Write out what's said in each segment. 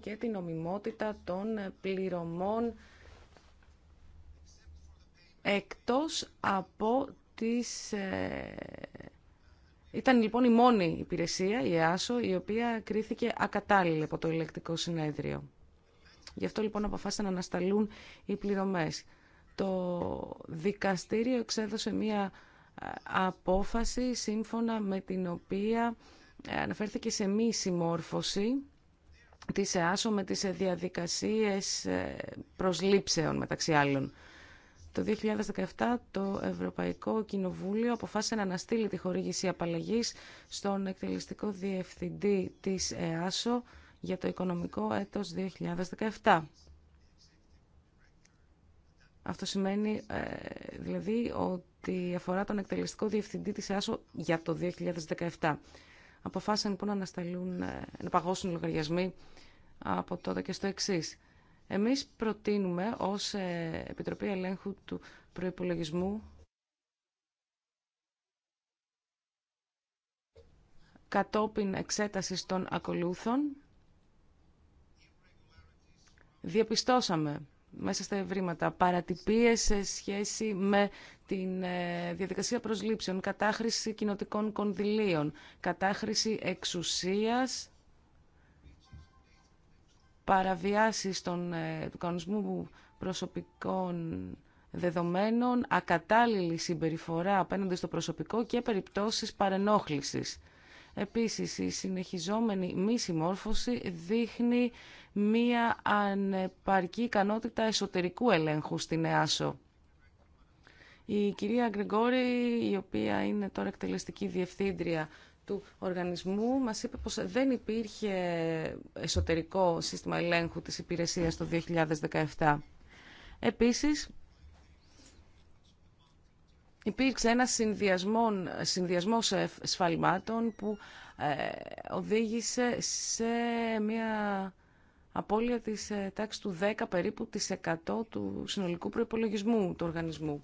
και την ομιμότητα των πληρωμών εκτός από τις... Ε, ήταν λοιπόν η μόνη υπηρεσία, η ΕΑΣΟ, η οποία κρίθηκε ακατάλληλη από το ηλεκτρικό συνέδριο. Γι' αυτό λοιπόν αποφάσισαν να ανασταλούν οι πληρωμές. Το δικαστήριο εξέδωσε μία ε, απόφαση σύμφωνα με την οποία ε, αναφέρθηκε σε μη συμμόρφωση της ΕΑΣΟ με τις διαδικασίες ε, προσλήψεων μεταξύ άλλων. Το 2017 το Ευρωπαϊκό Κοινοβούλιο αποφάσισε να αναστείλει τη χορήγηση απαλλαγής στον εκτελεστικό διευθυντή της ΕΑΣΟ για το οικονομικό έτος 2017. Αυτό σημαίνει ε, δηλαδή ότι αφορά τον εκτελεστικό διευθυντή της ΕΑΣΟ για το 2017. Αποφάσισαν λοιπόν να ε, να παγώσουν λογαριασμοί από τότε και στο εξή. Εμείς προτείνουμε ω ε, Επιτροπή Ελέγχου του προπολογισμού κατόπιν εξέτασης των ακολούθων διαπιστώσαμε μέσα στα ευρήματα, παρατυπίες σε σχέση με τη ε, διαδικασία προσλήψεων, κατάχρηση κοινοτικών κονδυλίων, κατάχρηση εξουσίας, παραβιάσεις των, ε, του κανονισμού προσωπικών δεδομένων, ακατάλληλη συμπεριφορά απέναντι στο προσωπικό και περιπτώσεις παρενόχλησης. Επίσης, η συνεχιζόμενη μη συμμόρφωση δείχνει μία ανεπαρκή ικανότητα εσωτερικού ελέγχου στην ΕΑΣΟ. Η κυρία Γκρεγόρη, η οποία είναι τώρα εκτελεστική διευθύντρια του οργανισμού, μας είπε πως δεν υπήρχε εσωτερικό σύστημα ελέγχου της υπηρεσίας το 2017. Επίσης, υπήρξε ένα συνδυασμό σφαλμάτων που ε, οδήγησε σε μια απώλεια της ε, τάξης του 10 περίπου της 100 του συνολικού προϋπολογισμού του οργανισμού.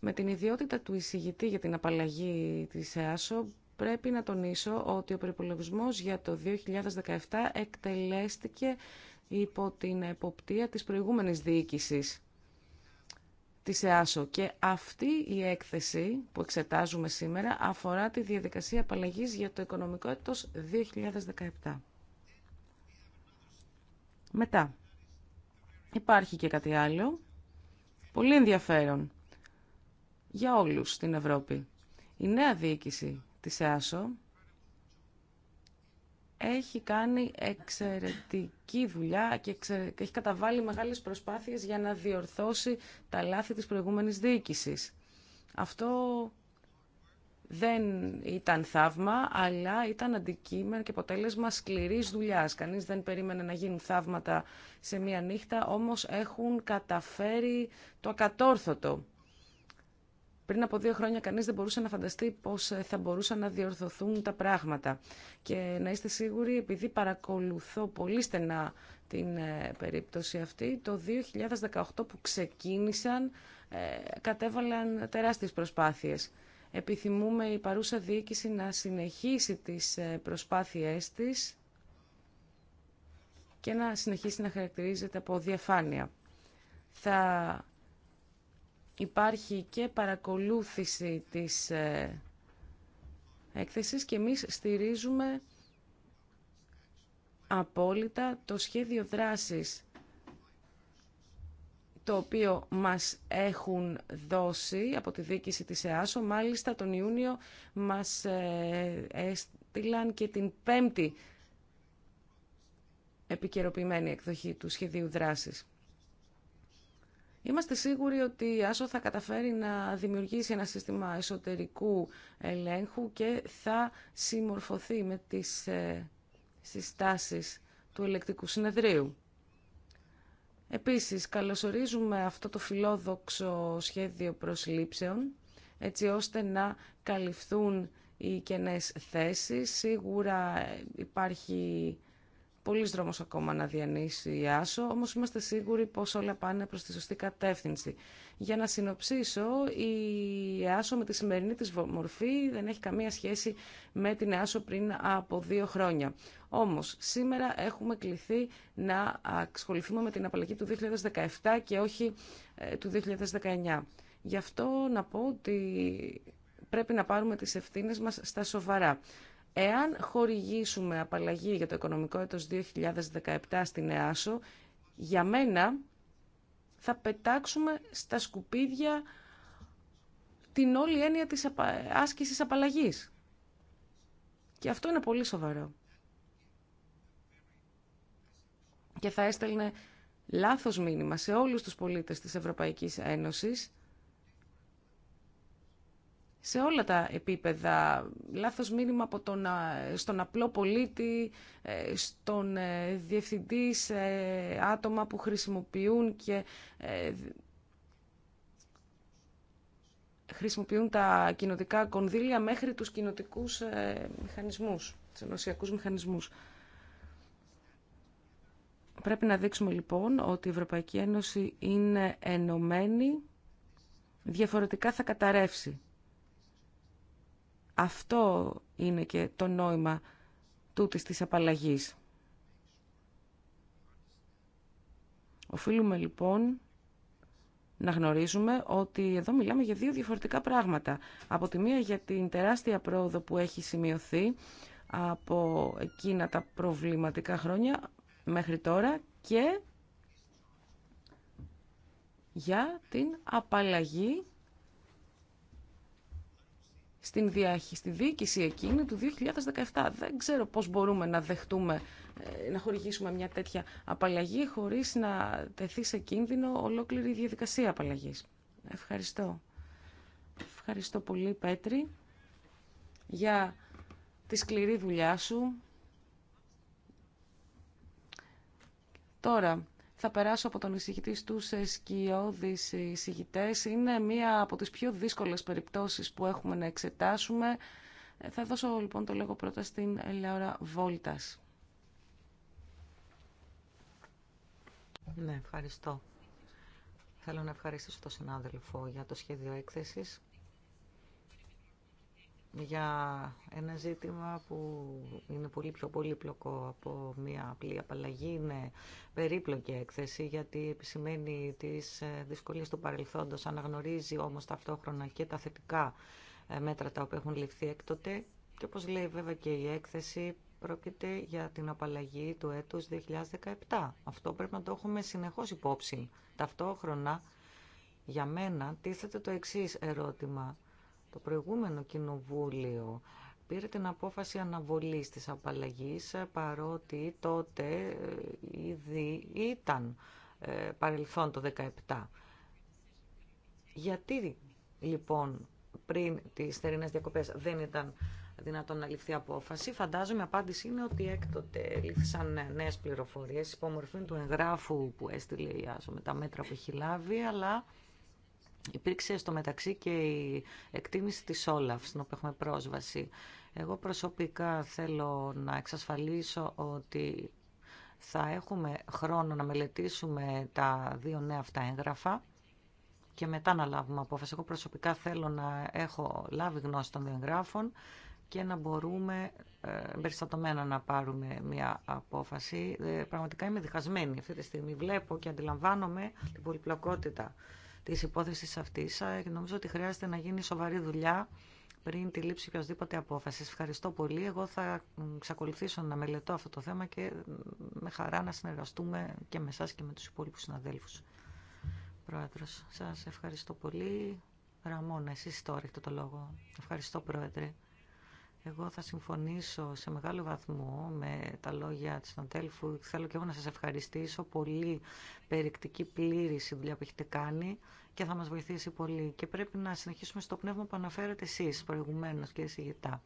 Με την ιδιότητα του εισηγητή για την απαλλαγή της ΕΑΣΟ πρέπει να τονίσω ότι ο προϋπολογισμός για το 2017 εκτελέστηκε υπό την εποπτεία της προηγούμενης διοίκησης της ΕΑΣΟ και αυτή η έκθεση που εξετάζουμε σήμερα αφορά τη διαδικασία απαλλαγής για το οικονομικό έτος 2017. Μετά, υπάρχει και κάτι άλλο, πολύ ενδιαφέρον για όλους στην Ευρώπη. Η νέα διοίκηση της ΕΑΣΟ έχει κάνει εξαιρετική δουλειά και έχει καταβάλει μεγάλες προσπάθειες για να διορθώσει τα λάθη της προηγούμενης διοίκησης. Αυτό δεν ήταν θαύμα, αλλά ήταν αντικείμενο και αποτέλεσμα σκληρής δουλειάς. Κανείς δεν περίμενε να γίνουν θαύματα σε μία νύχτα, όμως έχουν καταφέρει το ακατόρθωτο. Πριν από δύο χρόνια κανείς δεν μπορούσε να φανταστεί πώς ε, θα μπορούσαν να διορθωθούν τα πράγματα. Και να είστε σίγουροι, επειδή παρακολουθώ πολύ στενά την ε, περίπτωση αυτή, το 2018 που ξεκίνησαν ε, κατέβαλαν τεράστιες προσπάθειες. Επιθυμούμε η παρούσα διοίκηση να συνεχίσει τις ε, προσπάθειές της και να συνεχίσει να χαρακτηρίζεται από διαφάνεια. Θα υπάρχει και παρακολούθηση της ε, έκθεσης και εμείς στηρίζουμε απόλυτα το σχέδιο δράσης το οποίο μας έχουν δώσει από τη δίκηση της ΕΑΣΟ. Μάλιστα τον Ιούνιο μας ε, έστειλαν και την πέμπτη επικαιροποιημένη εκδοχή του σχεδίου δράσης. Είμαστε σίγουροι ότι η ΆΣΟ θα καταφέρει να δημιουργήσει ένα σύστημα εσωτερικού ελέγχου και θα συμμορφωθεί με τις ε, συστάσεις του ελεκτικού συνεδρίου. Επίσης, καλωσορίζουμε αυτό το φιλόδοξο σχέδιο προσλήψεων, έτσι ώστε να καλυφθούν οι κενές θέσεις. Σίγουρα υπάρχει πολύ δρόμος ακόμα να διανύσει η Άσο, όμως είμαστε σίγουροι πως όλα πάνε προς τη σωστή κατεύθυνση. Για να συνοψίσω, η Άσο με τη σημερινή της μορφή δεν έχει καμία σχέση με την Άσο πριν από δύο χρόνια. Όμως, σήμερα έχουμε κληθεί να ασχοληθούμε με την απαλλαγή του 2017 και όχι ε, του 2019. Γι' αυτό να πω ότι πρέπει να πάρουμε τις ευθύνες μας στα σοβαρά. Εάν χορηγήσουμε απαλλαγή για το οικονομικό έτος 2017 στην ΕΑΣΟ, για μένα θα πετάξουμε στα σκουπίδια την όλη έννοια της άσκησης απαλλαγής. Και αυτό είναι πολύ σοβαρό. Και θα έστελνε λάθος μήνυμα σε όλους τους πολίτες της Ευρωπαϊκής Ένωσης σε όλα τα επίπεδα. Λάθος μήνυμα από τον, ε, στον απλό πολίτη, ε, στον ε, διευθυντή, σε άτομα που χρησιμοποιούν και χρησιμοποιούν τα κοινοτικά κονδύλια μέχρι τους κοινοτικούς μηχανισμούς, τους ενωσιακούς μηχανισμούς. Πρέπει να δείξουμε λοιπόν ότι η Ευρωπαϊκή Ένωση είναι ενωμένη, διαφορετικά θα καταρρεύσει. Αυτό είναι και το νόημα τούτης της απαλλαγής. Οφείλουμε λοιπόν να γνωρίζουμε ότι εδώ μιλάμε για δύο διαφορετικά πράγματα. Από τη μία για την τεράστια πρόοδο που έχει σημειωθεί από εκείνα τα προβληματικά χρόνια μέχρι τώρα και για την απαλλαγή στην στη διοίκηση εκείνη του 2017. Δεν ξέρω πώς μπορούμε να δεχτούμε, ε, να χορηγήσουμε μια τέτοια απαλλαγή χωρίς να τεθεί σε κίνδυνο ολόκληρη η διαδικασία απαλλαγής. Ευχαριστώ. Ευχαριστώ πολύ Πέτρη για τη σκληρή δουλειά σου. Τώρα, θα περάσω από τον εισηγητή στους ε, σκιώδεις εισηγητές. Είναι μία από τις πιο δύσκολες περιπτώσεις που έχουμε να εξετάσουμε. Ε, θα δώσω λοιπόν το λόγο πρώτα στην Ελέωρα Βόλτας. Ναι, ευχαριστώ. Θέλω να ευχαριστήσω τον συνάδελφο για το σχέδιο έκθεσης για ένα ζήτημα που είναι πολύ πιο πολύπλοκο από μια απλή απαλλαγή. Είναι περίπλοκη έκθεση γιατί επισημαίνει τις ε, δυσκολίες του παρελθόντος, αναγνωρίζει όμως ταυτόχρονα και τα θετικά ε, μέτρα τα οποία έχουν ληφθεί έκτοτε και όπως λέει βέβαια και η έκθεση πρόκειται για την απαλλαγή του έτους 2017. Αυτό πρέπει να το έχουμε συνεχώς υπόψη. Ταυτόχρονα για μένα τίθεται το εξής ερώτημα το προηγούμενο κοινοβούλιο πήρε την απόφαση αναβολής της απαλλαγής ε, παρότι τότε ε, ήδη ήταν ε, παρελθόν το 17. Γιατί λοιπόν πριν τις θερινές διακοπές δεν ήταν δυνατόν να ληφθεί απόφαση. Φαντάζομαι η απάντηση είναι ότι έκτοτε λήφθησαν νέε πληροφορίε υπό μορφή του εγγράφου που έστειλε η Άσο με τα μέτρα που έχει λάβει, αλλά Υπήρξε στο μεταξύ και η εκτίμηση της Όλαφ, στην οποία έχουμε πρόσβαση. Εγώ προσωπικά θέλω να εξασφαλίσω ότι θα έχουμε χρόνο να μελετήσουμε τα δύο νέα αυτά έγγραφα και μετά να λάβουμε απόφαση. Εγώ προσωπικά θέλω να έχω λάβει γνώση των δύο εγγράφων και να μπορούμε ε, περιστατωμένα να πάρουμε μια απόφαση. Ε, πραγματικά είμαι διχασμένη αυτή τη στιγμή. Βλέπω και αντιλαμβάνομαι την πολυπλοκότητα Τη υπόθεση αυτή. Ε, νομίζω ότι χρειάζεται να γίνει σοβαρή δουλειά πριν τη λήψη οποιασδήποτε απόφαση. Ευχαριστώ πολύ. Εγώ θα ξακολουθήσω να μελετώ αυτό το θέμα και με χαρά να συνεργαστούμε και με εσά και με τους υπόλοιπου συναδέλφου. Πρόεδρο, σας ευχαριστώ πολύ. Ραμόνα, εσείς τώρα έχετε το λόγο. Ευχαριστώ, Πρόεδρε. Εγώ θα συμφωνήσω σε μεγάλο βαθμό με τα λόγια της αντέλφου. Θέλω και εγώ να σας ευχαριστήσω. Πολύ περιεκτική πλήρηση δουλειά που έχετε κάνει και θα μας βοηθήσει πολύ. Και πρέπει να συνεχίσουμε στο πνεύμα που αναφέρατε εσείς προηγουμένως και συγητά.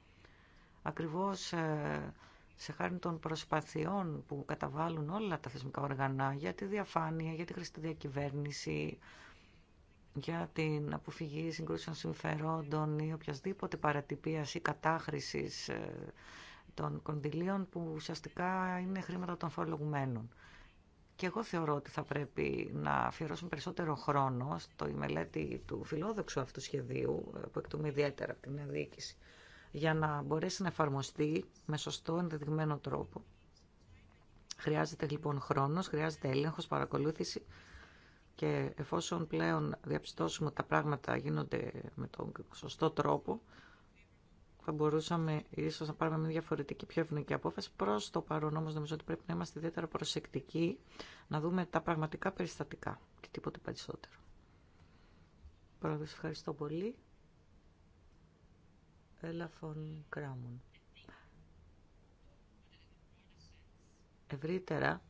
Ακριβώς ε, σε χάρη των προσπαθειών που καταβάλουν όλα τα θεσμικά οργανά για τη διαφάνεια, για τη χρηστή διακυβέρνηση, για την αποφυγή συγκρούσεων συμφερόντων ή οποιασδήποτε παρατυπίας ή κατάχρησης ε, των κονδυλίων που ουσιαστικά είναι χρήματα των φορολογουμένων. Και εγώ θεωρώ ότι θα πρέπει να αφιερώσουμε περισσότερο χρόνο στο η μελέτη του φιλόδοξου αυτού σχεδίου, ε, που εκτούμε ιδιαίτερα από την διοίκηση, για να μπορέσει να εφαρμοστεί με σωστό ενδεδειγμένο τρόπο. Χρειάζεται λοιπόν χρόνος, χρειάζεται έλεγχος, παρακολούθηση και εφόσον πλέον διαπιστώσουμε ότι τα πράγματα γίνονται με τον σωστό τρόπο, θα μπορούσαμε ίσως να πάρουμε μια διαφορετική πιο ευνοϊκή απόφαση. Προς το παρόν όμως νομίζω ότι πρέπει να είμαστε ιδιαίτερα προσεκτικοί να δούμε τα πραγματικά περιστατικά και τίποτε περισσότερο. σας ευχαριστώ πολύ. Κράμουν. Ευρύτερα,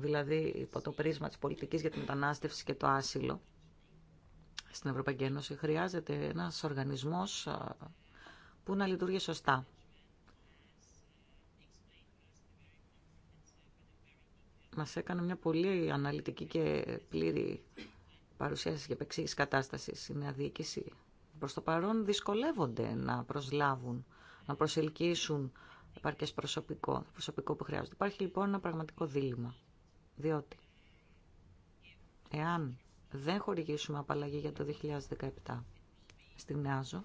δηλαδή υπό το πρίσμα της πολιτικής για την μετανάστευση και το άσυλο στην Ευρωπαϊκή Ένωση, χρειάζεται ένας οργανισμός που να λειτουργεί σωστά. Μας έκανε μια πολύ αναλυτική και πλήρη παρουσίαση και επεξήγηση κατάστασης η νέα διοίκηση. Προς το παρόν δυσκολεύονται να προσλάβουν, να προσελκύσουν επαρκές προσωπικό, προσωπικό που χρειάζεται. Υπάρχει λοιπόν ένα πραγματικό δίλημα. Διότι εάν δεν χορηγήσουμε απαλλαγή για το 2017 στην ΝΑΖΟ,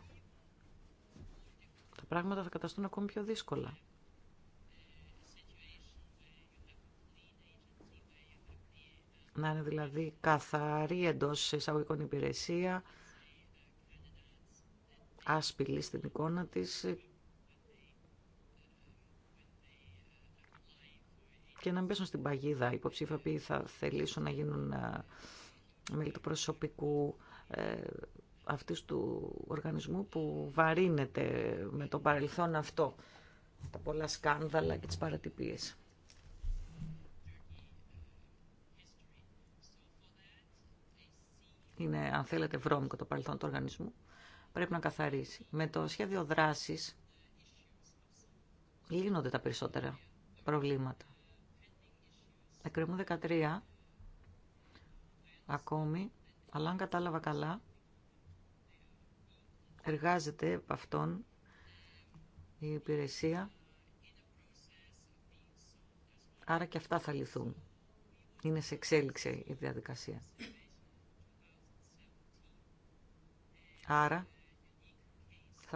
τα πράγματα θα καταστούν ακόμη πιο δύσκολα. Να είναι δηλαδή καθαρή εντός εισαγωγικών υπηρεσία, άσπηλη στην εικόνα της και να πέσουν στην παγίδα υποψήφια που θα θελήσουν να γίνουν ε, μέλη του προσωπικού ε, αυτής του οργανισμού που βαρύνεται με το παρελθόν αυτό, τα πολλά σκάνδαλα και τις παρατυπίες. Είναι, αν θέλετε, βρώμικο το παρελθόν του οργανισμού. Πρέπει να καθαρίσει. Με το σχέδιο δράσης λύνονται τα περισσότερα προβλήματα. Εκκρεμούν 13 ακόμη, αλλά αν κατάλαβα καλά, εργάζεται από αυτόν η υπηρεσία, άρα και αυτά θα λυθούν. Είναι σε εξέλιξη η διαδικασία. Άρα,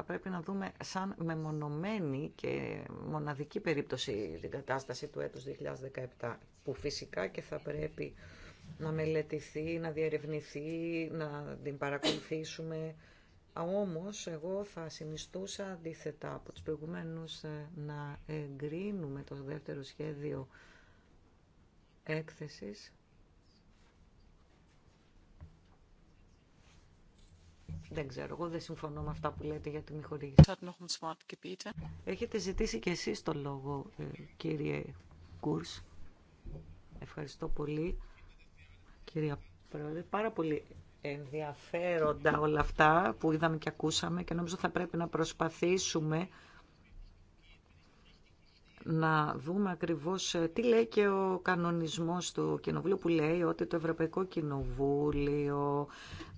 θα πρέπει να δούμε σαν μεμονωμένη και μοναδική περίπτωση την κατάσταση του έτους 2017, που φυσικά και θα πρέπει να μελετηθεί, να διερευνηθεί, να την παρακολουθήσουμε. Όμως, εγώ θα συνιστούσα αντίθετα από τους προηγουμένους ε, να εγκρίνουμε το δεύτερο σχέδιο έκθεσης Δεν ξέρω, εγώ δεν συμφωνώ με αυτά που λέτε για τη μη χορήγηση. Έχετε ζητήσει και εσείς το λόγο, ε, κύριε Κούρς. Ευχαριστώ πολύ, κύριε Πρόεδρε. Πάρα πολύ ενδιαφέροντα όλα αυτά που είδαμε και ακούσαμε και νομίζω θα πρέπει να προσπαθήσουμε να δούμε ακριβώς ε, τι λέει και ο κανονισμός του Κοινοβουλίου που λέει ότι το Ευρωπαϊκό Κοινοβούλιο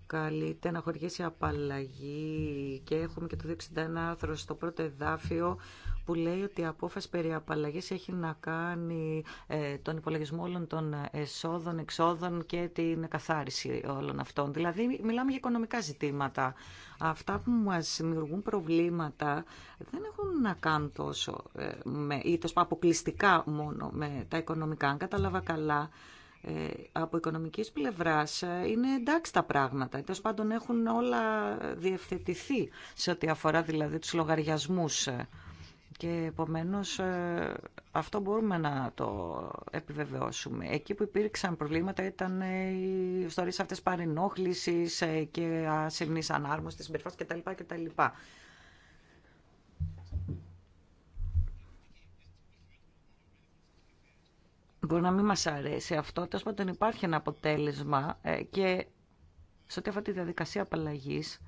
καλείται να χορηγήσει απαλλαγή και έχουμε και το 261 άρθρο στο πρώτο εδάφιο που λέει ότι η απόφαση περί απαλλαγής έχει να κάνει ε, τον υπολογισμό όλων των εσόδων, εξόδων και την καθάριση όλων αυτών. Δηλαδή μιλάμε για οικονομικά ζητήματα. Αυτά που μας δημιουργούν προβλήματα δεν έχουν να κάνουν τόσο ε, με, ή τόσο αποκλειστικά μόνο με τα οικονομικά. Αν κατάλαβα καλά, ε, από οικονομικής πλευράς είναι εντάξει τα πράγματα. Τέλο πάντων έχουν όλα διευθετηθεί σε ό,τι αφορά δηλαδή τους λογαριασμούς και επομένως ε, αυτό μπορούμε να το επιβεβαιώσουμε. Εκεί που υπήρξαν προβλήματα ήταν ε, οι ιστορίες αυτές παρενόχλησης ε, και ασημνής ανάρμοστης της κτλ. κτλ. Μπορεί να μην μας αρέσει αυτό, τέλος πάντων υπάρχει ένα αποτέλεσμα και σε ό,τι αφορά τη διαδικασία απαλλαγής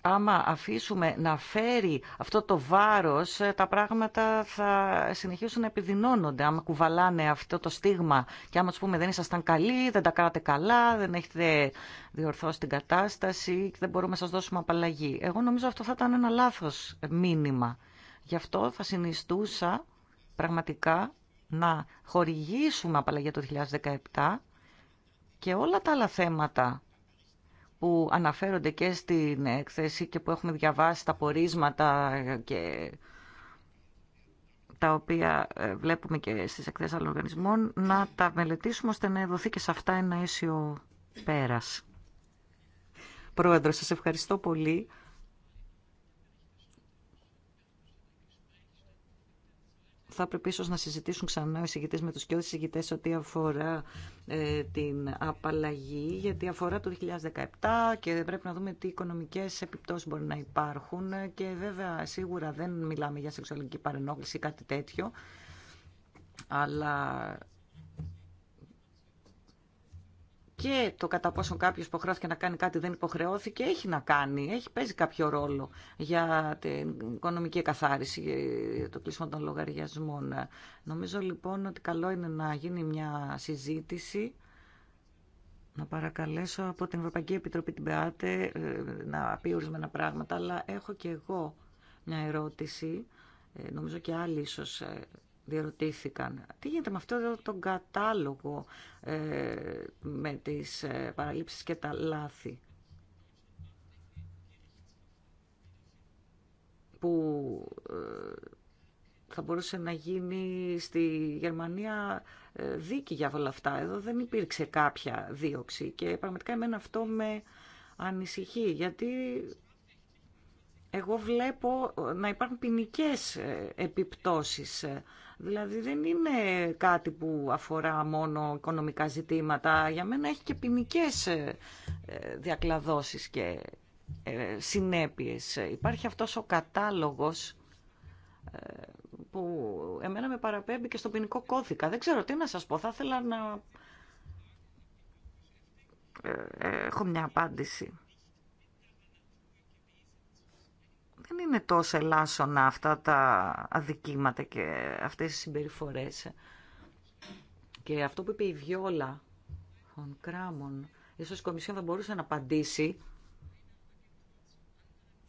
άμα αφήσουμε να φέρει αυτό το βάρος, ε, τα πράγματα θα συνεχίσουν να επιδεινώνονται. Άμα κουβαλάνε αυτό το στίγμα και άμα τους πούμε δεν ήσασταν καλοί, δεν τα κάνατε καλά, δεν έχετε διορθώσει την κατάσταση, δεν μπορούμε να σας δώσουμε απαλλαγή. Εγώ νομίζω αυτό θα ήταν ένα λάθος μήνυμα. Γι' αυτό θα συνιστούσα πραγματικά να χορηγήσουμε απαλλαγή το 2017 και όλα τα άλλα θέματα που αναφέρονται και στην έκθεση και που έχουμε διαβάσει τα πορίσματα και τα οποία ε, βλέπουμε και στις εκθέσεις άλλων οργανισμών, να τα μελετήσουμε ώστε να δοθεί και σε αυτά ένα αίσιο πέρας. Πρόεδρο, σας ευχαριστώ πολύ. θα πρέπει ίσω να συζητήσουν ξανά οι συγκητές με του και συγκητές ό,τι αφορά ε, την απαλλαγή, γιατί αφορά το 2017 και πρέπει να δούμε τι οικονομικές επιπτώσεις μπορεί να υπάρχουν και βέβαια σίγουρα δεν μιλάμε για σεξουαλική παρενόχληση ή κάτι τέτοιο, αλλά και το κατά πόσο κάποιο υποχρεώθηκε να κάνει κάτι δεν υποχρεώθηκε έχει να κάνει, έχει παίζει κάποιο ρόλο για την οικονομική εκαθάριση, για ε, το κλείσμα των λογαριασμών. Νομίζω λοιπόν ότι καλό είναι να γίνει μια συζήτηση. Να παρακαλέσω από την Ευρωπαϊκή Επιτροπή την ΠΕΑΤΕ ε, να πει ορισμένα πράγματα, αλλά έχω και εγώ μια ερώτηση. Ε, νομίζω και άλλοι ίσως διερωτήθηκαν τι γίνεται με αυτό τον κατάλογο ε, με τις ε, παραλήψεις και τα λάθη που ε, θα μπορούσε να γίνει στη Γερμανία δίκη για όλα αυτά. Εδώ δεν υπήρξε κάποια δίωξη και πραγματικά εμένα αυτό με ανησυχεί γιατί εγώ βλέπω ε, να υπάρχουν ποινικέ ε, επιπτώσεις. Ε, δηλαδή δεν είναι κάτι που αφορά μόνο οικονομικά ζητήματα. Για μένα έχει και ποινικέ διακλαδώσεις και συνέπειες. Υπάρχει αυτός ο κατάλογος που εμένα με παραπέμπει και στο ποινικό κώδικα. Δεν ξέρω τι να σας πω. Θα ήθελα να έχω μια απάντηση. δεν είναι τόσο ελάσσονα αυτά τα αδικήματα και αυτές οι συμπεριφορές. Και αυτό που είπε η Βιόλα των Κράμων, ίσως η Κομισιόν δεν μπορούσε να απαντήσει,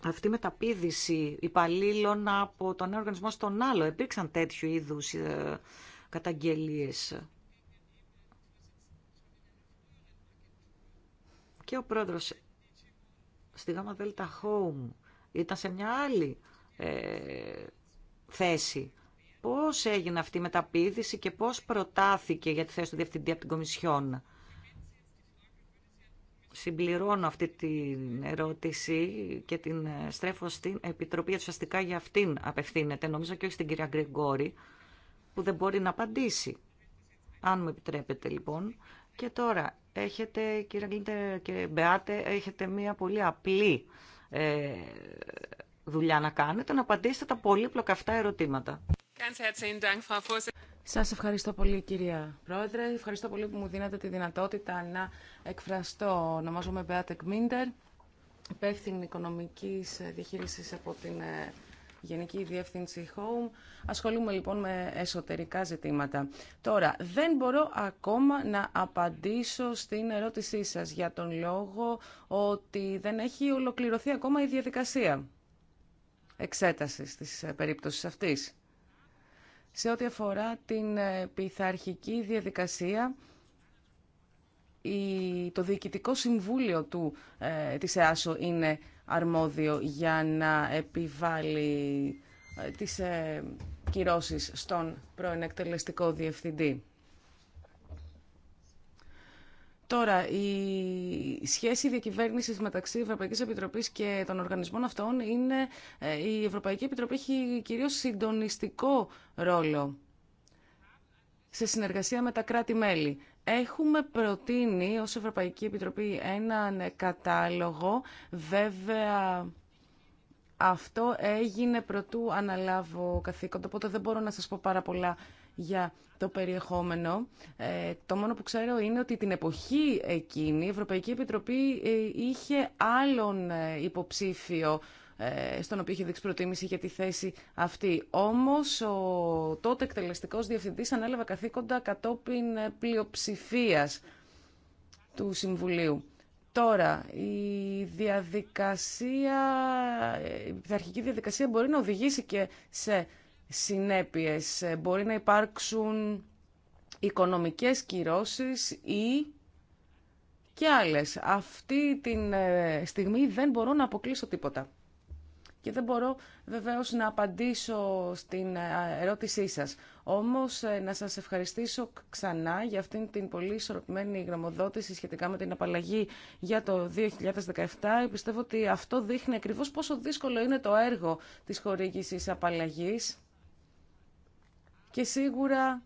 αυτή η μεταπίδηση υπαλλήλων από τον ένα οργανισμό στον άλλο. Υπήρξαν τέτοιου είδους ε, καταγγελίες. Και ο πρόεδρος στη ΓΑΜΑ ΔΕΛΤΑ Home ήταν σε μια άλλη ε, θέση. Πώς έγινε αυτή η μεταπίδηση και πώς προτάθηκε για τη θέση του Διευθυντή από την Κομισιόν. Συμπληρώνω αυτή την ερώτηση και την ε, στρέφω στην Επιτροπή ουσιαστικά για αυτήν απευθύνεται, νομίζω και όχι στην κυρία Γκριγκόρη που δεν μπορεί να απαντήσει. Αν μου επιτρέπετε λοιπόν. Και τώρα έχετε, κύριε και Μπεάτε, έχετε μία πολύ απλή ε, δουλειά να κάνετε, να απαντήσετε τα πολύπλοκα αυτά ερωτήματα. Σας ευχαριστώ πολύ κυρία Πρόεδρε. Ευχαριστώ πολύ που μου δίνατε τη δυνατότητα να εκφραστώ. Ονομάζομαι Μπέατε Κμίντερ, υπεύθυνη οικονομικής διαχείριση από την ε, Γενική Διεύθυνση Home. Ασχολούμαι λοιπόν με εσωτερικά ζητήματα. Τώρα, δεν μπορώ ακόμα να απαντήσω στην ερώτησή σας για τον λόγο ότι δεν έχει ολοκληρωθεί ακόμα η διαδικασία εξέτασης της περίπτωσης αυτής. Σε ό,τι αφορά την ε, πειθαρχική διαδικασία, το Διοικητικό Συμβούλιο του, ε, της ΕΑΣΟ είναι αρμόδιο για να επιβάλλει ε, τις ε, κυρώσεις στον πρώην εκτελεστικό διευθυντή. Τώρα, η σχέση διακυβέρνηση μεταξύ Ευρωπαϊκή Επιτροπή και των οργανισμών αυτών είναι. Ε, η Ευρωπαϊκή Επιτροπή έχει κυρίω συντονιστικό ρόλο σε συνεργασία με τα κράτη-μέλη. Έχουμε προτείνει ως Ευρωπαϊκή Επιτροπή έναν κατάλογο. Βέβαια, αυτό έγινε προτού αναλάβω καθήκοντα, οπότε δεν μπορώ να σας πω πάρα πολλά για το περιεχόμενο. Ε, το μόνο που ξέρω είναι ότι την εποχή εκείνη η Ευρωπαϊκή Επιτροπή ε, είχε άλλον ε, υποψήφιο ε, στον οποίο είχε δείξει προτίμηση για τη θέση αυτή. Όμω, ο τότε εκτελεστικό διευθύντη ανέλαβε καθήκοντα κατόπιν ε, πλειοψηφία του Συμβουλίου. Τώρα, η διαδικασία, ε, η πειθαρχική διαδικασία μπορεί να οδηγήσει και σε συνέπειες. Μπορεί να υπάρξουν οικονομικές κυρώσεις ή και άλλες. Αυτή τη στιγμή δεν μπορώ να αποκλείσω τίποτα και δεν μπορώ βεβαίως να απαντήσω στην ε, ερώτησή σας. Όμως ε, να σας ευχαριστήσω ξανά για αυτήν την πολύ ισορροπημένη γραμμοδότηση σχετικά με την απαλλαγή για το 2017. Πιστεύω ότι αυτό δείχνει ακριβώς πόσο δύσκολο είναι το έργο της χορήγησης απαλλαγής και σίγουρα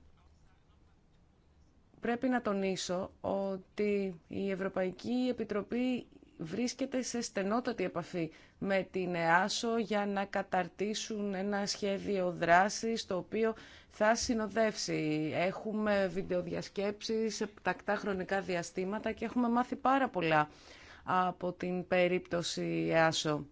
πρέπει να τονίσω ότι η Ευρωπαϊκή Επιτροπή βρίσκεται σε στενότατη επαφή με την ΕΑΣΟ για να καταρτήσουν ένα σχέδιο δράσης το οποίο θα συνοδεύσει. Έχουμε βιντεοδιασκέψεις σε τακτά χρονικά διαστήματα και έχουμε μάθει πάρα πολλά από την περίπτωση ΕΑΣΟ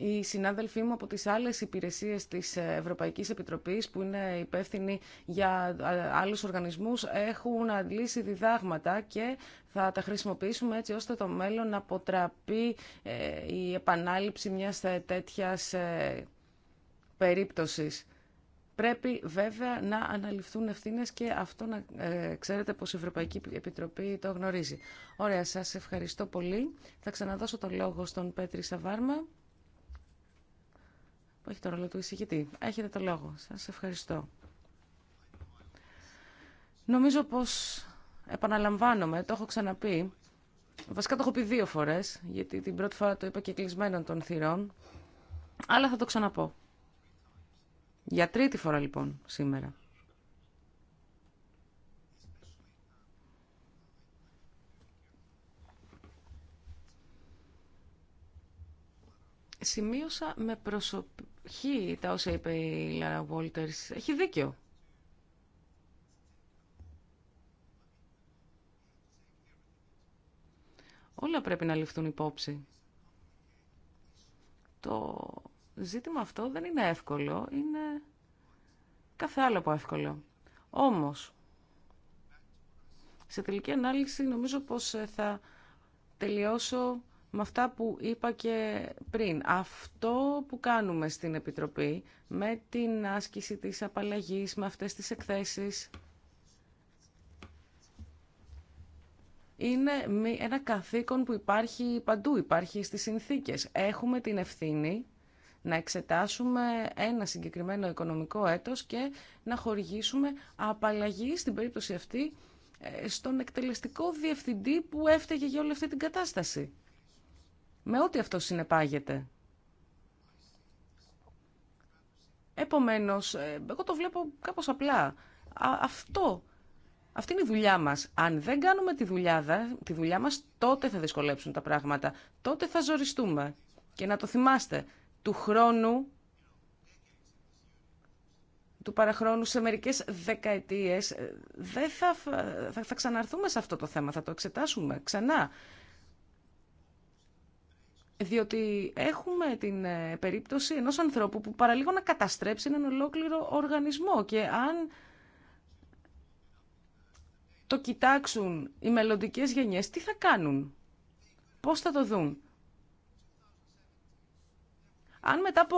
οι συνάδελφοί μου από τις άλλες υπηρεσίες της Ευρωπαϊκής Επιτροπής που είναι υπεύθυνοι για άλλους οργανισμούς έχουν αντλήσει διδάγματα και θα τα χρησιμοποιήσουμε έτσι ώστε το μέλλον να αποτραπεί ε, η επανάληψη μιας ε, τέτοιας ε, περίπτωσης. Πρέπει βέβαια να αναλυφθούν ευθύνε και αυτό να ξέρετε πως η Ευρωπαϊκή Επιτροπή το γνωρίζει. Ωραία, σας ευχαριστώ πολύ. Θα ξαναδώσω το λόγο στον Πέτρη Σαβάρμα όχι έχει το ρόλο του εισηγητή. Έχετε το λόγο. Σας ευχαριστώ. Νομίζω πως επαναλαμβάνομαι, το έχω ξαναπεί. Βασικά το έχω πει δύο φορές, γιατί την πρώτη φορά το είπα και κλεισμένον των θυρών. Αλλά θα το ξαναπώ. Για τρίτη φορά λοιπόν σήμερα. Σημείωσα με προσωπικό τα όσα είπε η Λάρα Βόλτερς. Έχει δίκιο. Όλα πρέπει να ληφθούν υπόψη. Το ζήτημα αυτό δεν είναι εύκολο, είναι κάθε άλλο από εύκολο. Όμως, σε τελική ανάλυση νομίζω πως ε, θα τελειώσω με αυτά που είπα και πριν. Αυτό που κάνουμε στην Επιτροπή με την άσκηση της απαλλαγής, με αυτές τις εκθέσεις, είναι ένα καθήκον που υπάρχει παντού, υπάρχει στις συνθήκες. Έχουμε την ευθύνη να εξετάσουμε ένα συγκεκριμένο οικονομικό έτος και να χορηγήσουμε απαλλαγή στην περίπτωση αυτή ε, στον εκτελεστικό διευθυντή που έφταιγε για όλη αυτή την κατάσταση με ό,τι αυτό συνεπάγεται. Επομένως, ε, εγώ το βλέπω κάπως απλά. αυτό, αυτή είναι η δουλειά μας. Αν δεν κάνουμε τη δουλειά, τη δουλειά μας, τότε θα δυσκολέψουν τα πράγματα. Τότε θα ζοριστούμε. Και να το θυμάστε, του χρόνου, του παραχρόνου σε μερικές δεκαετίες, ε, δεν θα, θα, θα ξαναρθούμε σε αυτό το θέμα, θα το εξετάσουμε ξανά. Διότι έχουμε την ε, περίπτωση ενός ανθρώπου που παραλίγο να καταστρέψει έναν ολόκληρο οργανισμό και αν το κοιτάξουν οι μελλοντικέ γενιές, τι θα κάνουν, πώς θα το δουν. Αν μετά από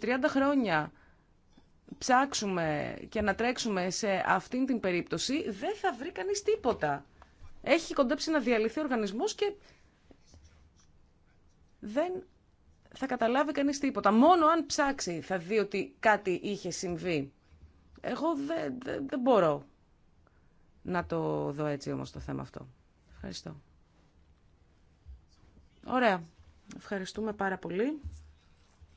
20-30 χρόνια ψάξουμε και να τρέξουμε σε αυτήν την περίπτωση, δεν θα βρει κανείς τίποτα. Έχει κοντέψει να διαλυθεί ο οργανισμός και δεν θα καταλάβει κανείς τίποτα. Μόνο αν ψάξει θα δει ότι κάτι είχε συμβεί. Εγώ δεν, δεν, μπορώ να το δω έτσι όμως το θέμα αυτό. Ευχαριστώ. Ωραία. Ευχαριστούμε πάρα πολύ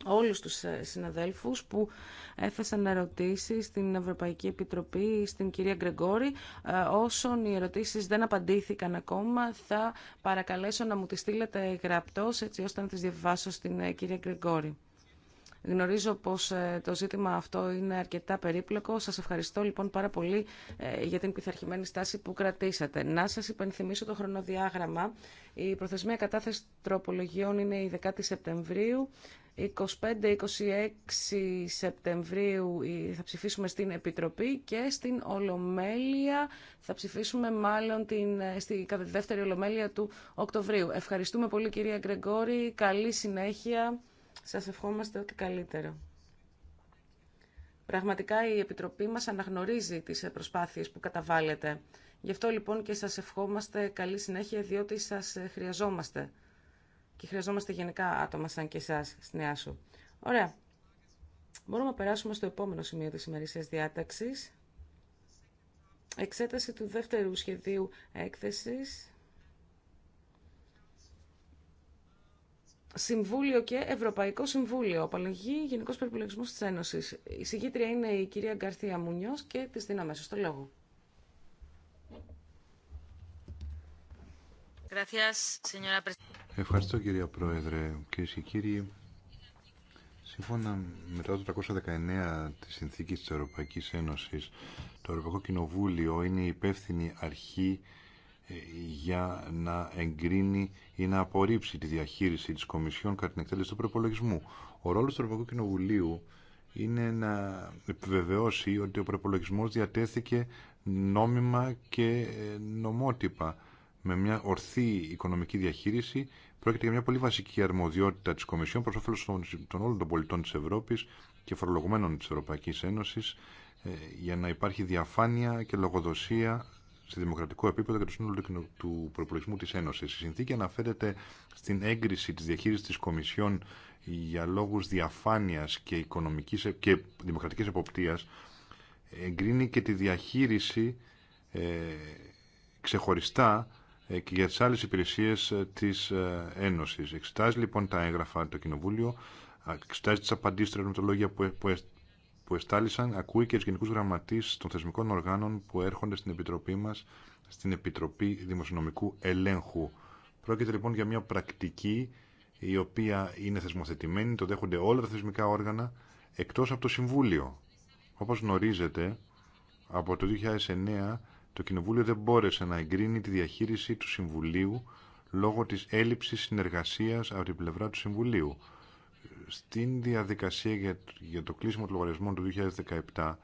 όλους τους ε, συναδέλφους που έθεσαν ερωτήσεις στην Ευρωπαϊκή Επιτροπή ή στην κυρία Γκρεγόρη. Ε, όσον οι ερωτήσεις δεν απαντήθηκαν ακόμα, θα παρακαλέσω να μου τις στείλετε γραπτός, έτσι ώστε να τις διαβάσω στην ε, κυρία Γκρεγόρη. Γνωρίζω πως το ζήτημα αυτό είναι αρκετά περίπλοκο. Σας ευχαριστώ λοιπόν πάρα πολύ για την πειθαρχημένη στάση που κρατήσατε. Να σας υπενθυμίσω το χρονοδιάγραμμα. Η προθεσμία κατάθεση τροπολογιών είναι η 10η Σεπτεμβρίου. 25-26 Σεπτεμβρίου θα ψηφίσουμε στην Επιτροπή και στην Ολομέλεια θα ψηφίσουμε μάλλον την, στη, δεύτερη Ολομέλεια του Οκτωβρίου. Ευχαριστούμε πολύ κυρία Γκρεγόρη, καλή συνέχεια, σας ευχόμαστε ό,τι καλύτερο. Πραγματικά η Επιτροπή μας αναγνωρίζει τις προσπάθειες που καταβάλλετε. Γι' αυτό λοιπόν και σας ευχόμαστε καλή συνέχεια διότι σας χρειαζόμαστε και χρειαζόμαστε γενικά άτομα σαν και εσάς στην ΕΑΣΟ. Ωραία. Μπορούμε να περάσουμε στο επόμενο σημείο της ημερήσιας διάταξης. Εξέταση του δεύτερου σχεδίου έκθεσης. Συμβούλιο και Ευρωπαϊκό Συμβούλιο. Απαλλαγή Γενικός Περιπολογισμός της Ένωσης. Η συγκήτρια είναι η κυρία Γκαρθία Μουνιός και της δίνω Στο στο λόγο. Ευχαριστώ κυρία Πρόεδρε. Κυρίε και κύριοι, σύμφωνα με το 319 της Συνθήκης της Ευρωπαϊκής Ένωσης, το Ευρωπαϊκό Κοινοβούλιο είναι η υπεύθυνη αρχή ε, για να εγκρίνει ή να απορρίψει τη διαχείριση της Κομισιόν κατά την εκτέλεση του προπολογισμού. Ο ρόλος του Ευρωπαϊκού Κοινοβουλίου είναι να επιβεβαιώσει ότι ο προπολογισμό διατέθηκε νόμιμα και ε, νομότυπα με μια ορθή οικονομική διαχείριση. Πρόκειται για μια πολύ βασική αρμοδιότητα τη Κομισιόν προ όφελο των, των όλων των πολιτών τη Ευρώπη και φορολογουμένων τη Ευρωπαϊκή Ένωση ε, για να υπάρχει διαφάνεια και λογοδοσία σε δημοκρατικό επίπεδο και το σύνολο του, του προπολογισμού τη Ένωση. Η συνθήκη αναφέρεται στην έγκριση τη διαχείριση τη Κομισιόν για λόγους διαφάνεια και, και δημοκρατικής εποπτείας εγκρίνει και τη διαχείριση ε, ξεχωριστά ε, και για τις άλλες υπηρεσίες ε, της ε, Ένωσης. Εξετάζει λοιπόν τα έγγραφα το Κοινοβούλιο, εξετάζει τις απαντήσεις των ερωτηματολόγια που εστάλησαν, ακούει και τους γενικούς γραμματείς των θεσμικών οργάνων που έρχονται στην Επιτροπή μας, στην Επιτροπή Δημοσιονομικού Ελέγχου. Πρόκειται λοιπόν για μια πρακτική η οποία είναι θεσμοθετημένη, το δέχονται όλα τα θεσμικά όργανα, εκτός από το Συμβούλιο. Όπως γνωρίζετε, από το 2009 το Κοινοβούλιο δεν μπόρεσε να εγκρίνει τη διαχείριση του Συμβουλίου λόγω της έλλειψης συνεργασίας από την πλευρά του Συμβουλίου. Στην διαδικασία για το κλείσιμο των λογαριασμών του 2017,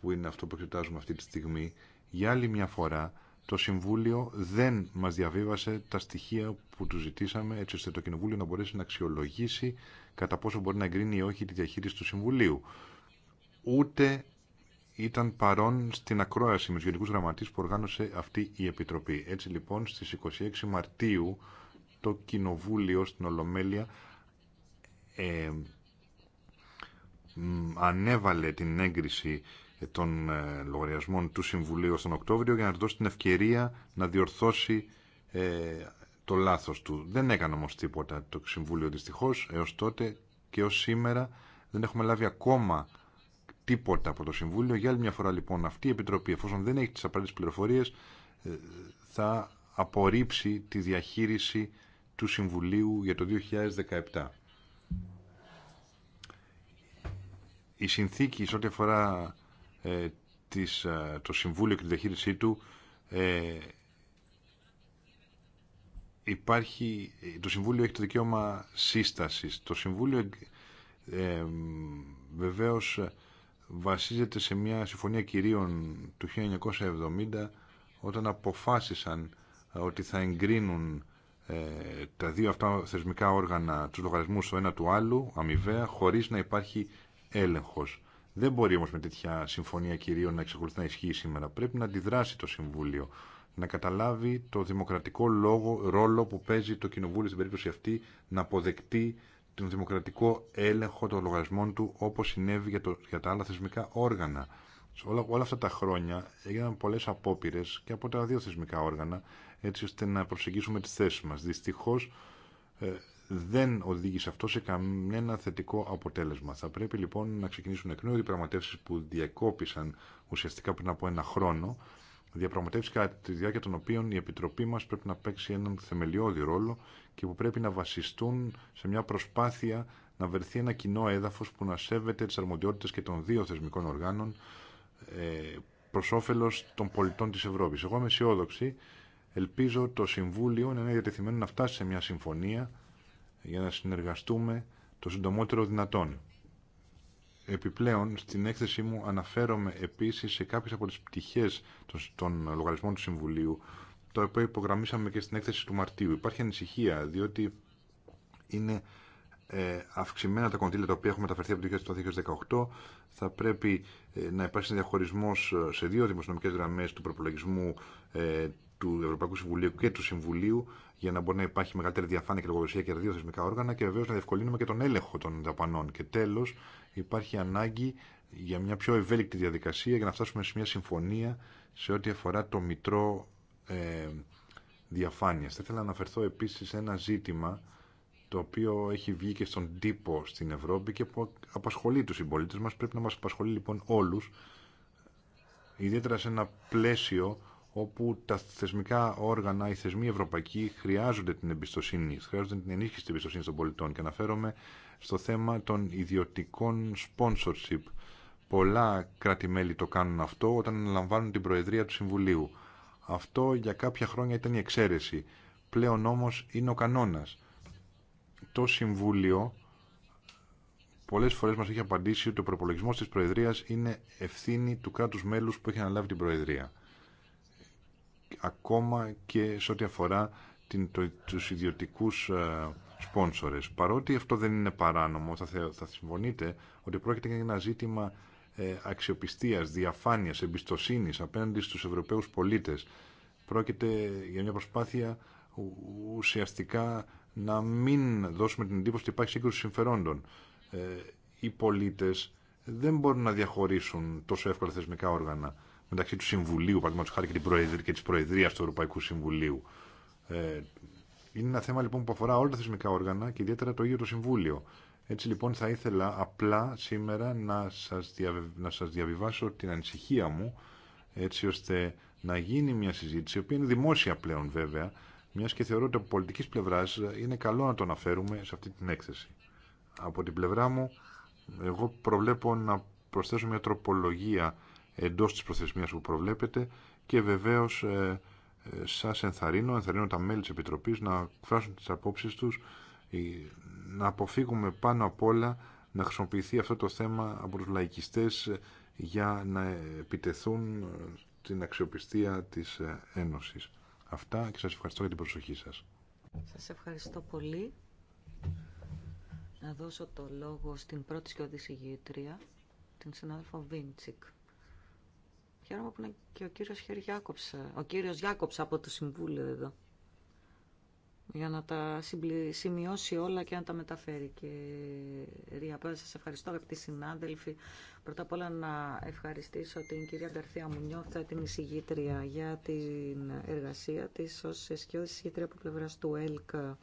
που είναι αυτό που εξετάζουμε αυτή τη στιγμή, για άλλη μια φορά το Συμβούλιο δεν μας διαβίβασε τα στοιχεία που του ζητήσαμε έτσι ώστε το Κοινοβούλιο να μπορέσει να αξιολογήσει κατά πόσο μπορεί να εγκρίνει ή όχι τη διαχείριση του Συμβουλίου. Ούτε ήταν παρόν στην ακρόαση με του Γενικού Γραμματεί που οργάνωσε αυτή η Επιτροπή. Έτσι λοιπόν στι 26 Μαρτίου το Κοινοβούλιο στην Ολομέλεια ε, ανέβαλε την έγκριση των ε, λογαριασμών του Συμβουλίου στον Οκτώβριο για να του δώσει την ευκαιρία να διορθώσει ε, το λάθος του. Δεν έκανε όμως τίποτα το Συμβούλιο δυστυχώς έως τότε και ω σήμερα δεν έχουμε λάβει ακόμα τίποτα από το Συμβούλιο. Για άλλη μια φορά λοιπόν αυτή η Επιτροπή, εφόσον δεν έχει τις απαραίτητες πληροφορίες, ε, θα απορρίψει τη διαχείριση του Συμβουλίου για το 2017. Η συνθήκη σε ό,τι αφορά ε, της, ε, το Συμβούλιο και τη διαχείρισή του υπάρχει, το Συμβούλιο έχει το δικαίωμα σύστασης. Το Συμβούλιο ε, βεβαίως βασίζεται σε μια συμφωνία κυρίων του 1970 όταν αποφάσισαν ε, ότι θα εγκρίνουν ε, τα δύο αυτά θεσμικά όργανα τους λογαριασμούς το ένα του άλλου αμοιβαία χωρίς να υπάρχει έλεγχος. Δεν μπορεί όμως με τέτοια συμφωνία κυρίων να εξακολουθεί να ισχύει σήμερα. Πρέπει να αντιδράσει το Συμβούλιο, να καταλάβει το δημοκρατικό λόγο, ρόλο που παίζει το Κοινοβούλιο στην περίπτωση αυτή, να αποδεκτεί τον δημοκρατικό έλεγχο των λογαριασμών του όπως συνέβη για, το, για τα άλλα θεσμικά όργανα. Όλα, αυτά τα χρόνια έγιναν πολλές απόπειρε και από τα δύο θεσμικά όργανα έτσι ώστε να προσεγγίσουμε τις θέσεις μας. Δυστυχώς ε, δεν οδήγησε αυτό σε κανένα θετικό αποτέλεσμα. Θα πρέπει λοιπόν να ξεκινήσουν εκ νέου διαπραγματεύσει που διακόπησαν ουσιαστικά πριν από ένα χρόνο διαπραγματεύσει κατά τη διάρκεια των οποίων η Επιτροπή μας πρέπει να παίξει έναν θεμελιώδη ρόλο και που πρέπει να βασιστούν σε μια προσπάθεια να βρεθεί ένα κοινό έδαφος που να σέβεται τις αρμοδιότητες και των δύο θεσμικών οργάνων ε, προ όφελο των πολιτών της Ευρώπης. Εγώ είμαι αισιόδοξη. Ελπίζω το Συμβούλιο να είναι διατεθειμένο να φτάσει σε μια συμφωνία για να συνεργαστούμε το συντομότερο δυνατόν. Επιπλέον, στην έκθεσή μου αναφέρομαι επίσης σε κάποιες από τις πτυχές των λογαριασμών του Συμβουλίου, το οποίο υπογραμμίσαμε και στην έκθεση του Μαρτίου. Υπάρχει ανησυχία, διότι είναι ε, αυξημένα τα κονδύλια τα οποία έχουν μεταφερθεί από το 2018. Θα πρέπει ε, να υπάρξει διαχωρισμό ε, σε δύο δημοσιονομικέ γραμμέ του προπολογισμού του Ευρωπαϊκού Συμβουλίου και του Συμβουλίου για να μπορεί να υπάρχει μεγαλύτερη διαφάνεια και λογοδοσία και θεσμικά όργανα και βεβαίω να διευκολύνουμε και τον έλεγχο των δαπανών. Και τέλο, υπάρχει ανάγκη για μια πιο ευέλικτη διαδικασία για να φτάσουμε σε μια συμφωνία σε ό,τι αφορά το μητρό ε, διαφάνειας. Θα ήθελα να αναφερθώ επίσης σε ένα ζήτημα το οποίο έχει βγει και στον τύπο στην Ευρώπη και που απασχολεί τους συμπολίτε μας. Πρέπει να μας απασχολεί λοιπόν όλους, ιδιαίτερα σε ένα πλαίσιο όπου τα θεσμικά όργανα, οι θεσμοί ευρωπαϊκοί χρειάζονται την εμπιστοσύνη, χρειάζονται την ενίσχυση της εμπιστοσύνη των πολιτών και αναφέρομαι στο θέμα των ιδιωτικών sponsorship. Πολλά κράτη-μέλη το κάνουν αυτό όταν αναλαμβάνουν την Προεδρία του Συμβουλίου. Αυτό για κάποια χρόνια ήταν η εξαίρεση. Πλέον όμως είναι ο κανόνας. Το Συμβούλιο πολλές φορές μας έχει απαντήσει ότι ο προπολογισμό της Προεδρίας είναι ευθύνη του κράτους μέλους που έχει αναλάβει την Προεδρία. Ακόμα και σε ό,τι αφορά την, το, τους ιδιωτικούς ε, σπόνσορες. Παρότι αυτό δεν είναι παράνομο, θα, θε, θα συμφωνείτε ότι πρόκειται για ένα ζήτημα ε, αξιοπιστίας, διαφάνειας, εμπιστοσύνης απέναντι στους Ευρωπαίους πολίτες. Πρόκειται για μια προσπάθεια ουσιαστικά να μην δώσουμε την εντύπωση ότι υπάρχει σύγκρουση συμφερόντων. Ε, οι πολίτες δεν μπορούν να διαχωρίσουν τόσο εύκολα θεσμικά όργανα μεταξύ του Συμβουλίου, παραδείγματος χάρη και τη Προεδρία του Ευρωπαϊκού Συμβουλίου, ε, είναι ένα θέμα λοιπόν που αφορά όλα τα θεσμικά όργανα και ιδιαίτερα το ίδιο το Συμβούλιο. Έτσι λοιπόν θα ήθελα απλά σήμερα να σας, να σας διαβιβάσω την ανησυχία μου έτσι ώστε να γίνει μια συζήτηση, η οποία είναι δημόσια πλέον βέβαια, μιας και θεωρώ ότι από πολιτικής πλευράς είναι καλό να το αναφέρουμε σε αυτή την έκθεση. Από την πλευρά μου, εγώ προβλέπω να προσθέσω μια τροπολογία εντός της προθεσμίας που προβλέπετε και βεβαίως ε, ε, σας ενθαρρύνω, ενθαρρύνω τα μέλη της Επιτροπής να εκφράσουν τις απόψεις τους, να αποφύγουμε πάνω απ' όλα να χρησιμοποιηθεί αυτό το θέμα από τους λαϊκιστές για να επιτεθούν την αξιοπιστία της ε, Ένωσης. Αυτά και σας ευχαριστώ για την προσοχή σας. Σας ευχαριστώ πολύ. Να δώσω το λόγο στην πρώτη σκιώδη συγγήτρια, την συνάδελφο Βίντσικ. Χαίρομαι που είναι και ο κύριος Γιάκοψα ε, ο κύριος Γιάκοψ από το Συμβούλιο εδώ. Για να τα σημειώσει όλα και να τα μεταφέρει. Και Ρία, σας ευχαριστώ αγαπητοί συνάδελφοι. Πρώτα απ' όλα να ευχαριστήσω την κυρία Γκαρθία Μουνιώθα, την εισηγήτρια για την εργασία της ως εισηγήτρια από πλευράς του ΕΛΚΑ.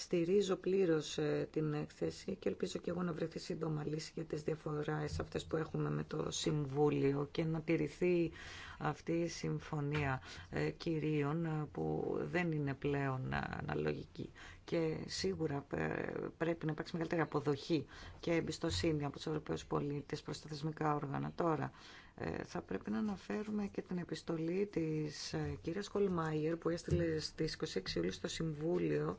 Στηρίζω πλήρως ε, την έκθεση και ελπίζω και εγώ να βρεθεί σύντομα λύση για τι διαφορές αυτέ που έχουμε με το Συμβούλιο και να τηρηθεί αυτή η συμφωνία ε, κυρίων ε, που δεν είναι πλέον αναλογική. Και σίγουρα πρέπει να υπάρξει μεγαλύτερη αποδοχή και εμπιστοσύνη από του Ευρωπαίου πολίτε προ τα θεσμικά όργανα. Τώρα, θα πρέπει να αναφέρουμε και την επιστολή της κύρια Κολμάιερ που έστειλε στι 26 Ιουλίου στο Συμβούλιο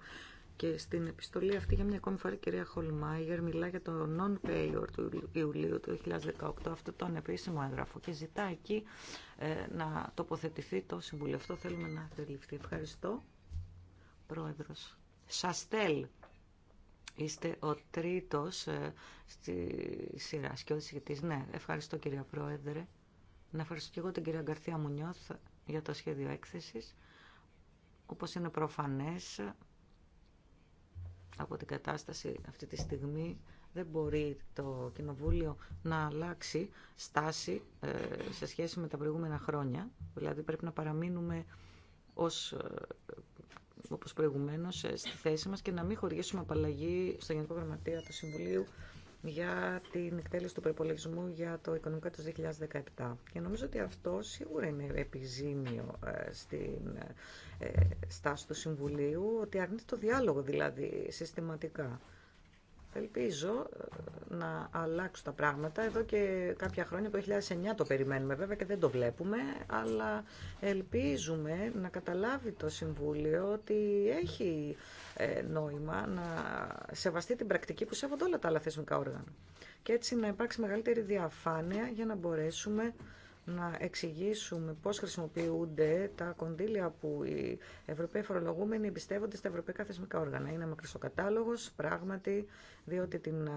και στην επιστολή αυτή για μια ακόμη φορά η κυρία Χολμάγερ. μιλά για το non-payer του Ιουλίου του 2018, αυτό το ανεπίσημο έγγραφο και ζητά εκεί ε, να τοποθετηθεί το συμβουλευτό. Θέλουμε να περιληφθεί. Ευχαριστώ. Πρόεδρος. Σαστέλ. Είστε ο τρίτος ε, στη σειρά σκιώδης Ναι, ευχαριστώ κυρία Πρόεδρε. Να ευχαριστώ και εγώ την κυρία Γκαρθία Μουνιώθ για το σχέδιο έκθεσης. Όπως είναι προφανές, από την κατάσταση αυτή τη στιγμή. Δεν μπορεί το Κοινοβούλιο να αλλάξει στάση ε, σε σχέση με τα προηγούμενα χρόνια. Δηλαδή πρέπει να παραμείνουμε ως, ε, όπως προηγουμένως ε, στη θέση μας και να μην χορηγήσουμε απαλλαγή στο Γενικό Γραμματεία του Συμβουλίου για την εκτέλεση του προπολογισμού για το οικονομικό του 2017. Και νομίζω ότι αυτό σίγουρα είναι επιζήμιο ε, στην ε, στάση του Συμβουλίου, ότι αρνείται το διάλογο δηλαδή συστηματικά. Ελπίζω ε, να αλλάξουν τα πράγματα. Εδώ και κάποια χρόνια, το 2009 το περιμένουμε βέβαια και δεν το βλέπουμε, αλλά ελπίζουμε να καταλάβει το Συμβούλιο ότι έχει ε, νόημα να σεβαστεί την πρακτική που σέβονται όλα τα άλλα θεσμικά όργανα. Και έτσι να υπάρξει μεγαλύτερη διαφάνεια για να μπορέσουμε να εξηγήσουμε πώς χρησιμοποιούνται τα κονδύλια που οι Ευρωπαίοι φορολογούμενοι εμπιστεύονται στα ευρωπαϊκά θεσμικά όργανα. Είναι μακρύς ο πράγματι διότι την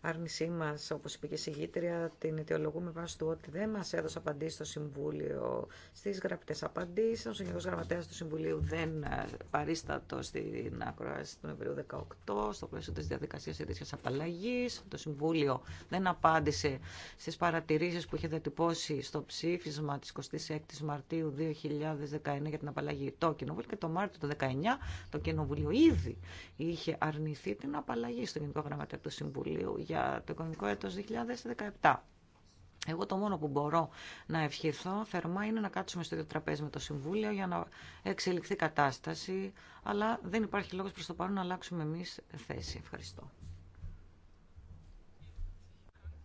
άρνησή μα, όπω είπε και η συγγήτρια, την αιτιολογούμε βάσει του ότι δεν μα έδωσε απαντήσει στο Συμβούλιο στι γραπτέ απαντήσει. Ο Γενικό Γραμματέα του Συμβουλίου δεν παρίστατο στην ακρόαση του Νοεμβρίου 18, στο πλαίσιο τη διαδικασία ετήσια απαλλαγή. Το Συμβούλιο δεν απάντησε στι παρατηρήσει που είχε διατυπώσει στο ψήφισμα τη 26η Μαρτίου 2019 για την απαλλαγή το Κοινοβούλιο και το Μάρτιο του 19 το Κοινοβούλιο ήδη είχε αρνηθεί την απαλλαγή στο Γενικό πράγματα του Συμβουλίου για το οικονομικό έτος 2017. Εγώ το μόνο που μπορώ να ευχηθώ θερμά είναι να κάτσουμε στο ίδιο τραπέζι με το Συμβούλιο για να εξελιχθεί κατάσταση, αλλά δεν υπάρχει λόγος προς το παρόν να αλλάξουμε εμείς θέση. Ευχαριστώ.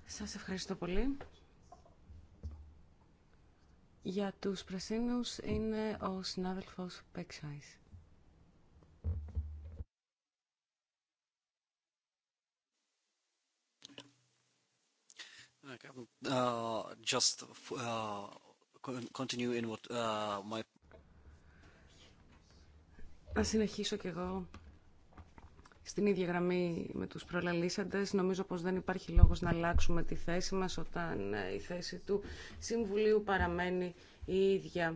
Σας ευχαριστώ πολύ. Για τους πρασίνους είναι ο συνάδελφος Πεξάης. Um, uh, uh, in what uh, my... Να συνεχίσω κι εγώ στην ίδια γραμμή με τους προλαλήσαντες. Νομίζω πως δεν υπάρχει λόγος να αλλάξουμε τη θέση μας όταν ε, η θέση του Συμβουλίου παραμένει η ίδια.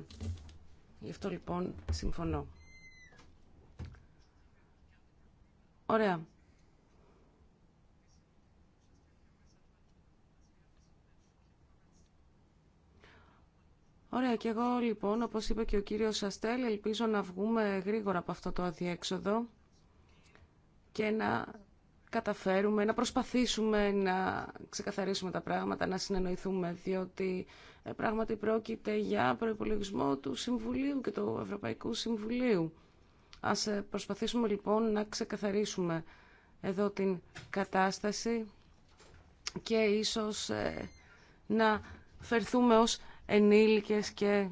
Γι' αυτό λοιπόν συμφωνώ. Ωραία. Ωραία, και εγώ λοιπόν, όπως είπε και ο κύριος Αστέλ, ελπίζω να βγούμε γρήγορα από αυτό το αδιέξοδο και να καταφέρουμε, να προσπαθήσουμε να ξεκαθαρίσουμε τα πράγματα, να συνεννοηθούμε, διότι ε, πράγματι πρόκειται για προϋπολογισμό του Συμβουλίου και του Ευρωπαϊκού Συμβουλίου. Ας ε, προσπαθήσουμε λοιπόν να ξεκαθαρίσουμε εδώ την κατάσταση και ίσως ε, να φερθούμε ως ενήλικες και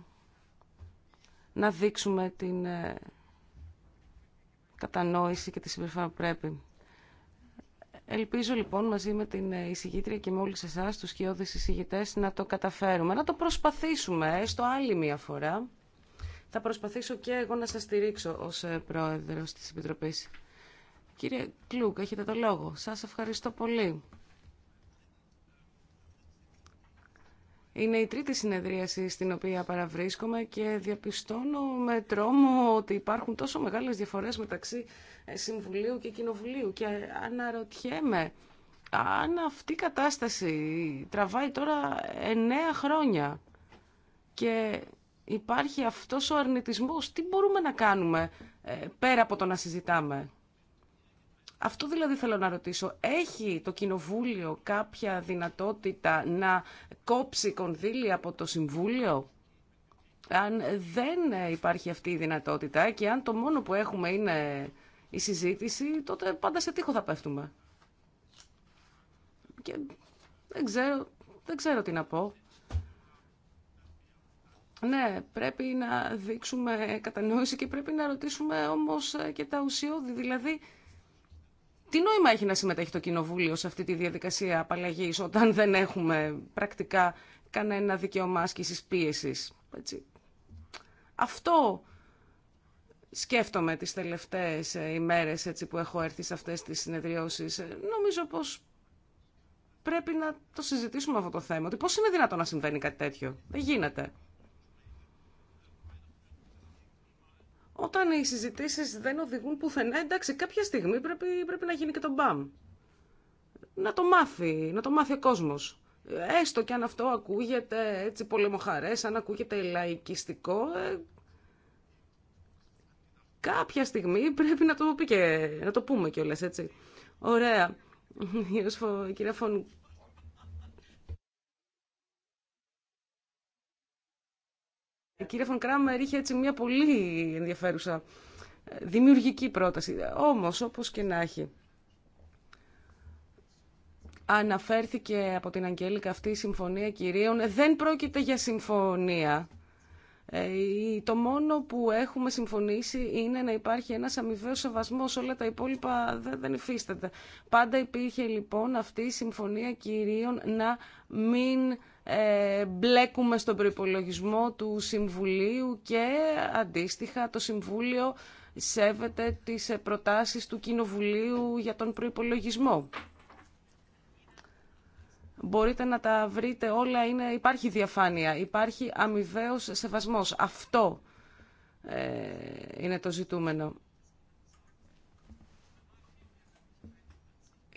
να δείξουμε την ε, κατανόηση και τη συμπεριφορά που πρέπει. Ελπίζω λοιπόν μαζί με την ε, εισηγήτρια και με όλους εσάς, τους σκιώδεις εισηγητές, να το καταφέρουμε, να το προσπαθήσουμε, έστω ε, άλλη μία φορά. Θα προσπαθήσω και εγώ να σας στηρίξω ως πρόεδρος της Επιτροπής. Κύριε Κλούκ, έχετε το λόγο. Σας ευχαριστώ πολύ. Είναι η τρίτη συνεδρίαση στην οποία παραβρίσκομαι και διαπιστώνω με τρόμο ότι υπάρχουν τόσο μεγάλες διαφορές μεταξύ ε, Συμβουλίου και Κοινοβουλίου και αναρωτιέμαι αν αυτή η κατάσταση τραβάει τώρα εννέα χρόνια και υπάρχει αυτός ο αρνητισμός, τι μπορούμε να κάνουμε ε, πέρα από το να συζητάμε. Αυτό δηλαδή θέλω να ρωτήσω. Έχει το Κοινοβούλιο κάποια δυνατότητα να κόψει κονδύλια από το Συμβούλιο? Αν δεν υπάρχει αυτή η δυνατότητα και αν το μόνο που έχουμε είναι η συζήτηση, τότε πάντα σε τείχο θα πέφτουμε. Και δεν ξέρω, δεν ξέρω τι να πω. Ναι, πρέπει να δείξουμε κατανόηση και πρέπει να ρωτήσουμε όμως και τα ουσιώδη. Δηλαδή, τι νόημα έχει να συμμετέχει το Κοινοβούλιο σε αυτή τη διαδικασία απαλλαγή όταν δεν έχουμε πρακτικά κανένα δικαίωμα άσκηση πίεση. Αυτό σκέφτομαι τις τελευταίες ε, ημέρες έτσι, που έχω έρθει σε αυτές τις συνεδριώσεις. Ε, νομίζω πως πρέπει να το συζητήσουμε αυτό το θέμα. Ότι πώς είναι δυνατόν να συμβαίνει κάτι τέτοιο. Δεν γίνεται. Όταν οι συζητήσει δεν οδηγούν πουθενά, εντάξει, κάποια στιγμή πρέπει, πρέπει να γίνει και το μπαμ. Να το μάθει, να το μάθει ο κόσμος. Έστω και αν αυτό ακούγεται έτσι πολεμοχαρές, αν ακούγεται λαϊκιστικό, ε, κάποια στιγμή πρέπει να το, πει και, να το πούμε κιόλα έτσι. Ωραία. Η κυρία Φων Η ε, κυρία Φων είχε έτσι μια πολύ ενδιαφέρουσα ε, δημιουργική πρόταση. Όμως, όπως και να έχει, αναφέρθηκε από την Αγγέλικα αυτή η συμφωνία κυρίων. Δεν πρόκειται για συμφωνία. Ε, το μόνο που έχουμε συμφωνήσει είναι να υπάρχει ένας αμοιβαίος σεβασμός, όλα τα υπόλοιπα δεν υφίσταται. Πάντα υπήρχε λοιπόν αυτή η συμφωνία κυρίων να μην ε, μπλέκουμε στον προϋπολογισμό του Συμβουλίου και αντίστοιχα το Συμβούλιο σέβεται τις ε, προτάσεις του Κοινοβουλίου για τον προϋπολογισμό μπορείτε να τα βρείτε όλα, είναι, υπάρχει διαφάνεια, υπάρχει αμοιβαίος σεβασμός. Αυτό ε, είναι το ζητούμενο.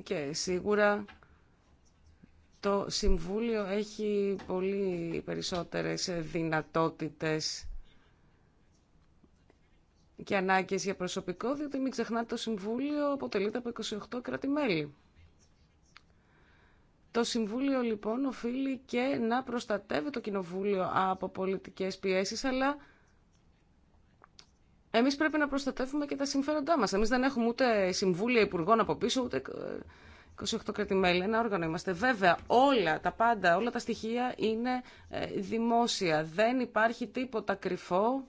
Και σίγουρα το Συμβούλιο έχει πολύ περισσότερες δυνατότητες και ανάγκες για προσωπικό, διότι μην ξεχνάτε το Συμβούλιο αποτελείται από 28 κράτη-μέλη. Το Συμβούλιο λοιπόν οφείλει και να προστατεύει το Κοινοβούλιο από πολιτικές πιέσεις, αλλά εμείς πρέπει να προστατεύουμε και τα συμφέροντά μας. Εμείς δεν έχουμε ούτε Συμβούλια Υπουργών από πίσω, ούτε 28 ε, κρατημέλη, ένα όργανο είμαστε. Βέβαια, όλα τα πάντα, όλα τα στοιχεία είναι ε, δημόσια. Δεν υπάρχει τίποτα κρυφό.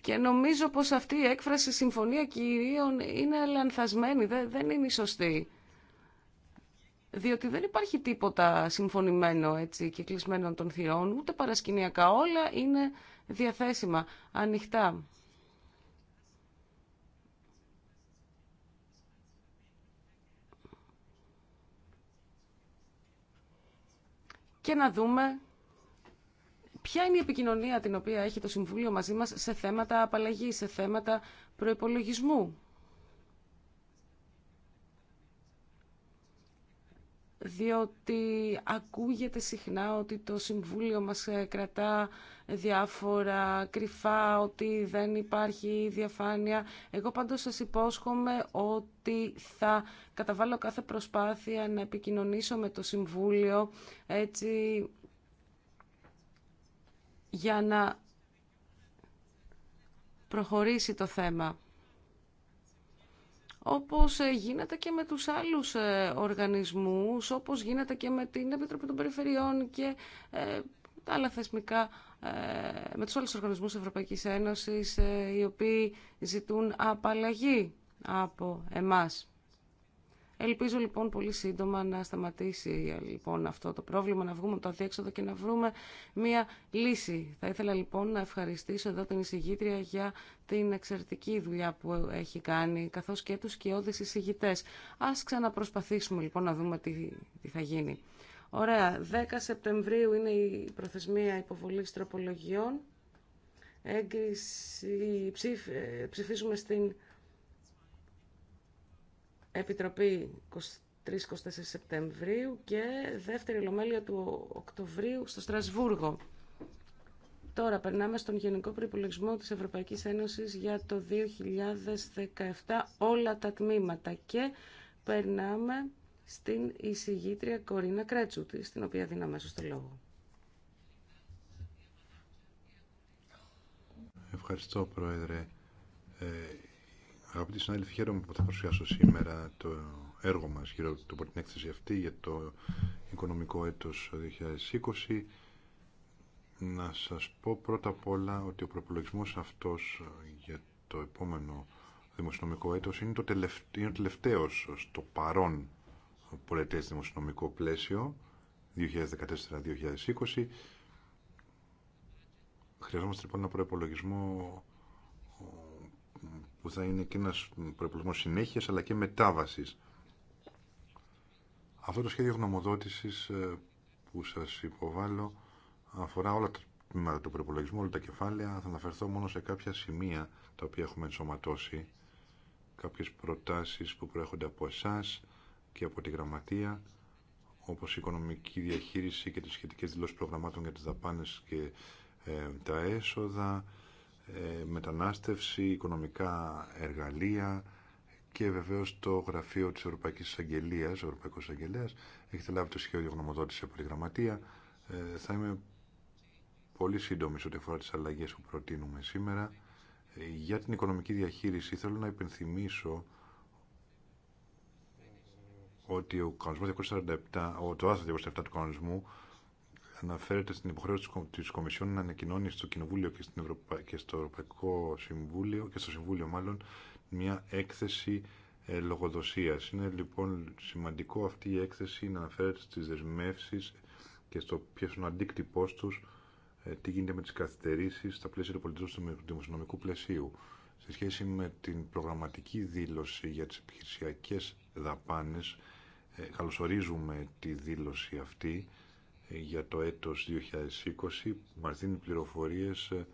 Και νομίζω πως αυτή η έκφραση συμφωνία κυρίων είναι λανθασμένη, δεν είναι η σωστή διότι δεν υπάρχει τίποτα συμφωνημένο έτσι και κλεισμένο των θυρών, ούτε παρασκηνιακά, όλα είναι διαθέσιμα, ανοιχτά. Και να δούμε ποια είναι η επικοινωνία την οποία έχει το Συμβούλιο μαζί μας σε θέματα απαλλαγής, σε θέματα προϋπολογισμού. διότι ακούγεται συχνά ότι το Συμβούλιο μας ε, κρατά διάφορα κρυφά, ότι δεν υπάρχει διαφάνεια. Εγώ πάντως σας υπόσχομαι ότι θα καταβάλω κάθε προσπάθεια να επικοινωνήσω με το Συμβούλιο έτσι για να προχωρήσει το θέμα όπως ε, γίνεται και με τους άλλους ε, οργανισμούς, όπως γίνεται και με την Επιτροπή των Περιφερειών και τα ε, άλλα θεσμικά, με τους άλλους οργανισμούς της Ευρωπαϊκής Ένωσης, οι οποίοι ζητούν απαλλαγή από εμάς. Ελπίζω λοιπόν πολύ σύντομα να σταματήσει λοιπόν αυτό το πρόβλημα, να βγούμε από το αδιέξοδο και να βρούμε μια λύση. Θα ήθελα λοιπόν να ευχαριστήσω εδώ την εισηγήτρια για την εξαιρετική δουλειά που έχει κάνει, καθώς και τους σκιώδεις εισηγητέ. Ας ξαναπροσπαθήσουμε λοιπόν να δούμε τι, θα γίνει. Ωραία, 10 Σεπτεμβρίου είναι η προθεσμία υποβολής τροπολογιών. Έγκριση, ε, ψηφίζουμε στην Επιτροπή 23-24 Σεπτεμβρίου και δεύτερη ολομέλεια του Οκτωβρίου στο Στρασβούργο. Τώρα περνάμε στον Γενικό Προϋπολογισμό της Ευρωπαϊκής Ένωσης για το 2017 όλα τα τμήματα και περνάμε στην εισηγήτρια Κορίνα Κρέτσουτη, στην οποία δίνω αμέσως το λόγο. Ευχαριστώ Πρόεδρε. Ε, Αγαπητοί συνάδελφοι, χαίρομαι που θα παρουσιάσω σήμερα το έργο μας γύρω από την έκθεση αυτή για το οικονομικό έτος 2020. Να σας πω πρώτα απ' όλα ότι ο προπολογισμός αυτός για το επόμενο δημοσιονομικό έτος είναι το, τελευταίο, το τελευταίος στο παρόν πολιτές δημοσιονομικό πλαίσιο 2014-2020. Χρειαζόμαστε λοιπόν ένα προπολογισμό που θα είναι και ένας προϋπολογισμός συνέχειας αλλά και μετάβασης. Αυτό το σχέδιο γνωμοδότησης ε, που σας υποβάλλω αφορά όλα τα τμήματα του προπολογισμού, όλα τα κεφάλαια. Θα αναφερθώ μόνο σε κάποια σημεία τα οποία έχουμε ενσωματώσει, κάποιες προτάσεις που προέρχονται από εσά και από τη γραμματεία, όπως η οικονομική διαχείριση και τις σχετικές δηλώσεις προγραμμάτων για τις δαπάνες και ε, τα έσοδα, ε, μετανάστευση, οικονομικά εργαλεία και βεβαίως το γραφείο της Ευρωπαϊκής Αγγελίας, Ευρωπαϊκός Αγγελία, Έχετε λάβει το σχέδιο γνωμοδότηση από τη γραμματεία. Ε, θα είμαι πολύ σύντομη ό,τι αφορά τις αλλαγές που προτείνουμε σήμερα. Ε, για την οικονομική διαχείριση θέλω να υπενθυμίσω ότι ο 247, το άρθρο 247 του κανονισμού αναφέρεται στην υποχρέωση τη Κομισιόν να ανακοινώνει στο Κοινοβούλιο και, στο Ευρωπαϊκό Συμβούλιο και στο Συμβούλιο μάλλον μια έκθεση ε, λογοδοσίας. Είναι λοιπόν σημαντικό αυτή η έκθεση να αναφέρεται στις δεσμεύσεις και στο ποιος είναι ο αντίκτυπός τους, ε, τι γίνεται με τις καθυστερήσεις στα πλαίσια του πολιτισμού του δημοσιονομικού πλαισίου. Σε σχέση με την προγραμματική δήλωση για τις επιχειρησιακές δαπάνες, ε, καλωσορίζουμε τη δήλωση αυτή για το έτος 2020 μας δίνει πληροφορίες ε,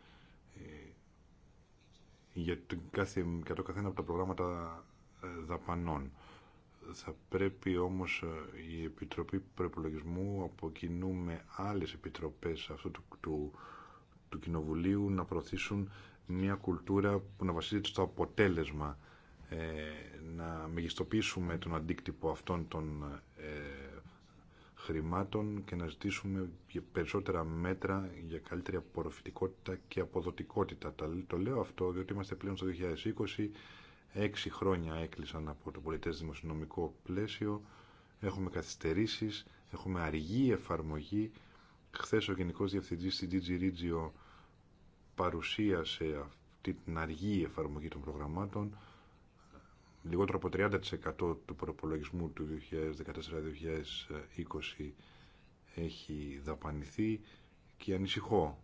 για το, κάθε, για το καθένα από τα προγράμματα ε, δαπανών. Θα πρέπει όμως ε, η Επιτροπή Προπολογισμού από κοινού με άλλες επιτροπές αυτού του, του, του Κοινοβουλίου να προωθήσουν μια κουλτούρα που να βασίζεται στο αποτέλεσμα να μεγιστοποιήσουμε τον αντίκτυπο αυτών των χρημάτων και να ζητήσουμε περισσότερα μέτρα για καλύτερη απορροφητικότητα και αποδοτικότητα. Το λέω αυτό διότι είμαστε πλέον στο 2020, έξι χρόνια έκλεισαν από το πολιτές δημοσιονομικό πλαίσιο, έχουμε καθυστερήσεις, έχουμε αργή εφαρμογή. Χθε ο Γενικός Διευθυντής στην DG Regio παρουσίασε αυτή την αργή εφαρμογή των προγραμμάτων λιγότερο από 30% του προπολογισμού του 2014-2020 έχει δαπανηθεί και ανησυχώ.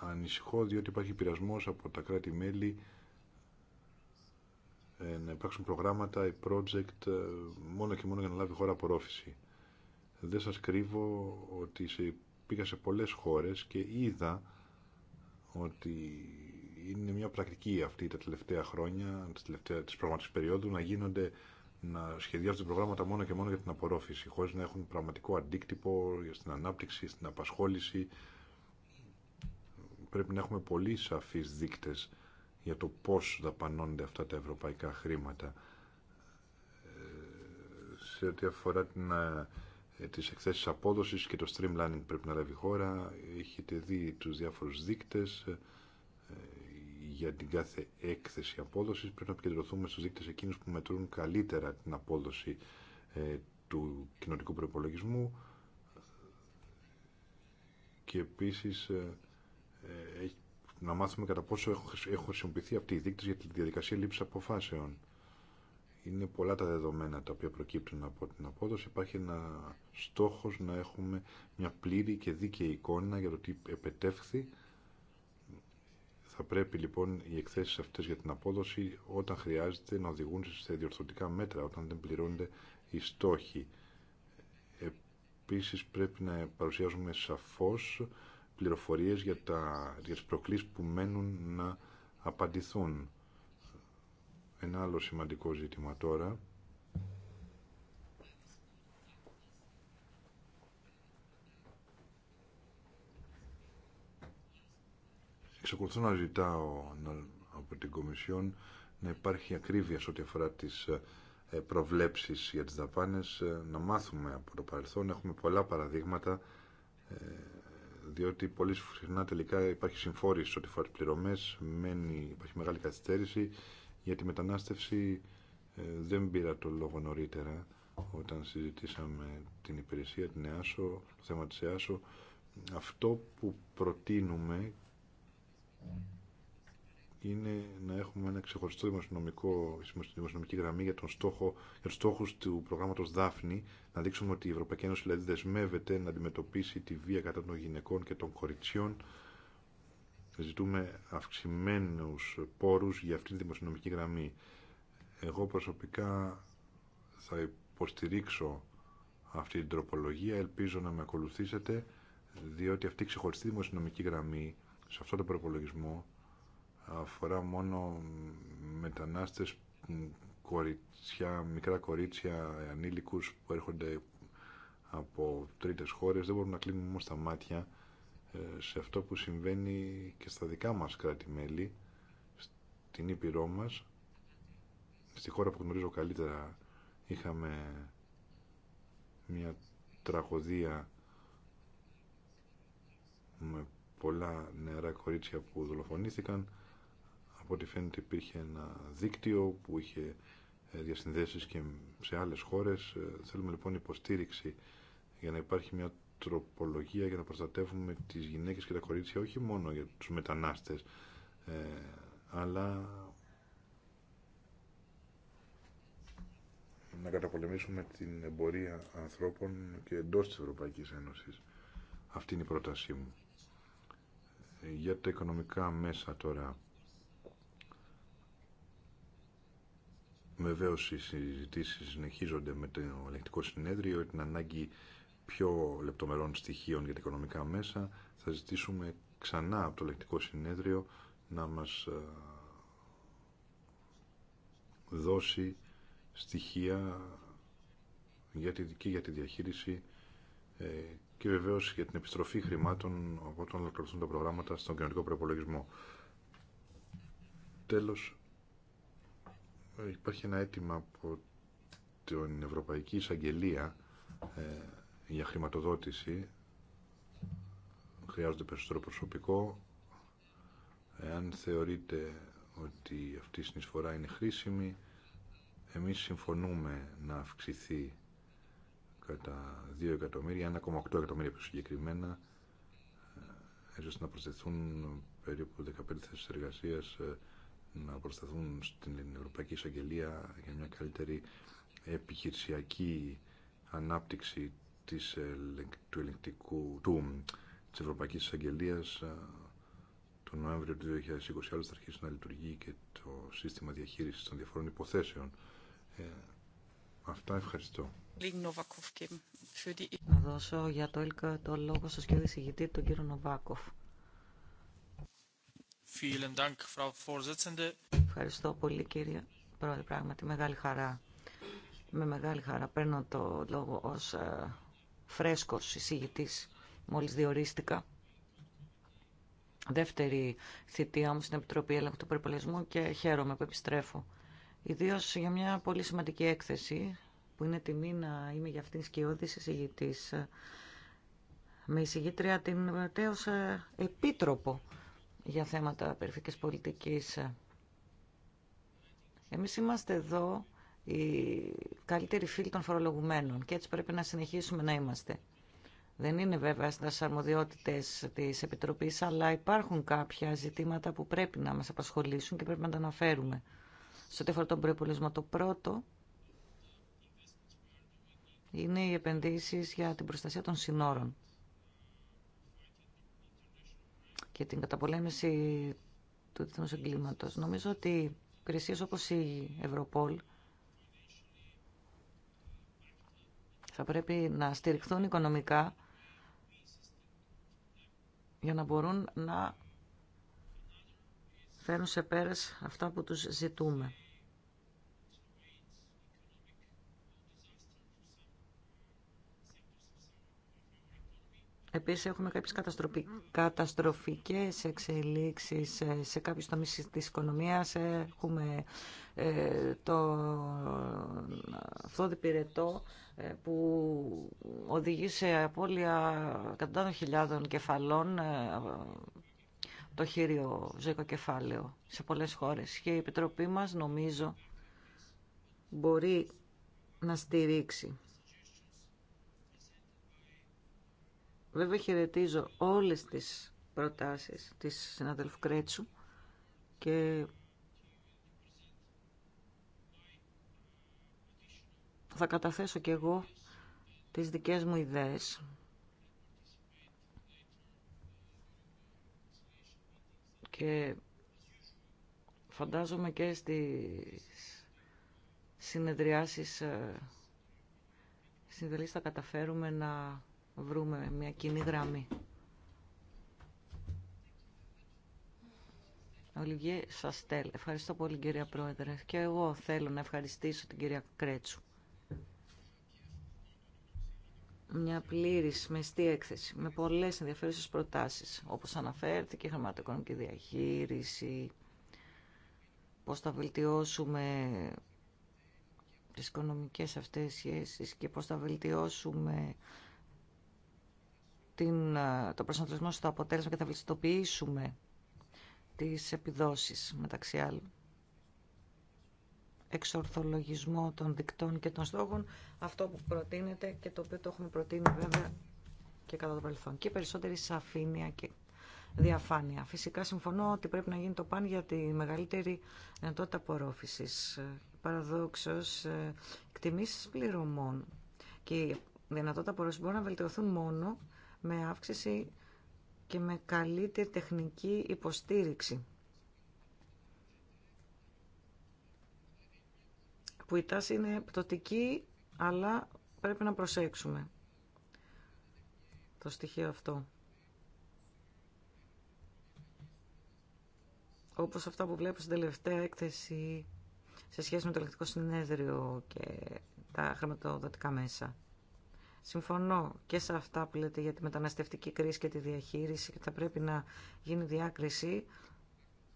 Ανησυχώ διότι υπάρχει πειρασμός από τα κράτη-μέλη ε, να υπάρξουν προγράμματα, ή project, ε, μόνο και μόνο για να λάβει χώρα απορρόφηση. Δεν σας κρύβω ότι σε, πήγα σε πολλές χώρες και είδα ότι είναι μια πρακτική αυτή τα τελευταία χρόνια, τις τελευταία, της πραγματικής περίοδου, να γίνονται, να σχεδιάζονται προγράμματα μόνο και μόνο για την απορρόφηση, χωρίς να έχουν πραγματικό αντίκτυπο στην ανάπτυξη, στην απασχόληση. Πρέπει να έχουμε πολύ σαφείς δείκτες για το πώς δαπανώνται αυτά τα ευρωπαϊκά χρήματα. Ε, σε ό,τι αφορά την, ε, τις εκθέσεις απόδοσης και το streamlining πρέπει να λάβει η χώρα. Έχετε δει τους διάφορους δείκτες ε, για την κάθε έκθεση απόδοσης. Πρέπει να επικεντρωθούμε στους δείκτες εκείνους που μετρούν καλύτερα την απόδοση ε, του κοινωνικού προπολογισμού και επίσης ε, ε να μάθουμε κατά πόσο έχουν χρησιμοποιηθεί αυτοί οι δείκτες για τη διαδικασία λήψης αποφάσεων. Είναι πολλά τα δεδομένα τα οποία προκύπτουν από την απόδοση. Υπάρχει ένα στόχος να έχουμε μια πλήρη και δίκαιη εικόνα για το τι επετεύχθη θα πρέπει λοιπόν οι εκθέσει αυτέ για την απόδοση όταν χρειάζεται να οδηγούν σε διορθωτικά μέτρα όταν δεν πληρώνονται οι στόχοι. Επίση πρέπει να παρουσιάζουμε σαφώ πληροφορίε για, τα, για τι προκλήσει που μένουν να απαντηθούν. Ένα άλλο σημαντικό ζήτημα τώρα εξακολουθώ να ζητάω από την Κομισιόν να υπάρχει ακρίβεια σε ό,τι αφορά τις ε, προβλέψεις για τις δαπάνες, ε, να μάθουμε από το παρελθόν. Έχουμε πολλά παραδείγματα, ε, διότι πολύ συχνά τελικά υπάρχει συμφόρηση ό,τι αφορά τις μένει, υπάρχει μεγάλη καθυστέρηση, γιατί τη μετανάστευση δεν πήρα το λόγο νωρίτερα όταν συζητήσαμε την υπηρεσία, την ΕΑΣΟ, το θέμα της ΕΑΣΟ. Αυτό που προτείνουμε είναι να έχουμε ένα ξεχωριστό δημοσιονομικό, δημοσιονομική γραμμή για, τον στόχο, για τους στόχους του προγράμματος Δάφνη, να δείξουμε ότι η Ευρωπαϊκή Ένωση δηλαδή δεσμεύεται να αντιμετωπίσει τη βία κατά των γυναικών και των κοριτσιών. Ζητούμε αυξημένους πόρους για αυτή τη δημοσιονομική γραμμή. Εγώ προσωπικά θα υποστηρίξω αυτή την τροπολογία, ελπίζω να με ακολουθήσετε, διότι αυτή η ξεχωριστή δημοσιονομική γραμμή σε αυτό το προπολογισμό αφορά μόνο μετανάστες κοριτσιά, μικρά κορίτσια, ανήλικους που έρχονται από τρίτες χώρες. Δεν μπορούμε να κλείνουμε όμως τα μάτια ε, σε αυτό που συμβαίνει και στα δικά μας κράτη-μέλη, στην Ήπειρό μας, στη χώρα που γνωρίζω καλύτερα είχαμε μια τραγωδία πολλά νεαρά κορίτσια που δολοφονήθηκαν. Από ό,τι φαίνεται υπήρχε ένα δίκτυο που είχε ε, διασυνδέσεις και σε άλλες χώρες. Ε, θέλουμε λοιπόν υποστήριξη για να υπάρχει μια τροπολογία για να προστατεύουμε τις γυναίκες και τα κορίτσια όχι μόνο για τους μετανάστες ε, αλλά να καταπολεμήσουμε την εμπορία ανθρώπων και εντός της Ευρωπαϊκής Ένωσης. Αυτή είναι η πρότασή μου για τα οικονομικά μέσα τώρα. Βεβαίω οι συζητήσει συνεχίζονται με το ελεγκτικό συνέδριο, την ανάγκη πιο λεπτομερών στοιχείων για τα οικονομικά μέσα. Θα ζητήσουμε ξανά από το ελεγκτικό συνέδριο να μας ε, δώσει στοιχεία για τη, και για τη διαχείριση ε, και βεβαίως για την επιστροφή χρημάτων όταν ολοκληρωθούν τα προγράμματα στον κοινωνικό προπολογισμό. Τέλος, υπάρχει ένα αίτημα από την Ευρωπαϊκή Εισαγγελία ε, για χρηματοδότηση. Χρειάζονται περισσότερο προσωπικό. Εάν θεωρείτε ότι αυτή η συνεισφορά είναι χρήσιμη, εμείς συμφωνούμε να αυξηθεί κατά 2 εκατομμύρια, 1,8 εκατομμύρια πιο συγκεκριμένα, ε, έτσι να προσθεθούν περίπου 15 θέσει εργασία, ε, να προσθεθούν στην Ευρωπαϊκή Εισαγγελία για μια καλύτερη επιχειρησιακή ανάπτυξη της, του ελεγκτικού, του, της Ευρωπαϊκής Εισαγγελίας ε, τον Νοέμβριο του 2020 θα αρχίσει να λειτουργεί και το σύστημα διαχείρισης των διαφορών υποθέσεων Αυτά ευχαριστώ. Να δώσω για το ΕΛΚΑ το λόγο στο σχέδιο συγητή, τον κύριο Νοβάκοφ. Ευχαριστώ πολύ κύριε Πρόεδρε, πράγματι μεγάλη χαρά. Με μεγάλη χαρά παίρνω το λόγο ως ε, φρέσκος εισηγητής, μόλις διορίστηκα. Δεύτερη θητεία μου στην Επιτροπή Έλεγχου του Περιπολισμού και χαίρομαι που επιστρέφω Ιδίω για μια πολύ σημαντική έκθεση που είναι τιμή να είμαι για αυτήν σκιώδη εισηγητής. Με εισηγήτρια την τέως ε, Επίτροπο για θέματα περιφερειακής πολιτικής. Εμείς είμαστε εδώ οι καλύτεροι φίλοι των φορολογουμένων και έτσι πρέπει να συνεχίσουμε να είμαστε. Δεν είναι βέβαια στι αρμοδιότητε τη επιτροπή, αλλά υπάρχουν κάποια ζητήματα που πρέπει να μα απασχολήσουν και πρέπει να τα αναφέρουμε σε ό,τι αφορά τον προπολογισμό. Το πρώτο είναι οι επενδύσεις για την προστασία των συνόρων και την καταπολέμηση του διεθνούς εγκλήματος. Νομίζω ότι υπηρεσίε όπως η Ευρωπόλ θα πρέπει να στηριχθούν οικονομικά για να μπορούν να φέρουν σε πέρας αυτά που τους ζητούμε. Επίσης έχουμε κάποιες καταστροφικές εξελίξεις σε κάποιους τομείς της οικονομίας. Έχουμε ε, το αυτό πυρετό ε, που οδηγεί σε απώλεια εκατοντάδων χιλιάδων κεφαλών ε, το χείριο ζωικό κεφάλαιο σε πολλές χώρες και η Επιτροπή μας νομίζω μπορεί να στηρίξει. Βέβαια χαιρετίζω όλες τις προτάσεις της συναδελφού Κρέτσου και θα καταθέσω και εγώ τις δικές μου ιδέες Και φαντάζομαι και στις συνεδριάσεις ε, συνδελής θα καταφέρουμε να βρούμε μια κοινή γραμμή. Ολυγέ Σαστέλ, ευχαριστώ πολύ κυρία Πρόεδρε και εγώ θέλω να ευχαριστήσω την κυρία Κρέτσου μια πλήρη μεστή έκθεση με πολλές ενδιαφέρουσε προτάσεις όπως αναφέρθηκε η χρηματοοικονομική διαχείριση πώς θα βελτιώσουμε τις οικονομικές αυτές σχέσει και πώς θα βελτιώσουμε την, το προσανατολισμό στο αποτέλεσμα και θα βελτιστοποιήσουμε τις επιδόσεις μεταξύ άλλων εξορθολογισμό των δικτών και των στόχων, αυτό που προτείνεται και το οποίο το έχουμε προτείνει βέβαια και κατά το παρελθόν. Και περισσότερη σαφήνεια και διαφάνεια. Φυσικά συμφωνώ ότι πρέπει να γίνει το παν για τη μεγαλύτερη δυνατότητα απορρόφηση. Παραδόξω, ε, εκτιμήσει πληρωμών και δυνατότητα απορρόφηση μπορούν να βελτιωθούν μόνο με αύξηση και με καλύτερη τεχνική υποστήριξη που η τάση είναι πτωτική, αλλά πρέπει να προσέξουμε το στοιχείο αυτό. Όπως αυτά που βλέπω στην τελευταία έκθεση σε σχέση με το ελεκτικό συνέδριο και τα χρηματοδοτικά μέσα. Συμφωνώ και σε αυτά που λέτε για τη μεταναστευτική κρίση και τη διαχείριση και θα πρέπει να γίνει διάκριση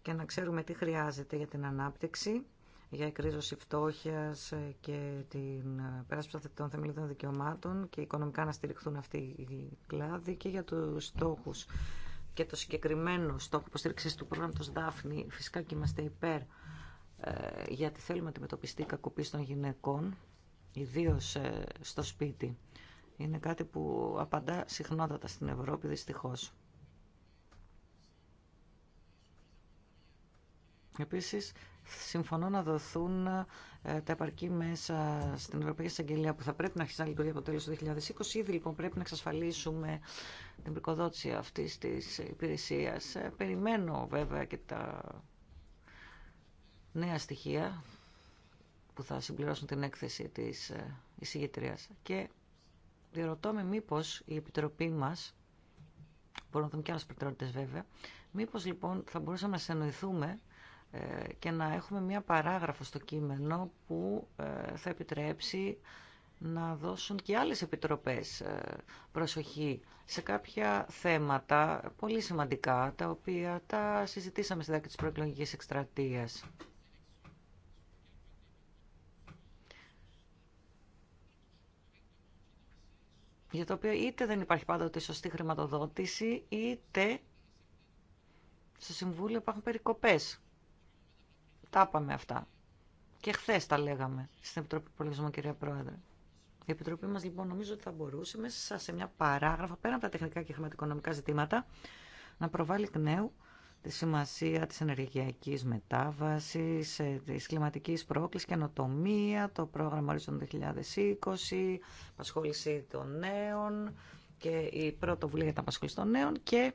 και να ξέρουμε τι χρειάζεται για την ανάπτυξη για εκρίζωση φτώχεια ε, και την ε, περάσπιση των θεμελιωδών δικαιωμάτων και οικονομικά να στηριχθούν αυτοί οι κλάδοι και για του στόχου και το συγκεκριμένο στόχο υποστήριξη του προγράμματο Δάφνη. Φυσικά και είμαστε υπέρ ε, γιατί θέλουμε να αντιμετωπιστεί η κακοποίηση των γυναικών, ιδίω στο σπίτι. Είναι κάτι που απαντά συχνότατα στην Ευρώπη, δυστυχώ. Επίσης, συμφωνώ να δοθούν ε, τα επαρκή μέσα στην Ευρωπαϊκή Εισαγγελία που θα πρέπει να αρχίσει να λειτουργεί από το τέλος του 2020. Ήδη λοιπόν πρέπει να εξασφαλίσουμε την προκοδότηση αυτής της υπηρεσίας. Ε, περιμένω βέβαια και τα νέα στοιχεία που θα συμπληρώσουν την έκθεση της ε, εισηγητρίας. Και διαρωτώ με μήπως η Επιτροπή μας, μπορούμε να δούμε και άλλες προτεραιότητες βέβαια, μήπως λοιπόν θα μπορούσαμε να συνοηθούμε ε, και να έχουμε μία παράγραφο στο κείμενο που ε, θα επιτρέψει να δώσουν και άλλες επιτροπές ε, προσοχή σε κάποια θέματα πολύ σημαντικά, τα οποία τα συζητήσαμε στη διάρκεια της προεκλογικής εκστρατείας. για το οποίο είτε δεν υπάρχει πάντοτε σωστή χρηματοδότηση, είτε στο Συμβούλιο υπάρχουν περικοπές. Τα είπαμε αυτά. Και χθε τα λέγαμε στην Επιτροπή Πολιτισμού, κυρία Πρόεδρε. Η Επιτροπή μα, λοιπόν, νομίζω ότι θα μπορούσε μέσα σε μια παράγραφα πέρα από τα τεχνικά και χρηματοοικονομικά ζητήματα, να προβάλλει εκ νέου τη σημασία της ενεργειακής μετάβασης, ε, της κλιματικής πρόκλησης, καινοτομία, το πρόγραμμα Horizon 2020, απασχόληση των νέων και η πρωτοβουλία για την απασχόληση των νέων και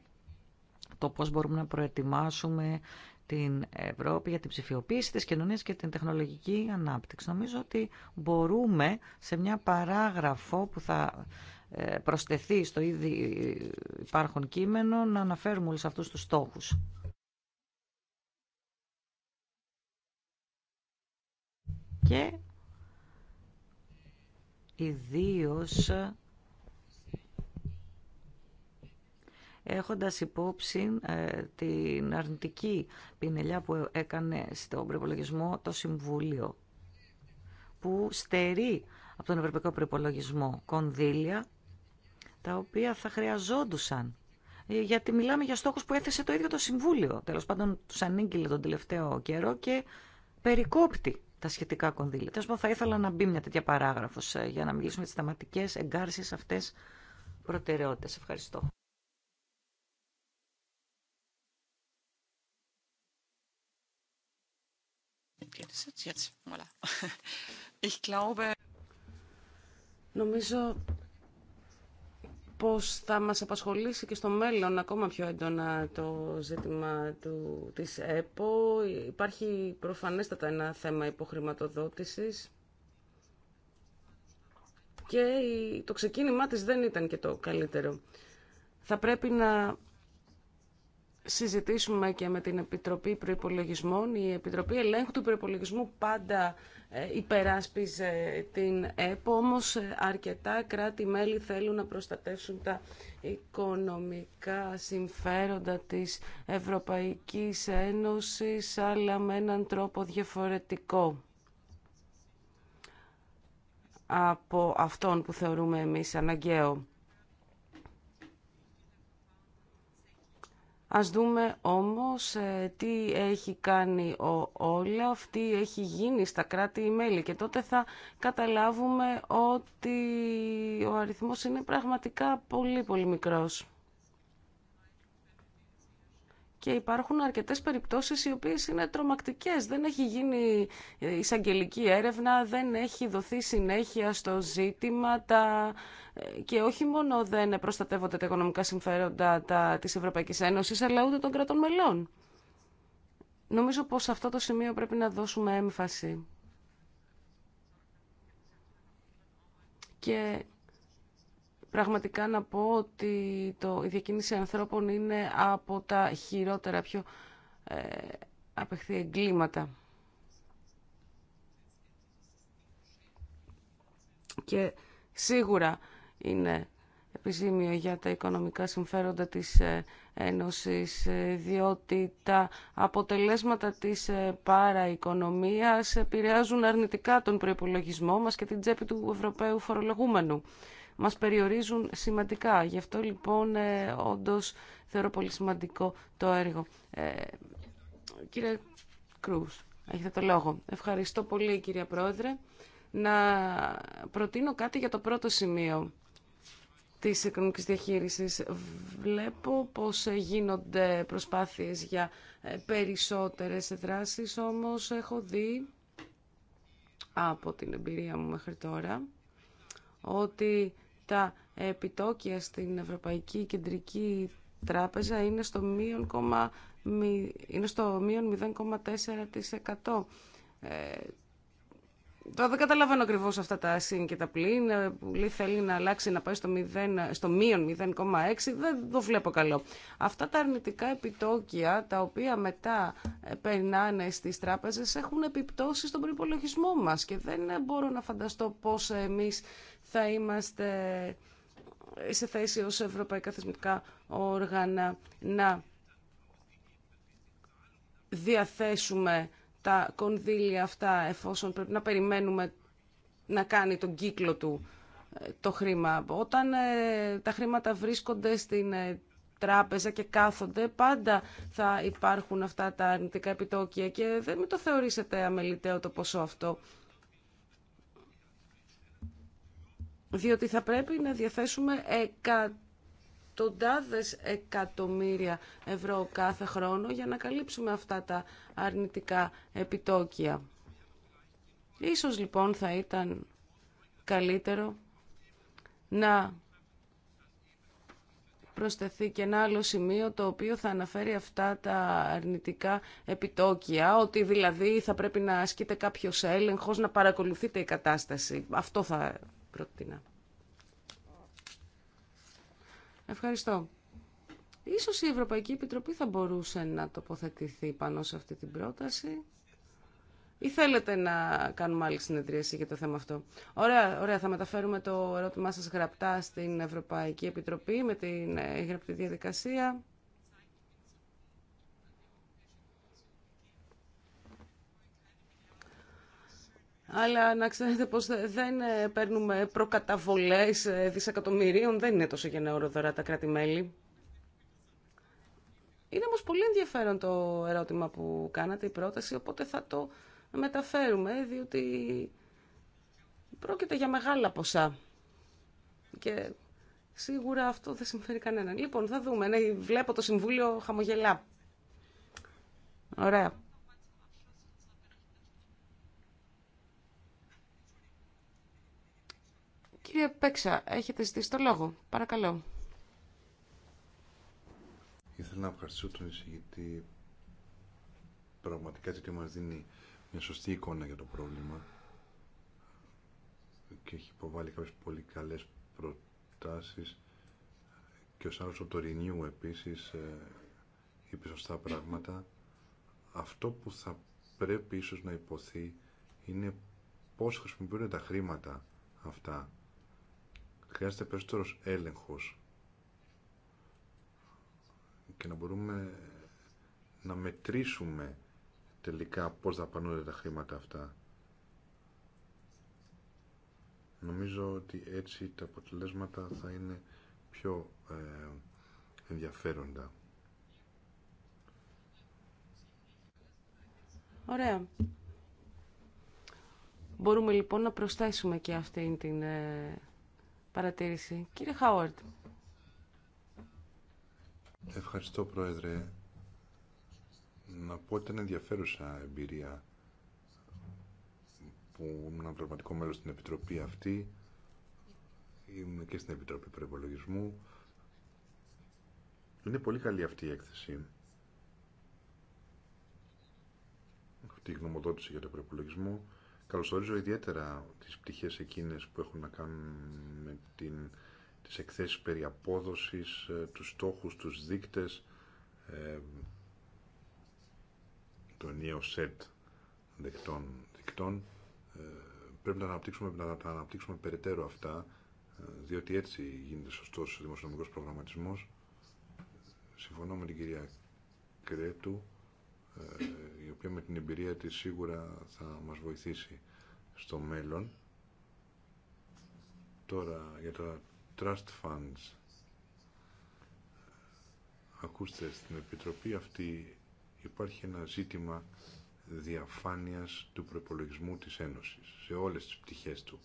το πώ μπορούμε να προετοιμάσουμε την Ευρώπη για την ψηφιοποίηση της κοινωνίας και την τεχνολογική ανάπτυξη. Νομίζω ότι μπορούμε σε μια παράγραφο που θα ε, προσθεθεί στο ήδη υπάρχον κείμενο να αναφέρουμε όλους αυτούς τους στόχους. Και ιδίως έχοντας υπόψη ε, την αρνητική πινελιά που έκανε στον προπολογισμό το Συμβούλιο, που στερεί από τον Ευρωπαϊκό Προπολογισμό κονδύλια, τα οποία θα χρειαζόντουσαν ε, γιατί μιλάμε για στόχους που έθεσε το ίδιο το Συμβούλιο. Τέλος πάντων τους ανήγγειλε τον τελευταίο καιρό και περικόπτει τα σχετικά κονδύλια. Τέλος πάντων θα ήθελα να μπει μια τέτοια παράγραφος ε, για να μιλήσουμε για τις θεματικές εγκάρσεις αυτές προτεραιότητες. Ευχαριστώ. Νομίζω πως θα μας απασχολήσει και στο μέλλον ακόμα πιο έντονα το ζήτημα του, της ΕΠΟ. Υπάρχει προφανέστατα ένα θέμα υποχρηματοδότησης και το ξεκίνημά της δεν ήταν και το καλύτερο. Θα πρέπει να συζητήσουμε και με την Επιτροπή Προϋπολογισμών. Η Επιτροπή Ελέγχου του Προϋπολογισμού πάντα ε, υπεράσπιζε την ΕΠΟ, όμως ε, αρκετά κράτη-μέλη θέλουν να προστατεύσουν τα οικονομικά συμφέροντα της Ευρωπαϊκής Ένωσης, αλλά με έναν τρόπο διαφορετικό από αυτόν που θεωρούμε εμείς αναγκαίο. Ας δούμε όμως ε, τι έχει κάνει ο Όλαφ, τι έχει γίνει στα κράτη-μέλη και τότε θα καταλάβουμε ότι ο αριθμός είναι πραγματικά πολύ πολύ μικρός και υπάρχουν αρκετές περιπτώσεις οι οποίες είναι τρομακτικές. Δεν έχει γίνει εισαγγελική έρευνα, δεν έχει δοθεί συνέχεια στο ζήτημα τα... Ε, και όχι μόνο δεν προστατεύονται τα οικονομικά συμφέροντα τα... της Ευρωπαϊκής Ένωσης, αλλά ούτε των κρατών μελών. Νομίζω πως σε αυτό το σημείο πρέπει να δώσουμε έμφαση. Και πραγματικά να πω ότι το, η διακίνηση ανθρώπων είναι από τα χειρότερα, πιο ε, απεχθή εγκλήματα. Και σίγουρα είναι επιζήμιο για τα οικονομικά συμφέροντα της ε, Ένωσης, ε, διότι τα αποτελέσματα της ε, παραοικονομίας επηρεάζουν αρνητικά τον προϋπολογισμό μας και την τσέπη του Ευρωπαίου φορολογούμενου μας περιορίζουν σημαντικά. Γι' αυτό λοιπόν ε, όντως θεωρώ πολύ σημαντικό το έργο. Ε, κύριε Κρούς, έχετε το λόγο. Ευχαριστώ πολύ κυρία Πρόεδρε. Να προτείνω κάτι για το πρώτο σημείο της οικονομικής διαχείρισης. Βλέπω πως ε, γίνονται προσπάθειες για ε, περισσότερες δράσεις, όμως έχω δει από την εμπειρία μου μέχρι τώρα ότι τα επιτόκια στην Ευρωπαϊκή Κεντρική Τράπεζα είναι στο μείον, είναι στο 0,4%. Ε, δεν καταλαβαίνω ακριβώ αυτά τα συν και τα πλήν. Ε, Πολύ θέλει να αλλάξει να πάει στο, 0, στο μείον 0,6. Δεν το βλέπω καλό. Αυτά τα αρνητικά επιτόκια, τα οποία μετά ε, περνάνε στις τράπεζες, έχουν επιπτώσει στον προϋπολογισμό μας. Και δεν μπορώ να φανταστώ πώ εμεί θα είμαστε σε θέση ως ευρωπαϊκά θεσμικά όργανα να διαθέσουμε τα κονδύλια αυτά εφόσον πρέπει να περιμένουμε να κάνει τον κύκλο του ε, το χρήμα. Όταν ε, τα χρήματα βρίσκονται στην ε, τράπεζα και κάθονται, πάντα θα υπάρχουν αυτά τα αρνητικά επιτόκια και δεν με το θεωρήσετε αμεληταίο το ποσό αυτό. διότι θα πρέπει να διαθέσουμε εκατοντάδες εκατομμύρια ευρώ κάθε χρόνο για να καλύψουμε αυτά τα αρνητικά επιτόκια. Ίσως λοιπόν θα ήταν καλύτερο να προσθεθεί και ένα άλλο σημείο το οποίο θα αναφέρει αυτά τα αρνητικά επιτόκια, ότι δηλαδή θα πρέπει να ασκείται κάποιος έλεγχος, να παρακολουθείτε η κατάσταση. Αυτό θα πρότεινα. Ευχαριστώ. Ίσως η Ευρωπαϊκή Επιτροπή θα μπορούσε να τοποθετηθεί πάνω σε αυτή την πρόταση. Ή θέλετε να κάνουμε άλλη συνεδρίαση για το θέμα αυτό. Ωραία, ωραία, θα μεταφέρουμε το ερώτημά σας γραπτά στην Ευρωπαϊκή Επιτροπή με την ε, γραπτή διαδικασία. Αλλά να ξέρετε πως δεν ε, παίρνουμε προκαταβολές ε, δισεκατομμυρίων, δεν είναι τόσο γενναιόρο δωρά τα κράτη-μέλη. Είναι όμως πολύ ενδιαφέρον το ερώτημα που κάνατε, η πρόταση, οπότε θα το μεταφέρουμε, διότι πρόκειται για μεγάλα ποσά. Και σίγουρα αυτό δεν συμφέρει κανέναν. Λοιπόν, θα δούμε. Ναι, βλέπω το Συμβούλιο χαμογελά. Ωραία. Κύριε Πέξα, έχετε ζητήσει το λόγο. Παρακαλώ. Ήθελα να ευχαριστήσω τον εισηγητή. Πραγματικά γιατί μας δίνει μια σωστή εικόνα για το πρόβλημα και έχει υποβάλει κάποιες πολύ καλές προτάσεις και ο άλλος ο το Renew επίσης ε, είπε σωστά πράγματα. Αυτό που θα πρέπει ίσως να υποθεί είναι πώς χρησιμοποιούν τα χρήματα αυτά χρειάζεται περισσότερο έλεγχο. και να μπορούμε να μετρήσουμε τελικά πώς δαπανούνται τα χρήματα αυτά. Νομίζω ότι έτσι τα αποτελέσματα θα είναι πιο ε, ενδιαφέροντα. Ωραία. Μπορούμε λοιπόν να προσθέσουμε και αυτήν την ε, παρατήρηση. Κύριε Χάουαρτ. Ευχαριστώ, Πρόεδρε. Να πω ότι ήταν ενδιαφέρουσα εμπειρία που ήμουν πραγματικό μέλος στην Επιτροπή αυτή. Ήμουν και στην Επιτροπή Προϋπολογισμού. Είναι πολύ καλή αυτή η έκθεση. Αυτή η γνωμοδότηση για τον προϋπολογισμό. Καλωσορίζω ιδιαίτερα τις πτυχές εκείνες που έχουν να κάνουν με την, τις εκθέσεις περί απόδοσης, ε, τους στόχους, τους δείκτες, ε, το νέο σετ δεκτών δικτών. Ε, πρέπει να αναπτύξουμε, να, τα αναπτύξουμε περαιτέρω αυτά, ε, διότι έτσι γίνεται σωστός δημοσιονομικός προγραμματισμός. Συμφωνώ με την κυρία Κρέτου ε, η οποία με την εμπειρία της σίγουρα θα μας βοηθήσει στο μέλλον. Τώρα για τα trust funds. Ακούστε, στην Επιτροπή αυτή υπάρχει ένα ζήτημα διαφάνειας του προπολογισμού της Ένωσης σε όλες τις πτυχές του.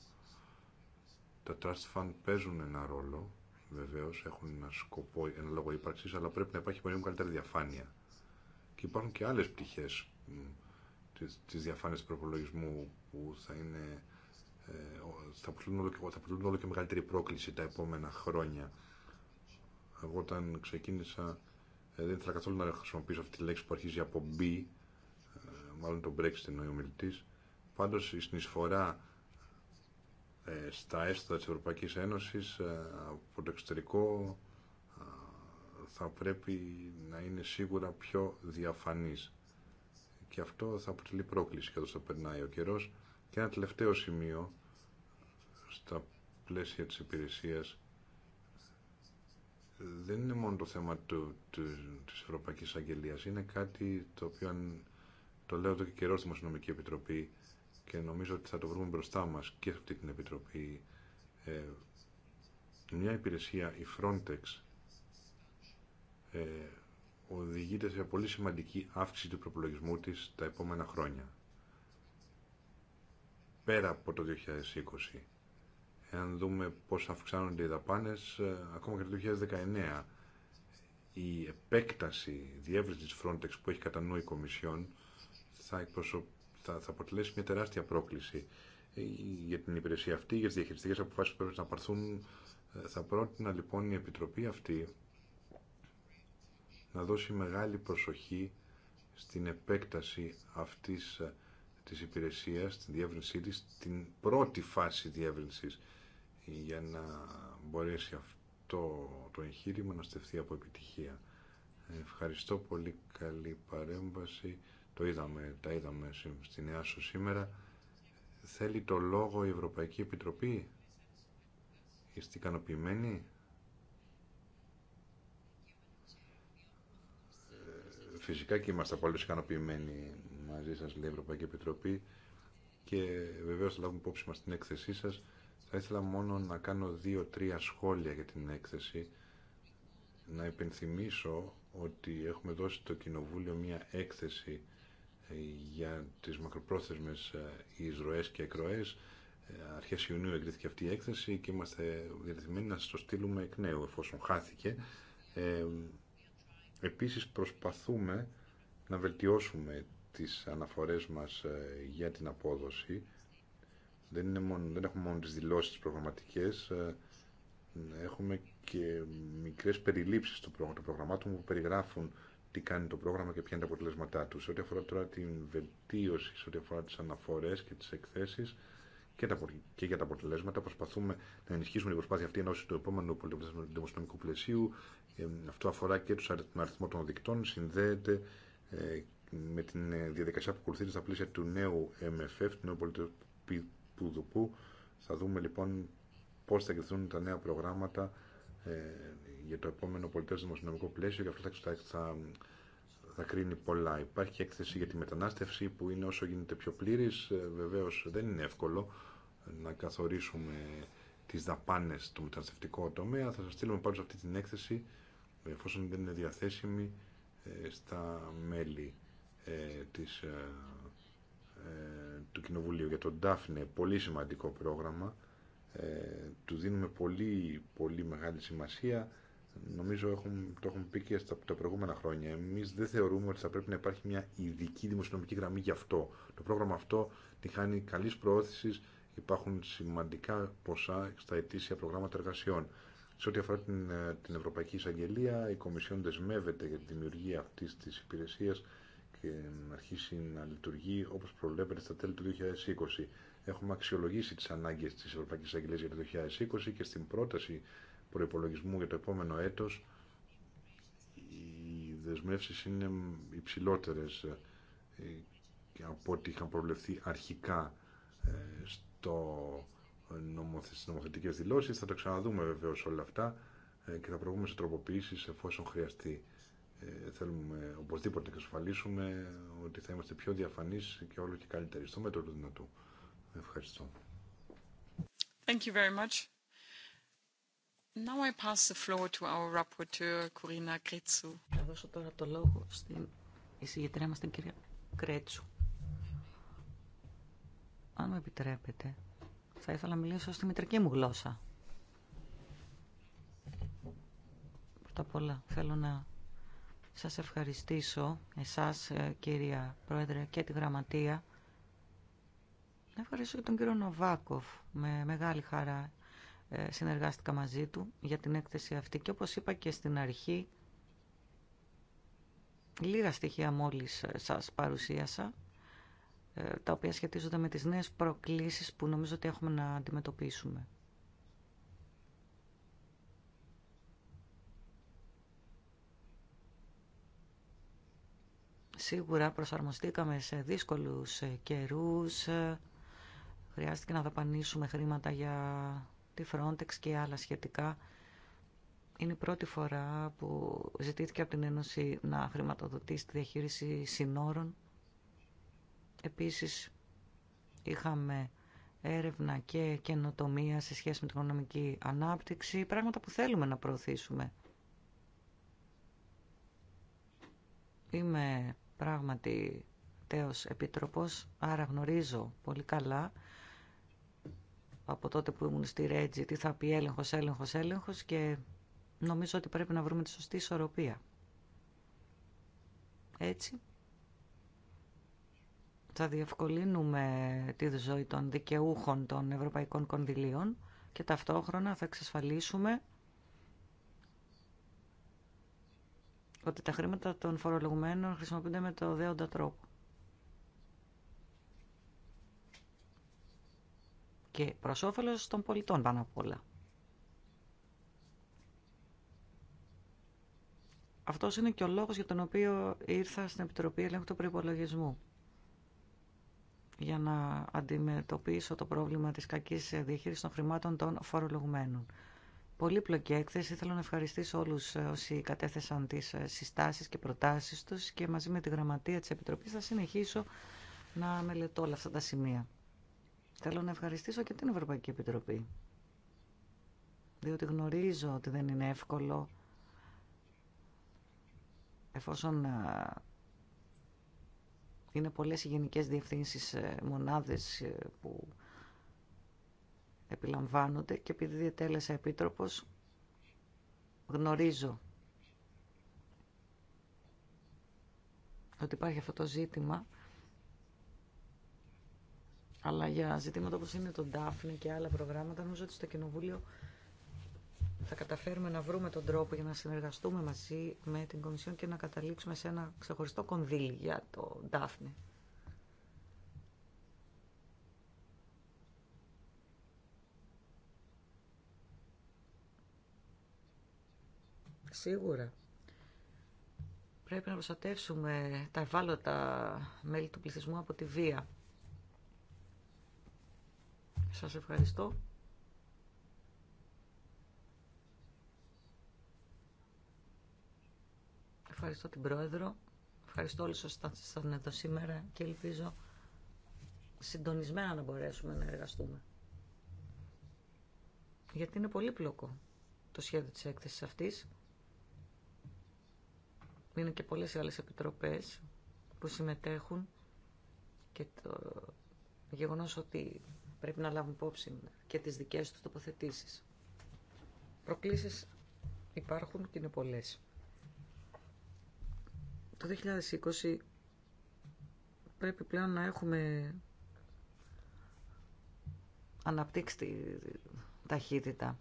Τα trust fund παίζουν ένα ρόλο, βεβαίως έχουν ένα σκοπό, ένα λόγο ύπαρξης, αλλά πρέπει να υπάρχει πολύ καλύτερη διαφάνεια και υπάρχουν και άλλες πτυχές της, της διαφάνειας του προπολογισμού που θα είναι ε, θα αποτελούν όλο, όλο και μεγαλύτερη πρόκληση τα επόμενα χρόνια. Εγώ όταν ξεκίνησα ε, δεν ήθελα καθόλου να χρησιμοποιήσω αυτή τη λέξη που αρχίζει από B, ε, μάλλον το Brexit εννοεί ο μιλητής. Πάντως η συνεισφορά στα έστωτα της Ευρωπαϊκής Ένωσης από το εξωτερικό θα πρέπει να είναι σίγουρα πιο διαφανής. Και αυτό θα αποτελεί πρόκληση καθώς θα περνάει ο καιρός. Και ένα τελευταίο σημείο στα πλαίσια της υπηρεσίας δεν είναι μόνο το θέμα του, του, της Ευρωπαϊκής Αγγελίας. Είναι κάτι το οποίο το λέω εδώ και καιρό στη Μοσυνομική Επιτροπή και νομίζω ότι θα το βρούμε μπροστά μας και αυτή την Επιτροπή. Ε, μια υπηρεσία, η Frontex, ε, οδηγείται σε πολύ σημαντική αύξηση του προπολογισμού της τα επόμενα χρόνια. Πέρα από το 2020. Εάν δούμε πώς αυξάνονται οι δαπάνες, ε, ακόμα και το 2019, η επέκταση διεύρυνση Frontex που έχει κατά νου η Κομισιόν θα, θα, θα αποτελέσει μια τεράστια πρόκληση ε, για την υπηρεσία αυτή, για τις διαχειριστικές αποφάσεις που πρέπει να παρθούν. Ε, θα πρότεινα λοιπόν η Επιτροπή αυτή να δώσει μεγάλη προσοχή στην επέκταση αυτής ε, της υπηρεσίας, στην διεύρυνσή της, στην πρώτη φάση διεύρυνσης για να μπορέσει αυτό το εγχείρημα να στεφθεί από επιτυχία. Ευχαριστώ πολύ καλή παρέμβαση. Το είδαμε, τα είδαμε στην ΕΑΣΟ σήμερα. Θέλει το λόγο η Ευρωπαϊκή Επιτροπή. Είστε ικανοποιημένοι. φυσικά και είμαστε πολύ ικανοποιημένοι μαζί σας, λέει η Ευρωπαϊκή Επιτροπή και βεβαίως θα λάβουμε υπόψη μας την έκθεσή σας. Θα ήθελα μόνο να κάνω δύο-τρία σχόλια για την έκθεση. Να υπενθυμίσω ότι έχουμε δώσει το Κοινοβούλιο μία έκθεση ε, για τις μακροπρόθεσμες ε, εισρωές και εκροές. Ε, αρχές Ιουνίου εγκρίθηκε αυτή η έκθεση και είμαστε διατεθειμένοι να σας το στείλουμε εκ νέου εφόσον χάθηκε. Επίσης προσπαθούμε να βελτιώσουμε τις αναφορές μας ε, για την απόδοση. Δεν, είναι μόνο, δεν έχουμε μόνο τις δηλώσεις προγραμματικές, ε, έχουμε και μικρές περιλήψεις του προγραμμάτων που περιγράφουν τι κάνει το πρόγραμμα και ποια είναι τα αποτελέσματά του. Σε ό,τι αφορά τώρα την βελτίωση, σε ό,τι αφορά τις αναφορές και τις εκθέσεις, και, και για τα αποτελέσματα. Προσπαθούμε να ενισχύσουμε την προσπάθεια αυτή ενώση του επόμενου δημοσιονομικού πλαισίου. Ε, αυτό αφορά και τους τον αριθμό των δικτών, συνδέεται ε, με τη ε, διαδικασία που ακολουθείται στα πλαίσια του νέου MFF, του νέου πολιτικού Θα δούμε λοιπόν πώς θα εκδηθούν τα νέα προγράμματα για το επόμενο πολιτισμό δημοσιονομικό πλαίσιο και αυτό θα θα κρίνει πολλά. Υπάρχει έκθεση για τη μετανάστευση που είναι όσο γίνεται πιο πλήρης. Ε, βεβαίως δεν είναι εύκολο να καθορίσουμε τις δαπάνες του μεταναστευτικού τομέα. Θα σας στείλουμε σε αυτή την έκθεση εφόσον δεν είναι διαθέσιμη ε, στα μέλη ε, της, του Κοινοβουλίου για τον Ντάφνε, πολύ σημαντικό πρόγραμμα. του δίνουμε πολύ, πολύ μεγάλη σημασία Νομίζω το έχουμε πει και στα τα προηγούμενα χρόνια. Εμεί δεν θεωρούμε ότι θα πρέπει να υπάρχει μια ειδική δημοσιονομική γραμμή γι' αυτό. Το πρόγραμμα αυτό τη χάνει καλή προώθηση. Υπάρχουν σημαντικά ποσά στα ετήσια προγράμματα εργασιών. Σε ό,τι αφορά την, ε, την Ευρωπαϊκή Εισαγγελία, η Κομισιόν δεσμεύεται για τη δημιουργία αυτή τη υπηρεσία και να αρχίσει να λειτουργεί όπω προβλέπεται στα τέλη του 2020. Έχουμε αξιολογήσει τι ανάγκε τη Ευρωπαϊκή Εισαγγελία για το 2020 και στην πρόταση προϋπολογισμού για το επόμενο έτος οι δεσμεύσεις είναι υψηλότερες ε, από ό,τι είχαν προβλεφθεί αρχικά ε, στο ε, στις νομοθετικές δηλώσεις. Θα τα ξαναδούμε βεβαίως όλα αυτά και θα προβούμε σε τροποποιήσεις εφόσον χρειαστεί. Θέλουμε οπωσδήποτε να εξασφαλίσουμε ότι θα είμαστε πιο διαφανείς και όλο και καλύτεροι στο μέτρο του δυνατού. Ευχαριστώ. Thank you very much. Now I pass the floor to our rapporteur, Θα δώσω τώρα το λόγο στην εισηγητρία μας, την κυρία Κρέτσου. Αν μου επιτρέπετε, θα ήθελα να μιλήσω στη μητρική μου γλώσσα. Πρώτα απ' όλα θέλω να σας ευχαριστήσω, εσάς ε, κυρία Πρόεδρε και τη Γραμματεία. Να ευχαριστήσω και τον κύριο Νοβάκοφ με μεγάλη χαρά ε, συνεργάστηκα μαζί του για την έκθεση αυτή και όπως είπα και στην αρχή λίγα στοιχεία μόλις ε, σας παρουσίασα ε, τα οποία σχετίζονται με τις νέες προκλήσεις που νομίζω ότι έχουμε να αντιμετωπίσουμε. Σίγουρα προσαρμοστήκαμε σε δύσκολους καιρούς, χρειάστηκε να δαπανίσουμε χρήματα για τη Frontex και άλλα σχετικά. Είναι η πρώτη φορά που ζητήθηκε από την Ένωση να χρηματοδοτήσει τη διαχείριση συνόρων. Επίσης, είχαμε έρευνα και καινοτομία σε σχέση με την οικονομική ανάπτυξη, πράγματα που θέλουμε να προωθήσουμε. Είμαι πράγματι τέος επιτροπός, άρα γνωρίζω πολύ καλά από τότε που ήμουν στη Ρέτζη τι θα πει έλεγχος, έλεγχος, έλεγχος και νομίζω ότι πρέπει να βρούμε τη σωστή ισορροπία. Έτσι θα διευκολύνουμε τη ζωή των δικαιούχων των ευρωπαϊκών κονδυλίων και ταυτόχρονα θα εξασφαλίσουμε ότι τα χρήματα των φορολογουμένων χρησιμοποιούνται με το δέοντα τρόπο. και προς όφελος των πολιτών πάνω απ' όλα. Αυτό είναι και ο λόγος για τον οποίο ήρθα στην Επιτροπή Ελέγχου του Προπολογισμού για να αντιμετωπίσω το πρόβλημα της κακής διαχείρισης των χρημάτων των φορολογουμένων. Πολύπλοκη έκθεση. Θέλω να ευχαριστήσω όλους όσοι κατέθεσαν τις συστάσεις και προτάσεις τους και μαζί με τη γραμματεία της Επιτροπής θα συνεχίσω να μελετώ όλα αυτά τα σημεία. Θέλω να ευχαριστήσω και την Ευρωπαϊκή Επιτροπή. Διότι γνωρίζω ότι δεν είναι εύκολο εφόσον ε, είναι πολλές οι γενικές διευθύνσεις ε, μονάδες ε, που επιλαμβάνονται και επειδή διατέλεσα επίτροπος γνωρίζω ότι υπάρχει αυτό το ζήτημα αλλά για ζητήματα όπως είναι το Ντάφνη και άλλα προγράμματα, νομίζω ότι στο Κοινοβούλιο θα καταφέρουμε να βρούμε τον τρόπο για να συνεργαστούμε μαζί με την Κομισιόν και να καταλήξουμε σε ένα ξεχωριστό κονδύλι για το Ντάφνη. Σίγουρα. Πρέπει να προστατεύσουμε τα ευάλωτα μέλη του πληθυσμού από τη βία. Σας ευχαριστώ. Ευχαριστώ την Πρόεδρο. Ευχαριστώ όλους θα ήταν εδώ σήμερα και ελπίζω συντονισμένα να μπορέσουμε να εργαστούμε. Γιατί είναι πλοκό το σχέδιο της έκθεσης αυτής. Είναι και πολλές άλλες επιτροπές που συμμετέχουν και το γεγονός ότι Πρέπει να λάβουν υπόψη και τις δικές τους τοποθετήσεις. Προκλήσεις υπάρχουν και είναι πολλές. Το 2020 πρέπει πλέον να έχουμε αναπτύξει τη ταχύτητα.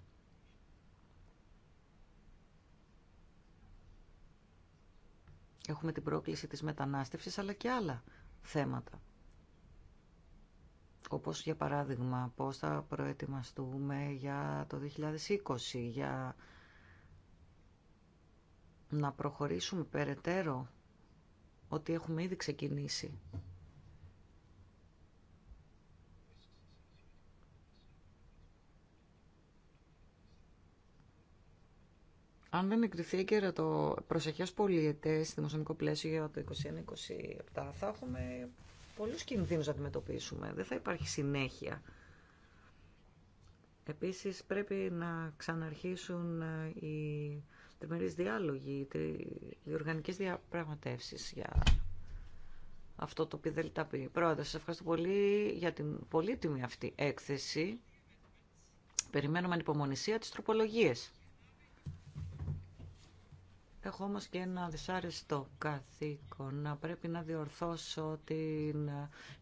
Έχουμε την πρόκληση της μετανάστευσης αλλά και άλλα θέματα όπως για παράδειγμα πώς θα προετοιμαστούμε για το 2020, για να προχωρήσουμε περαιτέρω ότι έχουμε ήδη ξεκινήσει. Αν δεν εκριθεί και το προσεχές πολιετές δημοσιονομικό πλαίσιο για το 2021-2027 θα έχουμε Πολλού κινδύνου να αντιμετωπίσουμε. Δεν θα υπάρχει συνέχεια. Επίσης πρέπει να ξαναρχίσουν ε, οι τριμερεί διάλογοι, οι οργανικές διαπραγματεύσει για αυτό το πιδελταπή. Πρόεδρε, Σα ευχαριστώ πολύ για την πολύτιμη αυτή έκθεση. Περιμένουμε ανυπομονησία τι τροπολογίε. Έχω όμως και ένα δυσάρεστο καθήκον να πρέπει να διορθώσω την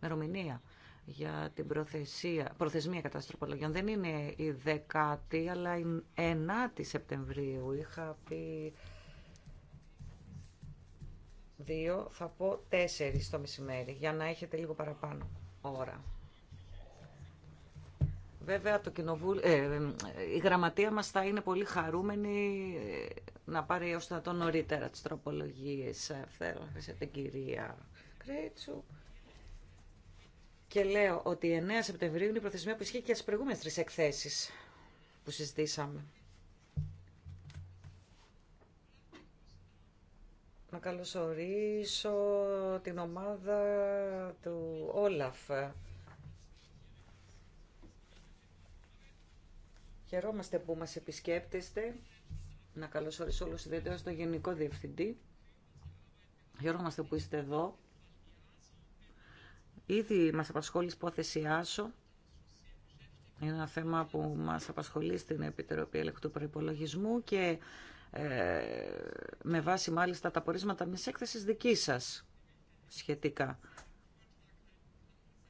ημερομηνία για την προθεσία, προθεσμία καταστροπολογιών. Δεν είναι η δεκάτη, αλλά η ενάτη η Σεπτεμβρίου. Είχα πει δύο, θα πω τέσσερις το μεσημέρι, για να έχετε λίγο παραπάνω ώρα. Βέβαια, το κοινοβούλ... Ε, η γραμματεία μας θα είναι πολύ χαρούμενη ε, να πάρει έως το νωρίτερα τις τροπολογίες. Ε, θέλω να την κυρία Κρέτσου. Και λέω ότι 9 Σεπτεμβρίου είναι η προθεσμία που ισχύει και στις προηγούμενες τρεις εκθέσεις που συζητήσαμε. Να καλωσορίσω την ομάδα του Όλαφ Χαιρόμαστε που μας επισκέπτεστε. Να καλωσορίσω όλους ιδιαίτερα στο Γενικό Διευθυντή. Χαιρόμαστε που είστε εδώ. Ήδη μας απασχόλει υπόθεση Άσο. Είναι ένα θέμα που μας απασχολεί στην Επιτροπή Ελεκτού Προϋπολογισμού και ε, με βάση μάλιστα τα πορίσματα μιας έκθεσης δικής σας σχετικά.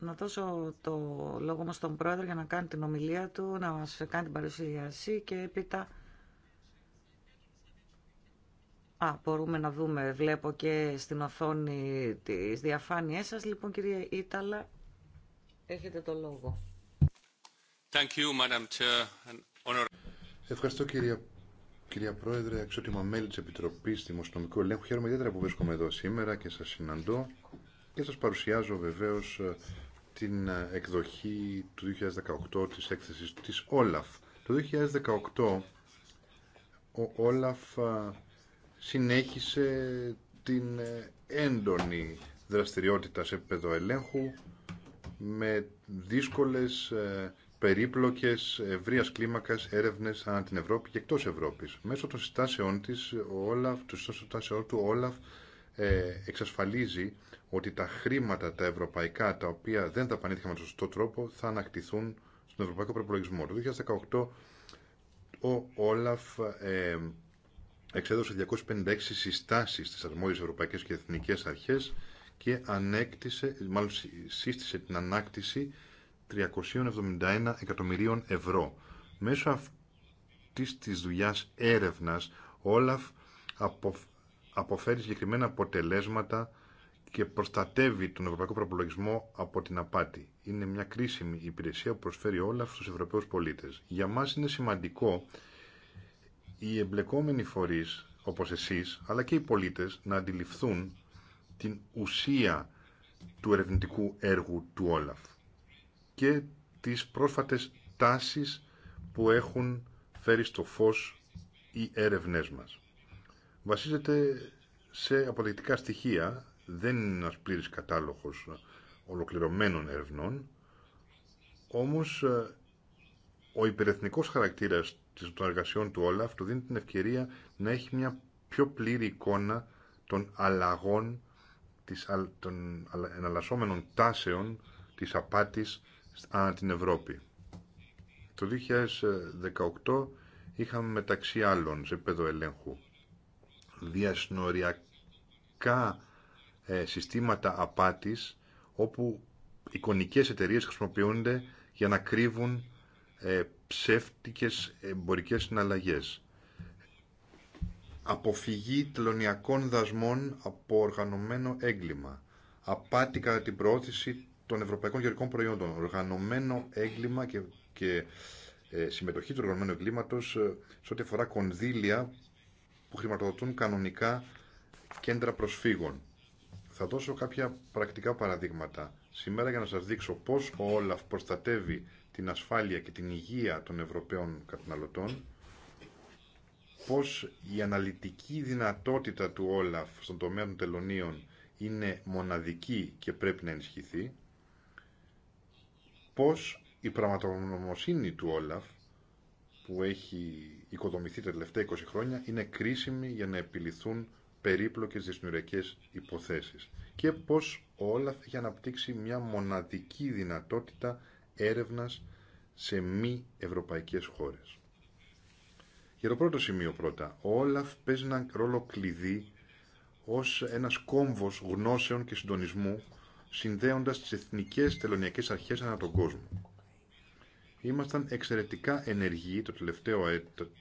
Να δώσω το λόγο μας στον πρόεδρο για να κάνει την ομιλία του, να μας κάνει την παρουσίαση και έπειτα... Α, μπορούμε να δούμε, βλέπω και στην οθόνη της διαφάνειές σας. Λοιπόν, κύριε Ήταλα, έχετε το λόγο. Thank you, Madam Chair. And Ευχαριστώ, κυρία, κυρία Πρόεδρε, Εξότιμα μέλη της Επιτροπής Δημοσιονομικού Ελέγχου. Χαίρομαι ιδιαίτερα που βρίσκομαι εδώ σήμερα και σας συναντώ και σας παρουσιάζω βεβαίως την ε, εκδοχή του 2018 της έκθεσης της Όλαφ. Το 2018 ο Όλαφ ε, συνέχισε την ε, έντονη δραστηριότητα σε επίπεδο ελέγχου με δύσκολες, περίπλοκες, ευρεία κλίμακας έρευνες ανά την Ευρώπη και εκτός Ευρώπης. Μέσω των συστάσεων της, ο Όλαφ, του, Όλαφ εξασφαλίζει ότι τα χρήματα τα ευρωπαϊκά τα οποία δεν τα πανήθηκαν με τον σωστό τρόπο θα ανακτηθούν στον ευρωπαϊκό προπολογισμό. Το 2018 ο Όλαφ ε, εξέδωσε 256 συστάσεις στις αρμόδιες ευρωπαϊκές και εθνικές αρχές και ανέκτησε, μάλλον σύστησε την ανάκτηση 371 εκατομμυρίων ευρώ. Μέσω αυτής της δουλειάς έρευνας ο Όλαφ αποφέρει συγκεκριμένα αποτελέσματα και προστατεύει τον ευρωπαϊκό προπολογισμό από την απάτη. Είναι μια κρίσιμη υπηρεσία που προσφέρει όλα στους Ευρωπαίους πολίτες. Για μας είναι σημαντικό οι εμπλεκόμενοι φορείς, όπως εσείς, αλλά και οι πολίτες, να αντιληφθούν την ουσία του ερευνητικού έργου του Όλαφ και τις πρόσφατες τάσεις που έχουν φέρει στο φως οι έρευνές μας. Βασίζεται σε αποδεικτικά στοιχεία δεν είναι ένας πλήρης κατάλογος ολοκληρωμένων ερευνών, όμως ε, ο υπερεθνικός χαρακτήρας των εργασιών του όλα του δίνει την ευκαιρία να έχει μια πιο πλήρη εικόνα των αλλαγών, των εναλλασσόμενων τάσεων της απάτης ανά την Ευρώπη. Το 2018 είχαμε μεταξύ άλλων σε επίπεδο ελέγχου διασνοριακά ε, συστήματα απάτης όπου εικονικές εταιρείες χρησιμοποιούνται για να κρύβουν ε, ψεύτικες εμπορικές συναλλαγές. Αποφυγή τελωνιακών δασμών από οργανωμένο έγκλημα. Απάτη κατά την προώθηση των ευρωπαϊκών γεωρικών προϊόντων. Οργανωμένο έγκλημα και, και ε, συμμετοχή του οργανωμένου εγκλήματος σε ό,τι αφορά κονδύλια που χρηματοδοτούν κανονικά κέντρα προσφύγων. Θα δώσω κάποια πρακτικά παραδείγματα σήμερα για να σας δείξω πώς ο Όλαφ προστατεύει την ασφάλεια και την υγεία των Ευρωπαίων καταναλωτών, πώς η αναλυτική δυνατότητα του Όλαφ στον τομέα των τελωνίων είναι μοναδική και πρέπει να ενισχυθεί, πώς η πραγματογνωμοσύνη του Όλαφ που έχει οικοδομηθεί τα τελευταία 20 χρόνια είναι κρίσιμη για να επιληθούν περίπλοκες δυσμιουργικές υποθέσεις και πως ο Όλαφ έχει αναπτύξει μια μοναδική δυνατότητα έρευνας σε μη ευρωπαϊκές χώρες. Για το πρώτο σημείο πρώτα, ο Όλαφ παίζει έναν ρόλο κλειδί ως ένας κόμβος γνώσεων και συντονισμού συνδέοντας τις εθνικές τελωνιακές αρχές ανά τον κόσμο. Ήμασταν εξαιρετικά ενεργοί το τελευταίο,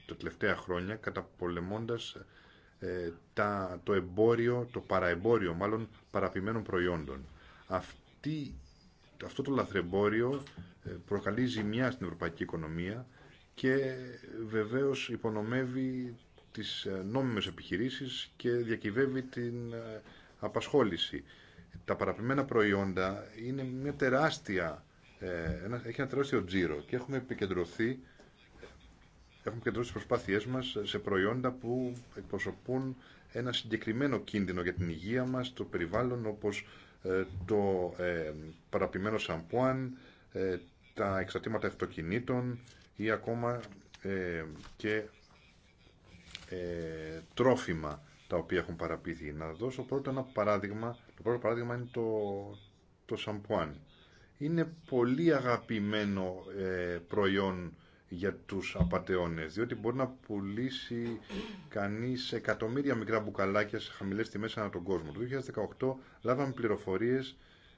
τα τελευταία χρόνια καταπολεμώντας ε, τα, το εμπόριο, το παραεμπόριο μάλλον παραπημένων προϊόντων. Αυτή, αυτό το λαθρεμπόριο ε, προκαλεί ζημιά στην ευρωπαϊκή οικονομία και βεβαίως υπονομεύει τις ε, νόμιμες επιχειρήσεις και διακυβεύει την απασχόληση. Τα παραπημένα προϊόντα είναι μια τεράστια, έχει ένα τεράστιο τζίρο και έχουμε επικεντρωθεί έχουμε κεντρώσει τι προσπάθειές μας σε προϊόντα που εκπροσωπούν ένα συγκεκριμένο κίνδυνο για την υγεία μας, το περιβάλλον όπως ε, το ε, παραπημένο σαμπουάν, ε, τα εξατήματα αυτοκινήτων ή ακόμα και τρόφιμα τα οποία έχουν παραπηθεί. Να δώσω πρώτα ένα παράδειγμα. Το πρώτο παράδειγμα είναι το, το σαμπουάν. Είναι πολύ αγαπημένο προϊόν για τους απαταιώνες, διότι μπορεί να πουλήσει κανείς εκατομμύρια μικρά μπουκαλάκια σε χαμηλές τιμές ανά τον κόσμο. Το 2018 λάβαμε πληροφορίες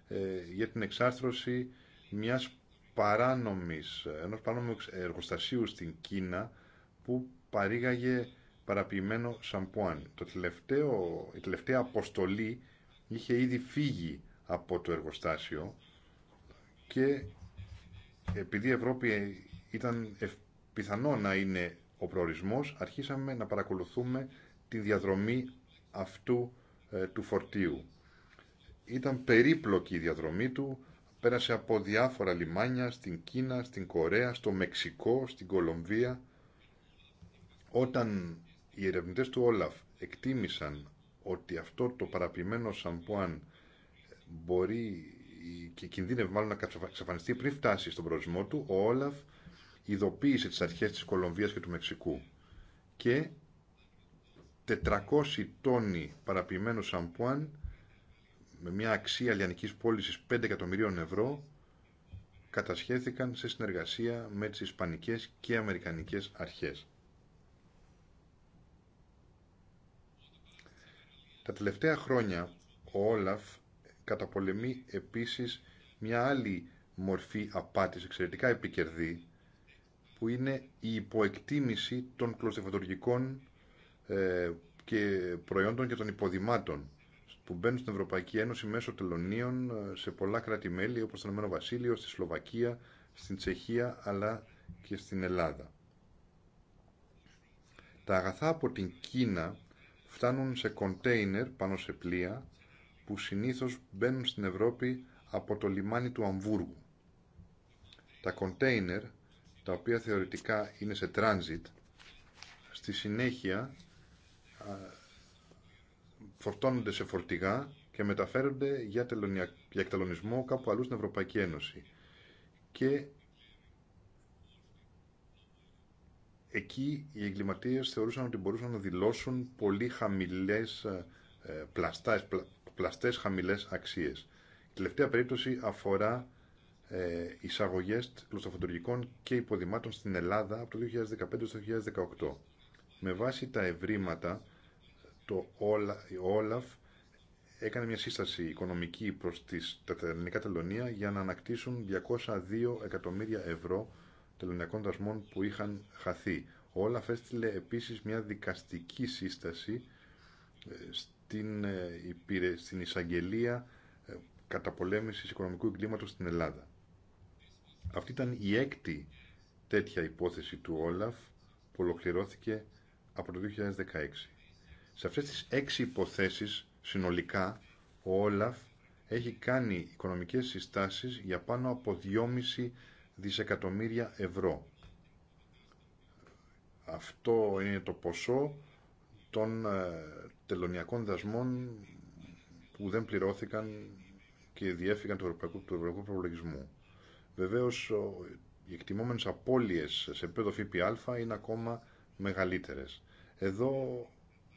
ε, για την εξάρθρωση μιας παράνομης, ενός παράνομου εργοστασίου στην Κίνα που παρήγαγε παραποιημένο σαμπουάν. Το τελευταίο, η τελευταία αποστολή είχε ήδη φύγει από το εργοστάσιο και επειδή η Ευρώπη ήταν πιθανό να είναι ο προορισμός, αρχίσαμε να παρακολουθούμε τη διαδρομή αυτού ε, του φορτίου. Ήταν περίπλοκη η διαδρομή του, πέρασε από διάφορα λιμάνια στην Κίνα, στην Κορέα, στο Μεξικό, στην Κολομβία. Όταν οι ερευνητές του Όλαφ εκτίμησαν ότι αυτό το παραπημένο σαμπουάν μπορεί ε, και κινδύνευε μάλλον να εξαφανιστεί πριν φτάσει στον προορισμό του, ο Όλαφ ειδοποίησε τις αρχές της Κολομβίας και του Μεξικού και 400 τόνοι παραποιημένου σαμπουάν με μια αξία λιανικής πώλησης 5 εκατομμυρίων ευρώ κατασχέθηκαν σε συνεργασία με τις Ισπανικές και Αμερικανικές αρχές. Τα τελευταία χρόνια ο Όλαφ καταπολεμεί επίσης μια άλλη μορφή απάτης εξαιρετικά επικερδή που είναι η υποεκτίμηση των κλωστεφατοργικών ε, και προϊόντων και των υποδημάτων που μπαίνουν στην Ευρωπαϊκή Ένωση μέσω τελωνίων ε, σε πολλά κράτη-μέλη όπως το Ηνωμένο Βασίλειο, στη Σλοβακία, στην Τσεχία αλλά και στην Ελλάδα. Τα αγαθά από την Κίνα φτάνουν σε κοντέινερ πάνω σε πλοία που συνήθως μπαίνουν στην Ευρώπη από το λιμάνι του Αμβούργου. Τα κοντέινερ τα οποία θεωρητικά είναι σε τράνζιτ, στη συνέχεια φορτώνονται σε φορτηγά και μεταφέρονται για, τελωνια... για εκτελονισμό κάπου αλλού στην Ευρωπαϊκή Ένωση. Και εκεί οι εγκληματίες θεωρούσαν ότι μπορούσαν να δηλώσουν πολύ χαμηλές ε, πλαστές, πλαστές χαμηλές αξίες. Η τελευταία περίπτωση αφορά ε, εισαγωγέ κλωστοφοντουργικών και υποδημάτων στην Ελλάδα από το 2015 στο 2018. Με βάση τα ευρήματα, το Όλαφ έκανε μια σύσταση οικονομική προς τα ελληνικά τελωνία για να ανακτήσουν 202 εκατομμύρια ευρώ τελωνιακών δασμών που είχαν χαθεί. Ο Όλαφ έστειλε επίσης μια δικαστική σύσταση ε, στην, ε, στην εισαγγελία καταπολέμησης οικονομικού εγκλήματος στην Ελλάδα. Αυτή ήταν η έκτη τέτοια υπόθεση του Όλαφ που ολοκληρώθηκε από το 2016. Σε αυτές τις έξι υποθέσεις συνολικά ο Όλαφ έχει κάνει οικονομικές συστάσεις για πάνω από 2,5 δισεκατομμύρια ευρώ. Αυτό είναι το ποσό των ε, τελωνιακών δασμών που δεν πληρώθηκαν και διέφυγαν του ευρωπαϊκού, του Βεβαίω, οι εκτιμόμενε απώλειες σε επίπεδο ΦΠΑ είναι ακόμα μεγαλύτερε. Εδώ,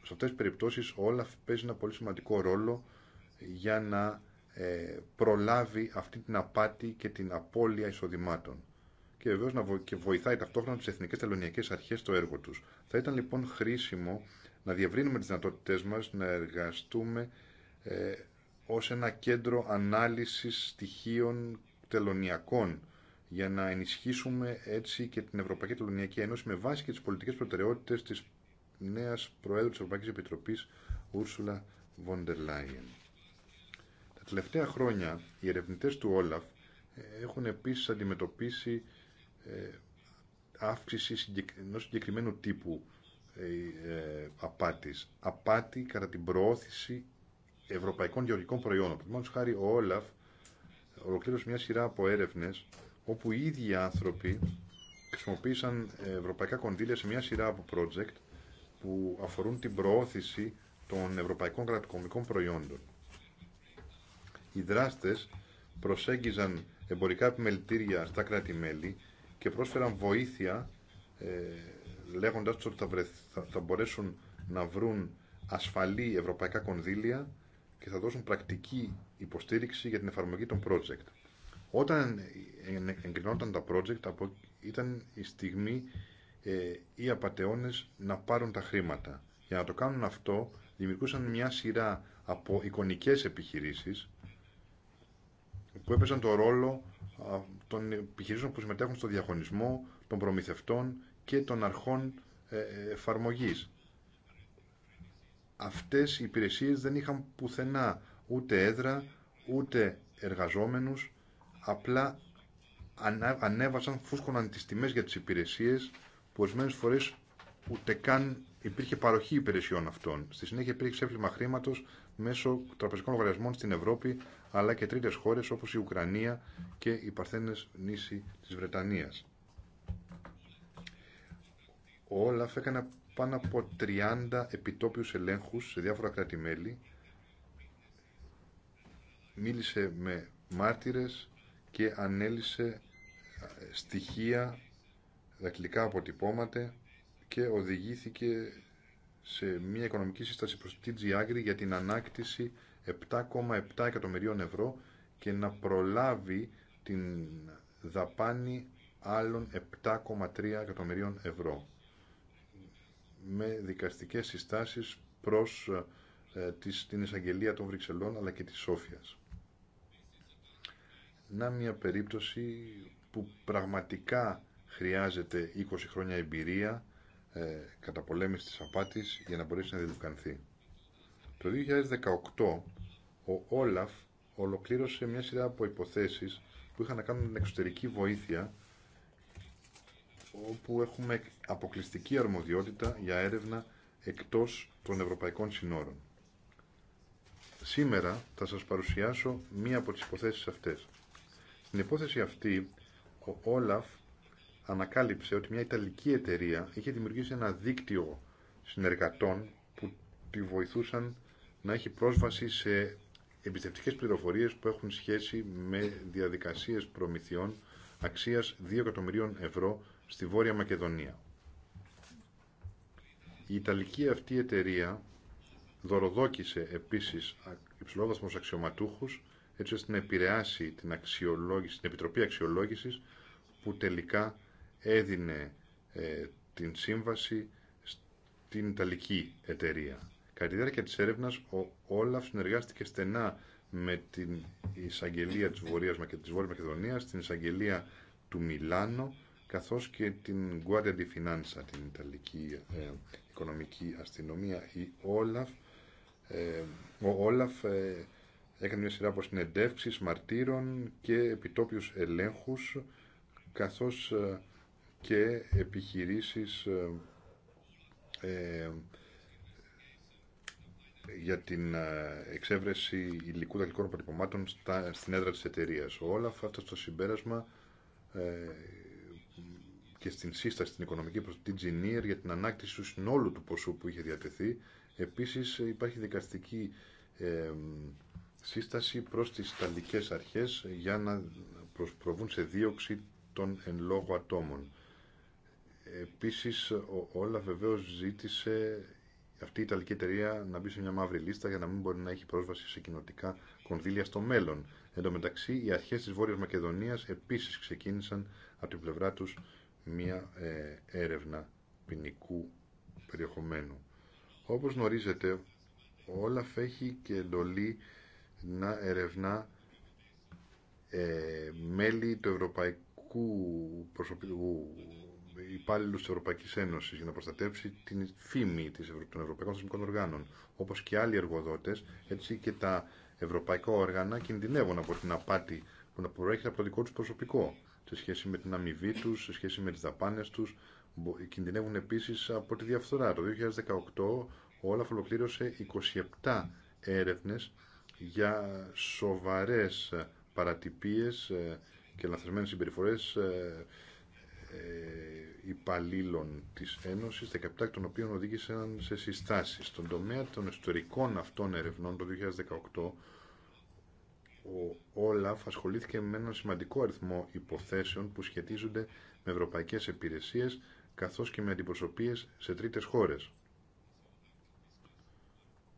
σε αυτέ τι περιπτώσεις, όλα παίζει ένα πολύ σημαντικό ρόλο για να ε, προλάβει αυτή την απάτη και την απώλεια εισοδημάτων. Και βεβαίω να και βοηθάει ταυτόχρονα τι εθνικέ τελωνιακέ αρχέ στο έργο του. Θα ήταν λοιπόν χρήσιμο να διευρύνουμε τι δυνατότητέ μα να εργαστούμε ε, ω ένα κέντρο ανάλυση στοιχείων τελωνιακών για να ενισχύσουμε έτσι και την Ευρωπαϊκή Τελωνιακή Ένωση με βάση και τις πολιτικές προτεραιότητες της νέας Προέδρου της Ευρωπαϊκής Επιτροπής Ούρσουλα Βόντερ Τα τελευταία χρόνια οι ερευνητές του Όλαφ έχουν επίσης αντιμετωπίσει ε, αύξηση ενός συγκεκριμένου τύπου ε, ε, απάτης. Απάτη κατά την προώθηση ευρωπαϊκών γεωργικών προϊόντων. Παραδείγματο χάρη ο Όλαφ ολοκλήρωσε μια σειρά από έρευνε όπου οι ίδιοι άνθρωποι χρησιμοποίησαν ε, ευρωπαϊκά κονδύλια σε μια σειρά από project που αφορούν την προώθηση των ευρωπαϊκών κρατικομικών προϊόντων. Οι δράστες προσέγγιζαν εμπορικά επιμελητήρια στα κράτη-μέλη και πρόσφεραν βοήθεια ε, λέγοντας ότι θα, θα μπορέσουν να βρουν ασφαλή ευρωπαϊκά κονδύλια και θα δώσουν πρακτική υποστήριξη για την εφαρμογή των project. Όταν εγκρινόταν τα project, ήταν η στιγμή ε, οι απαταιώνες να πάρουν τα χρήματα. Για να το κάνουν αυτό, δημιουργούσαν μια σειρά από εικονικές επιχειρήσεις που έπαιζαν το ρόλο των επιχειρήσεων που συμμετέχουν στο διαχωνισμό, των προμηθευτών και των αρχών ε, ε, εφαρμογής αυτές οι υπηρεσίες δεν είχαν πουθενά ούτε έδρα, ούτε εργαζόμενους, απλά ανέβασαν, φούσκωναν τις τιμές για τις υπηρεσίες που ορισμένε φορές ούτε καν υπήρχε παροχή υπηρεσιών αυτών. Στη συνέχεια υπήρχε ξέφλημα χρήματο μέσω τραπεζικών λογαριασμών στην Ευρώπη αλλά και τρίτες χώρες όπως η Ουκρανία και οι παρθένες νήσοι τη Βρετανία. Ο Όλαφ έκανε πάνω από 30 επιτόπιους ελέγχους σε διάφορα κράτη-μέλη. Μίλησε με μάρτυρες και ανέλησε ε, στοιχεία, δακτυλικά αποτυπώματα και οδηγήθηκε σε μια οικονομική σύσταση προς την Τζιάγκρη για την ανάκτηση 7,7 εκατομμυρίων ευρώ και να προλάβει την δαπάνη άλλων 7,3 εκατομμυρίων ευρώ με δικαστικές συστάσεις προς ε, την εισαγγελία των Βρυξελών αλλά και της Σόφιας. Να μια περίπτωση που πραγματικά χρειάζεται 20 χρόνια εμπειρία ε, κατά πολέμηση της απάτης για να μπορέσει να διδουκανθεί. Το 2018 ο Όλαφ ολοκλήρωσε μια σειρά από υποθέσεις που είχαν να κάνουν την εξωτερική βοήθεια όπου έχουμε αποκλειστική αρμοδιότητα για έρευνα εκτός των ευρωπαϊκών συνόρων. Σήμερα θα σας παρουσιάσω μία από τις υποθέσεις αυτές. Στην υπόθεση αυτή, ο Όλαφ ανακάλυψε ότι μια Ιταλική εταιρεία είχε δημιουργήσει ένα δίκτυο συνεργατών που τη βοηθούσαν να έχει πρόσβαση σε εμπιστευτικές πληροφορίες που έχουν σχέση με διαδικασίες προμηθειών αξίας 2 εκατομμυρίων ευρώ στη Βόρεια Μακεδονία. Η Ιταλική αυτή εταιρεία δωροδόκησε επίσης υψηλόβαθμους αξιωματούχους έτσι ώστε να επηρεάσει την, αξιολόγηση, την Επιτροπή Αξιολόγησης που τελικά έδινε ε, την σύμβαση στην Ιταλική εταιρεία. Κατά τη διάρκεια της έρευνας, ο Όλαφ συνεργάστηκε στενά με την εισαγγελία της Βορείας της Μακεδονίας, την εισαγγελία του Μιλάνο καθώς και την Guardia di Finanza, την Ιταλική ε, Οικονομική Αστυνομία, η Όλαφ. Ε, ο Όλαφ ε, έκανε μια σειρά από συνεντεύξεις μαρτύρων και επιτόπιους ελέγχους, καθώς ε, και επιχειρήσεις για την εξέβρεση υλικού δαχτυλικών αποτυπωμάτων στην έδρα της εταιρείας. Ο Όλαφ αυτό το συμπέρασμα και στην σύσταση στην οικονομική προς την Engineer για την ανάκτηση του συνόλου του ποσού που είχε διατεθεί. Επίσης υπάρχει δικαστική ε, σύσταση προς τις ταλικές αρχές για να προβούν σε δίωξη των εν λόγω ατόμων. Επίσης, Όλα βεβαίως ζήτησε αυτή η Ιταλική εταιρεία να μπει σε μια μαύρη λίστα για να μην μπορεί να έχει πρόσβαση σε κοινοτικά κονδύλια στο μέλλον. Εν τω μεταξύ, οι αρχές της Βόρειας Μακεδονίας επίσης ξεκίνησαν από την πλευρά του μία ε, έρευνα ποινικού περιεχομένου. Όπως γνωρίζετε, όλα φέχει και εντολή να ερευνά ε, μέλη του Ευρωπαϊκού Προσωπικού υπάλληλου τη Ευρωπαϊκή Ένωση για να προστατεύσει την φήμη των Ευρωπαϊκών Θεσμικών Οργάνων. Όπω και άλλοι εργοδότε, έτσι και τα ευρωπαϊκά όργανα κινδυνεύουν από την απάτη που να προέρχεται από το δικό του προσωπικό σε σχέση με την αμοιβή του, σε σχέση με τι δαπάνε του, Κινδυνεύουν επίσης από τη διαφθορά. Το 2018 ο Όλαφ ολοκλήρωσε 27 έρευνε για σοβαρέ παρατυπίες ε, και λανθασμένες συμπεριφορέ ε, ε, υπαλλήλων της Ένωσης, 17 των οποίων οδήγησαν σε συστάσεις. Στον τομέα των ιστορικών αυτών ερευνών το 2018 ο Όλαφ ασχολήθηκε με έναν σημαντικό αριθμό υποθέσεων που σχετίζονται με ευρωπαϊκές υπηρεσίες καθώς και με αντιπροσωπείες σε τρίτες χώρες.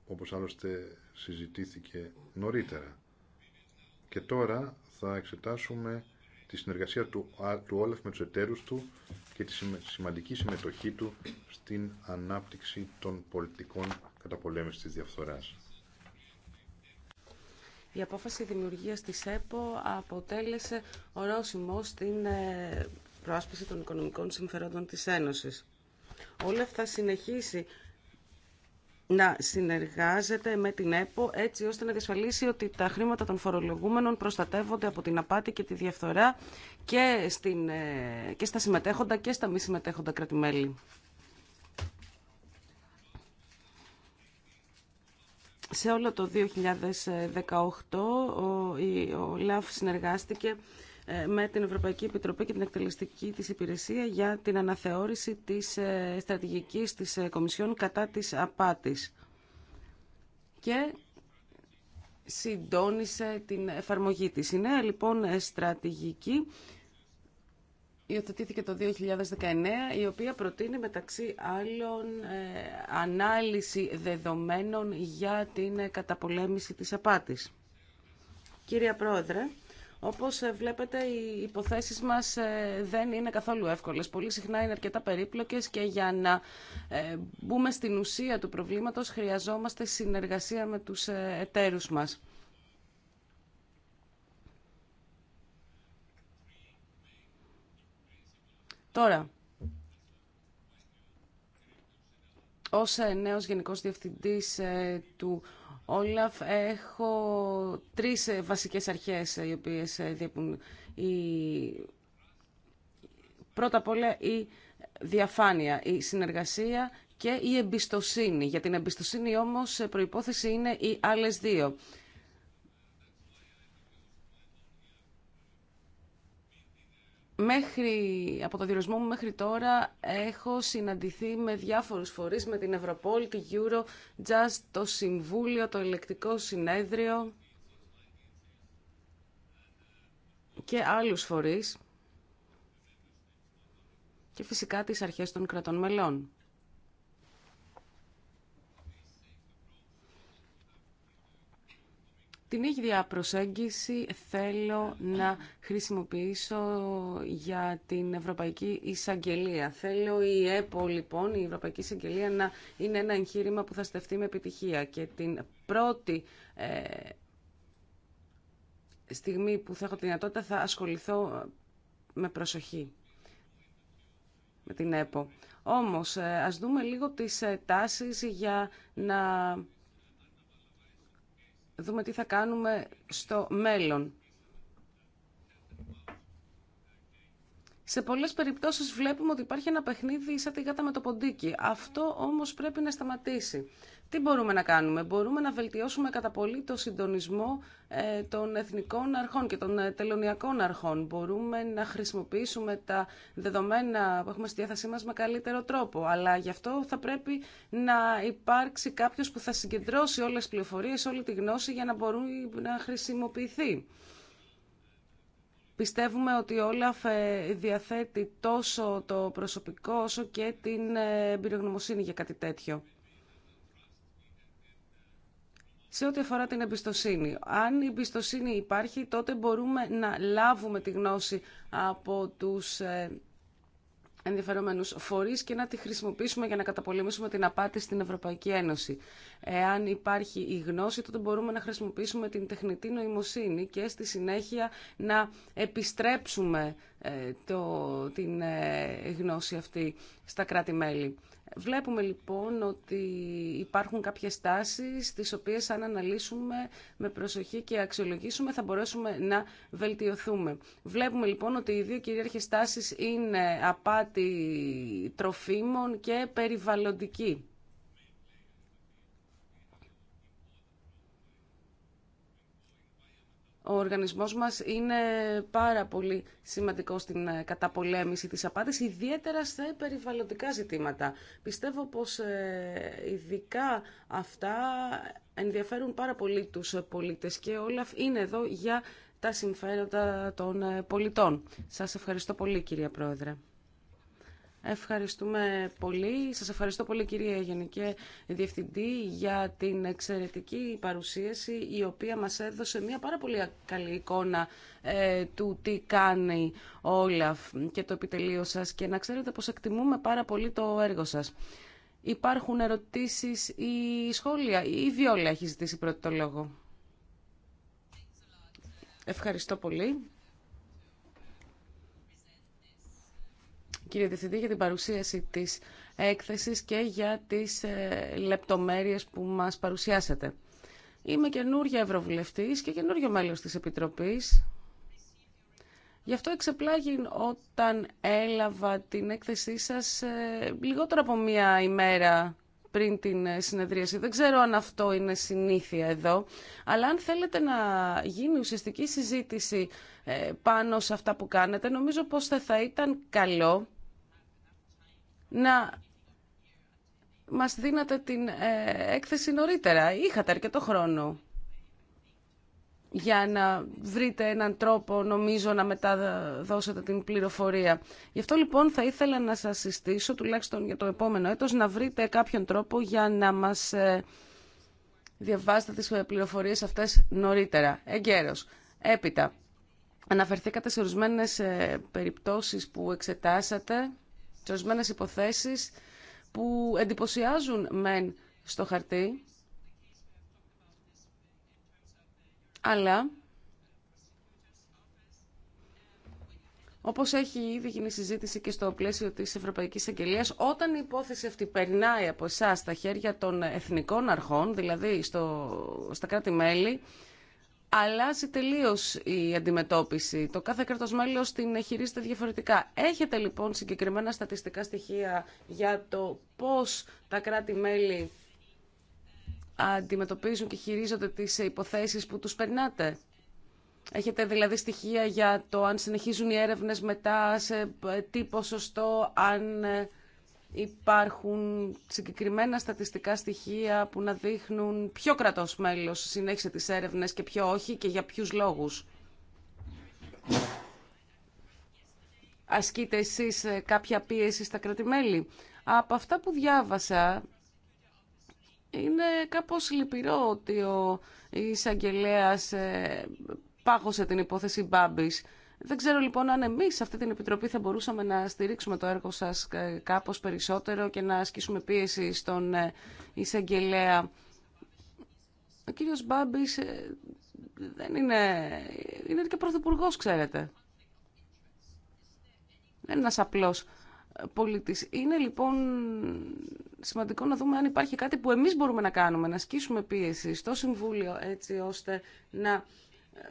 Όπως άλλωστε συζητήθηκε νωρίτερα. Και τώρα θα εξετάσουμε τη συνεργασία του, του Όλαφ με τους εταίρους του και τη σημαντική συμμετοχή του στην ανάπτυξη των πολιτικών καταπολέμησης της διαφθοράς. Η απόφαση δημιουργίας της ΕΠΟ αποτέλεσε ορόσημο στην ε, προάσπιση των οικονομικών συμφερόντων της Ένωσης. Όλα θα συνεχίσει να συνεργάζεται με την ΕΠΟ έτσι ώστε να διασφαλίσει ότι τα χρήματα των φορολογούμενων προστατεύονται από την απάτη και τη διαφθορά και, στην, ε, και στα συμμετέχοντα και στα μη συμμετέχοντα κρατημέλη. σε όλο το 2018 ο ΛΑΦ συνεργάστηκε ε, με την Ευρωπαϊκή Επιτροπή και την εκτελεστική της υπηρεσία για την αναθεώρηση της ε, στρατηγικής της ε, Κομισιόν κατά της απάτης και συντόνισε την εφαρμογή της. Η λοιπόν στρατηγική υιοθετήθηκε το 2019, η οποία προτείνει μεταξύ άλλων ε, ανάλυση δεδομένων για την ε, καταπολέμηση της απάτης. Κύριε Πρόεδρε, όπως ε, βλέπετε οι υποθέσεις μας δεν είναι καθόλου εύκολες. Πολύ συχνά είναι αρκετά περίπλοκες και για να μπούμε στην ουσία του προβλήματος χρειαζόμαστε συνεργασία με τους εταίρους μας. Τώρα, ως ε, νέος Γενικός Διευθυντής ε, του Όλαφ έχω τρεις ε, βασικές αρχές οι οποίες διέπουν η... πρώτα απ' όλα η διαφάνεια, η συνεργασία και η εμπιστοσύνη. Για την εμπιστοσύνη όμως προϋπόθεση είναι οι άλλες δύο. Μέχρι, από το διορισμό μου μέχρι τώρα έχω συναντηθεί με διάφορους φορείς, με την Ευρωπόλ, τη Euro, το Συμβούλιο, το Ελεκτικό Συνέδριο και άλλους φορείς και φυσικά τις αρχές των κρατών μελών. Την ίδια προσέγγιση θέλω να χρησιμοποιήσω για την Ευρωπαϊκή Εισαγγελία. Θέλω η ΕΠΟ, λοιπόν, η Ευρωπαϊκή Εισαγγελία, να είναι ένα εγχείρημα που θα στεφτεί με επιτυχία. Και την πρώτη ε, στιγμή που θα έχω τη δυνατότητα θα ασχοληθώ με προσοχή με την ΕΠΟ. Όμως, ε, ας δούμε λίγο τις ε, τάσεις για να δούμε τι θα κάνουμε στο μέλλον. Σε πολλές περιπτώσεις βλέπουμε ότι υπάρχει ένα παιχνίδι σαν τη γάτα με το ποντίκι. Αυτό όμως πρέπει να σταματήσει. Τι μπορούμε να κάνουμε. Μπορούμε να βελτιώσουμε κατά πολύ το συντονισμό ε, των εθνικών αρχών και των ε, τελωνιακών αρχών. Μπορούμε να χρησιμοποιήσουμε τα δεδομένα που έχουμε στη διάθεσή μας με καλύτερο τρόπο. Αλλά γι' αυτό θα πρέπει να υπάρξει κάποιος που θα συγκεντρώσει όλες τις πληροφορίες, όλη τη γνώση για να μπορούν να χρησιμοποιηθεί. Πιστεύουμε ότι όλα ε, διαθέτει τόσο το προσωπικό όσο και την εμπειρογνωμοσύνη για κάτι τέτοιο σε ό,τι αφορά την εμπιστοσύνη. Αν η εμπιστοσύνη υπάρχει, τότε μπορούμε να λάβουμε τη γνώση από τους ε, ενδιαφερόμενους φορείς και να τη χρησιμοποιήσουμε για να καταπολεμήσουμε την απάτη στην Ευρωπαϊκή Ένωση. Εάν υπάρχει η γνώση, τότε μπορούμε να χρησιμοποιήσουμε την τεχνητή νοημοσύνη και στη συνέχεια να επιστρέψουμε ε, το, την ε, γνώση αυτή στα κράτη-μέλη. Βλέπουμε λοιπόν ότι υπάρχουν κάποιες τάσεις τις οποίες αν αναλύσουμε με προσοχή και αξιολογήσουμε θα μπορέσουμε να βελτιωθούμε. Βλέπουμε λοιπόν ότι οι δύο κυρίαρχες τάσεις είναι απάτη τροφίμων και περιβαλλοντική. Ο οργανισμός μας είναι πάρα πολύ σημαντικό στην ε, καταπολέμηση της απάτης, ιδιαίτερα στα περιβαλλοντικά ζητήματα. Πιστεύω πως ε, ειδικά αυτά ενδιαφέρουν πάρα πολύ τους πολίτες και όλα είναι εδώ για τα συμφέροντα των ε, πολιτών. Σας ευχαριστώ πολύ κυρία Πρόεδρε. Ευχαριστούμε πολύ. Σας ευχαριστώ πολύ κυρία Γενική Διευθυντή για την εξαιρετική παρουσίαση η οποία μας έδωσε μια πάρα πολύ καλή εικόνα ε, του τι κάνει όλα και το επιτελείο σας και να ξέρετε πως εκτιμούμε πάρα πολύ το έργο σας. Υπάρχουν ερωτήσεις ή σχόλια ή η Βιόλα έχει ζητήσει πρώτο λόγο. Ευχαριστώ πολύ. κύριε Διευθυντή, για την παρουσίαση της έκθεσης και για τις ε, λεπτομέρειες που μας παρουσιάσατε. Είμαι καινούργια Ευρωβουλευτής και καινούργιο μέλος της Επιτροπής. Γι' αυτό εξεπλάγει όταν έλαβα την έκθεσή σας ε, λιγότερο από μία ημέρα πριν την ε, συνεδρίαση. Δεν ξέρω αν αυτό είναι συνήθεια εδώ, αλλά αν θέλετε να γίνει ουσιαστική συζήτηση πάνω σε αυτά που κάνετε, νομίζω πως θα ήταν καλό να μας δίνατε την ε, έκθεση νωρίτερα. Είχατε αρκετό χρόνο για να βρείτε έναν τρόπο, νομίζω, να μεταδώσετε την πληροφορία. Γι' αυτό, λοιπόν, θα ήθελα να σας συστήσω, τουλάχιστον για το επόμενο έτος, να βρείτε κάποιον τρόπο για να μας ε, διαβάσετε τις πληροφορίες αυτές νωρίτερα, εγκαίρως. Έπειτα, αναφερθήκατε σε ορισμένες ε, περιπτώσεις που εξετάσατε σε ορισμένε υποθέσεις που εντυπωσιάζουν μεν στο χαρτί, αλλά όπως έχει ήδη γίνει συζήτηση και στο πλαίσιο της Ευρωπαϊκής Αγγελία, όταν η υπόθεση αυτή περνάει από εσά στα χέρια των εθνικών αρχών, δηλαδή στο, στα κράτη-μέλη, αλλάζει τελείω η αντιμετώπιση. Το κάθε κράτο μέλο την χειρίζεται διαφορετικά. Έχετε λοιπόν συγκεκριμένα στατιστικά στοιχεία για το πώ τα κράτη-μέλη αντιμετωπίζουν και χειρίζονται τις υποθέσεις που τους περνάτε. Έχετε δηλαδή στοιχεία για το αν συνεχίζουν οι έρευνες μετά, σε τι ποσοστό, αν ε, υπάρχουν συγκεκριμένα στατιστικά στοιχεία που να δείχνουν ποιο κρατός μέλος συνέχισε τις έρευνες και ποιο όχι και για ποιους λόγους. Ασκείτε εσείς ε, κάποια πίεση στα κρατημέλη. Από αυτά που διάβασα, είναι κάπως λυπηρό ότι ο εισαγγελέα ε, πάγωσε την υπόθεση Μπάμπης δεν ξέρω λοιπόν αν εμεί σε αυτή την Επιτροπή θα μπορούσαμε να στηρίξουμε το έργο σας ε, κάπως περισσότερο και να ασκήσουμε πίεση στον ε, εισαγγελέα. Ο κύριος Μπάμπης ε, δεν είναι... είναι και πρωθυπουργό, ξέρετε. Δεν είναι ένα απλό πολιτή. Είναι λοιπόν σημαντικό να δούμε αν υπάρχει κάτι που εμείς μπορούμε να κάνουμε, να ασκήσουμε πίεση στο Συμβούλιο έτσι ώστε να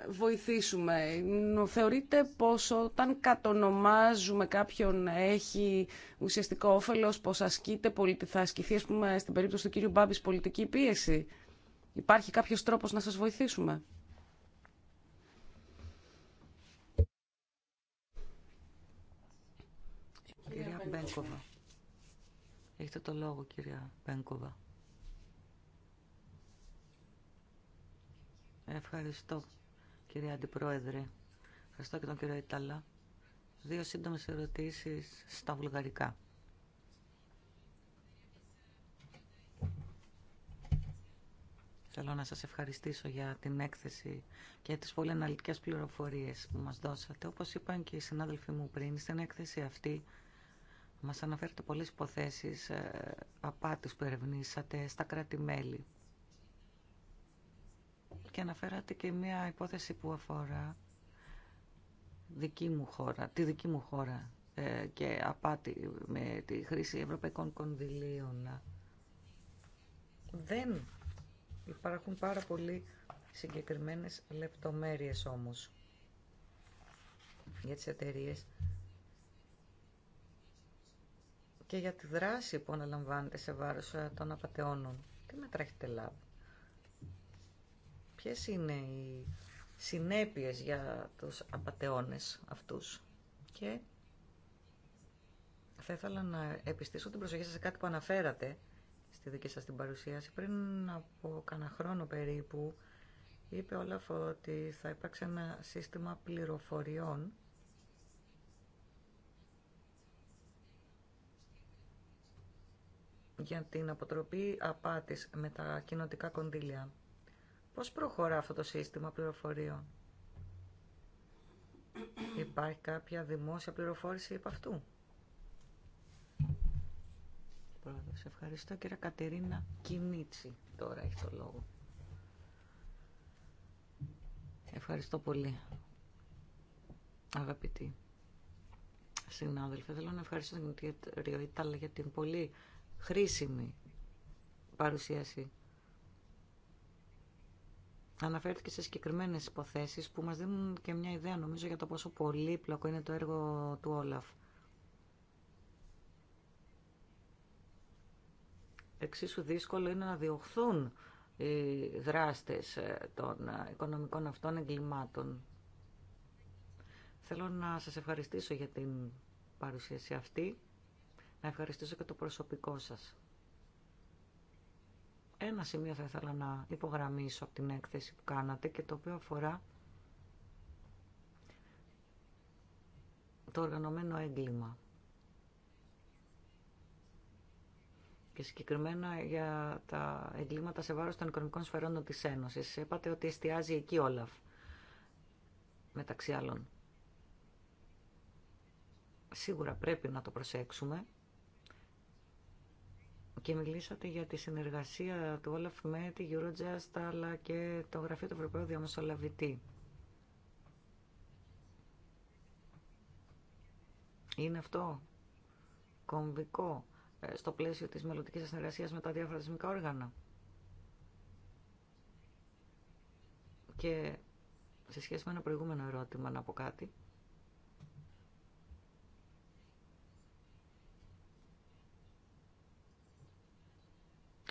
βοηθήσουμε. Θεωρείτε πως όταν κατονομάζουμε κάποιον έχει ουσιαστικό όφελος, πως ασκείται, θα ασκηθεί, ας πούμε, στην περίπτωση του κύριου Μπάμπης, πολιτική πίεση. Υπάρχει κάποιος τρόπος να σας βοηθήσουμε. Κυρία Μπένκοβα. Έχετε το λόγο, κυρία Μπένκοβα. Ευχαριστώ. Κύριε Αντιπρόεδρε. Ευχαριστώ και τον κύριο Ιταλά. Δύο σύντομες ερωτήσεις στα βουλγαρικά. Θέλω να σας ευχαριστήσω για την έκθεση και τις πολύ αναλυτικές πληροφορίες που μας δώσατε. Όπως είπαν και οι συνάδελφοί μου πριν, στην έκθεση αυτή μας αναφέρετε πολλές υποθέσεις ε, απάτης που ερευνήσατε στα κράτη-μέλη και αναφέρατε και μία υπόθεση που αφορά δική μου χώρα, τη δική μου χώρα ε, και απάτη με τη χρήση ευρωπαϊκών κονδυλίων. Δεν υπάρχουν πάρα πολύ συγκεκριμένες λεπτομέρειες όμως για τις εταιρείε και για τη δράση που αναλαμβάνεται σε βάρος ε, των απαταιώνων. Τι μέτρα έχετε λάβει ποιες είναι οι συνέπειες για τους απατεώνες αυτούς. Και θα ήθελα να επιστήσω την προσοχή σας σε κάτι που αναφέρατε στη δική σας την παρουσίαση. Πριν από κανένα χρόνο περίπου είπε όλα αυτά ότι θα υπάρξει ένα σύστημα πληροφοριών για την αποτροπή απάτης με τα κοινοτικά κονδύλια. Πώς προχωρά αυτό το σύστημα πληροφοριών. Υπάρχει κάποια δημόσια πληροφόρηση επ' αυτού. ευχαριστώ. κύριε Κατερίνα Κινίτσι τώρα έχει το λόγο. Ευχαριστώ πολύ. Αγαπητοί συνάδελφοι, θέλω να ευχαριστώ την Ριοϊτάλα για την πολύ χρήσιμη παρουσίαση αναφέρθηκε σε συγκεκριμένες υποθέσεις που μας δίνουν και μια ιδέα νομίζω για το πόσο πολύπλοκο είναι το έργο του Όλαφ. Εξίσου δύσκολο είναι να διωχθούν οι δράστες ε, των ε, οικονομικών αυτών εγκλημάτων. Θέλω να σας ευχαριστήσω για την παρουσίαση αυτή, να ευχαριστήσω και το προσωπικό σας. Ένα σημείο θα ήθελα να υπογραμμίσω από την έκθεση που κάνατε και το οποίο αφορά το οργανωμένο έγκλημα. και συγκεκριμένα για τα εγκλήματα σε βάρος των οικονομικών σφαιρών της Ένωσης. Είπατε ότι εστιάζει εκεί όλα μεταξύ άλλων. Σίγουρα πρέπει να το προσέξουμε και μιλήσατε για τη συνεργασία του Όλαφ με τη Eurojust αλλά και το Γραφείο του Ευρωπαίου Διαμεσολαβητή. Είναι αυτό κομβικό ε, στο πλαίσιο της μελλοντικής συνεργασίας με τα διάφορα θεσμικά όργανα. Και σε σχέση με ένα προηγούμενο ερώτημα να πω κάτι.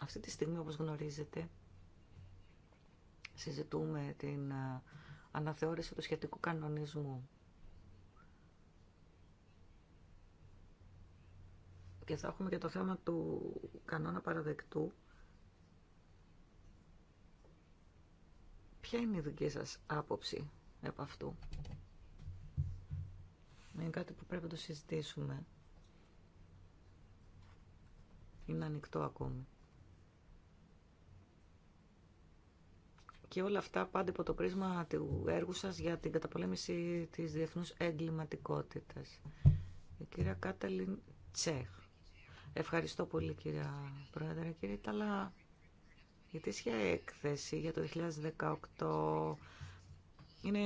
Αυτή τη στιγμή, όπως γνωρίζετε, συζητούμε την ε, αναθεώρηση του σχετικού κανονισμού. Και θα έχουμε και το θέμα του κανόνα παραδεκτού. Ποια είναι η δική σας άποψη από αυτού. Είναι κάτι που πρέπει να το συζητήσουμε. Είναι ανοιχτό ακόμη. Και όλα αυτά πάντα υπό το πρίσμα του έργου σας για την καταπολέμηση της διεθνούς εγκληματικότητας. Η κυρία Κάταλιν Τσέχ. Ευχαριστώ πολύ κυρία Πρόεδρε. Κύριε Ταλά, η τέτοια έκθεση για το 2018 είναι,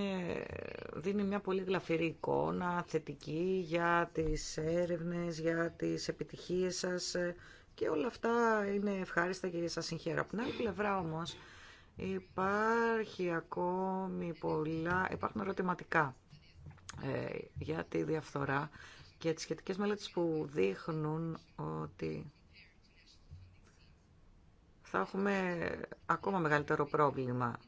δίνει μια πολύ γλαφυρή εικόνα, θετική για τις έρευνες, για τις επιτυχίες σας και όλα αυτά είναι ευχάριστα και σας συγχαίρω. Από την άλλη πλευρά όμως, Υπάρχει ακόμη πολλά, υπάρχουν ερωτηματικά ε, για τη διαφθορά και τις σχετικές μελέτες που δείχνουν ότι θα έχουμε ακόμα μεγαλύτερο πρόβλημα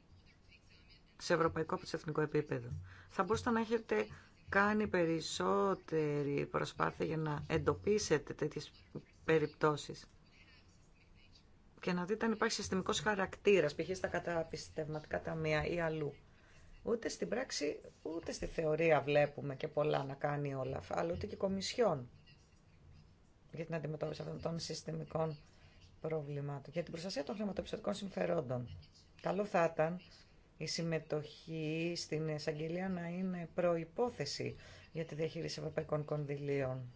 σε ευρωπαϊκό και σε εθνικό επίπεδο. Θα μπορούσατε να έχετε κάνει περισσότερη προσπάθεια για να εντοπίσετε τέτοιες περιπτώσεις και να δείτε αν υπάρχει συστημικός χαρακτήρας, π.χ. στα καταπιστευματικά ταμεία ή αλλού. Ούτε στην πράξη, ούτε στη θεωρία βλέπουμε και πολλά να κάνει όλα αυτά, αλλά ούτε και κομισιόν για την αντιμετώπιση αυτών των συστημικών προβλημάτων. Για την προστασία των χρηματοπιστωτικών συμφερόντων. Καλό θα ήταν η συμμετοχή στην εισαγγελία να είναι προϋπόθεση για τη διαχείριση ευρωπαϊκών κονδυλίων.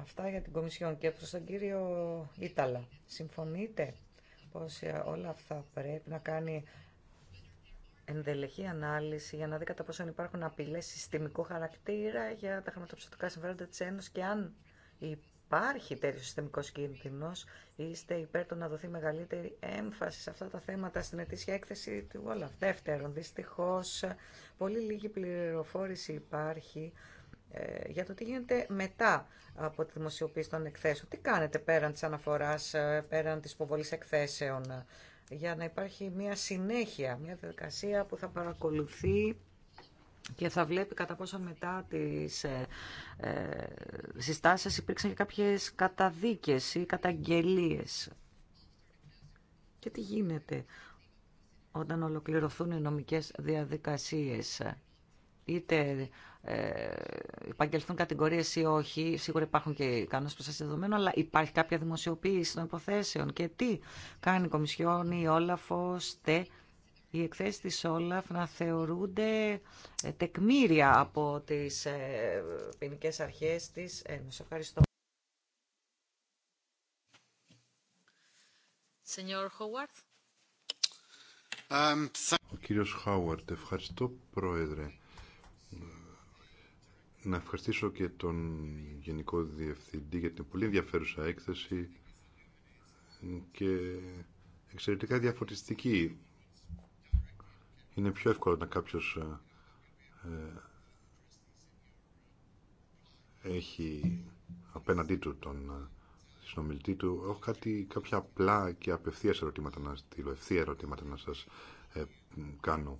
Αυτά για την Κομισιόν και προς τον κύριο Ήταλα. Συμφωνείτε πως ε, όλα αυτά πρέπει να κάνει ενδελεχή ανάλυση για να δει κατά πόσο υπάρχουν απειλές συστημικού χαρακτήρα για τα χρηματοπιστωτικά συμφέροντα της Ένωσης και αν υπάρχει τέτοιο συστημικό κίνδυνο, είστε υπέρ του να δοθεί μεγαλύτερη έμφαση σε αυτά τα θέματα στην ετήσια έκθεση του όλα. Δεύτερον, δυστυχώ, πολύ λίγη πληροφόρηση υπάρχει ε, για το τι γίνεται μετά από τη δημοσιοποίηση των εκθέσεων. Τι κάνετε πέραν της αναφοράς, ε, πέραν της υποβολής εκθέσεων, ε, για να υπάρχει μια συνέχεια, μια διαδικασία που θα παρακολουθεί και θα βλέπει κατά πόσο μετά τις ε, συστάσεις υπήρξαν και κάποιες καταδίκες ή καταγγελίες. Και τι γίνεται όταν ολοκληρωθούν οι νομικές διαδικασίες είτε ε, επαγγελθούν κατηγορίες ή όχι, σίγουρα υπάρχουν και κανόνες προστασία δεδομένων, αλλά υπάρχει κάποια δημοσιοποίηση των υποθέσεων και τι κάνει η Κομισιόν ή η Όλαφ οι εκθέσεις τη Όλαφ να θεωρούνται ε, τεκμήρια από τις ε, ποινικέ αρχές τη Ένωση. Ευχαριστώ. Ο κύριος Χάουαρτ, ευχαριστώ πρόεδρε. Να ευχαριστήσω και τον Γενικό Διευθυντή για την πολύ ενδιαφέρουσα έκθεση και εξαιρετικά διαφωτιστική. Είναι πιο εύκολο να κάποιος ε, ε έχει απέναντί του τον ε, συνομιλητή του. Έχω κάτι, κάποια απλά και απευθείας ερωτήματα να στείλω, ευθεία ερωτήματα να σας ε, κάνω.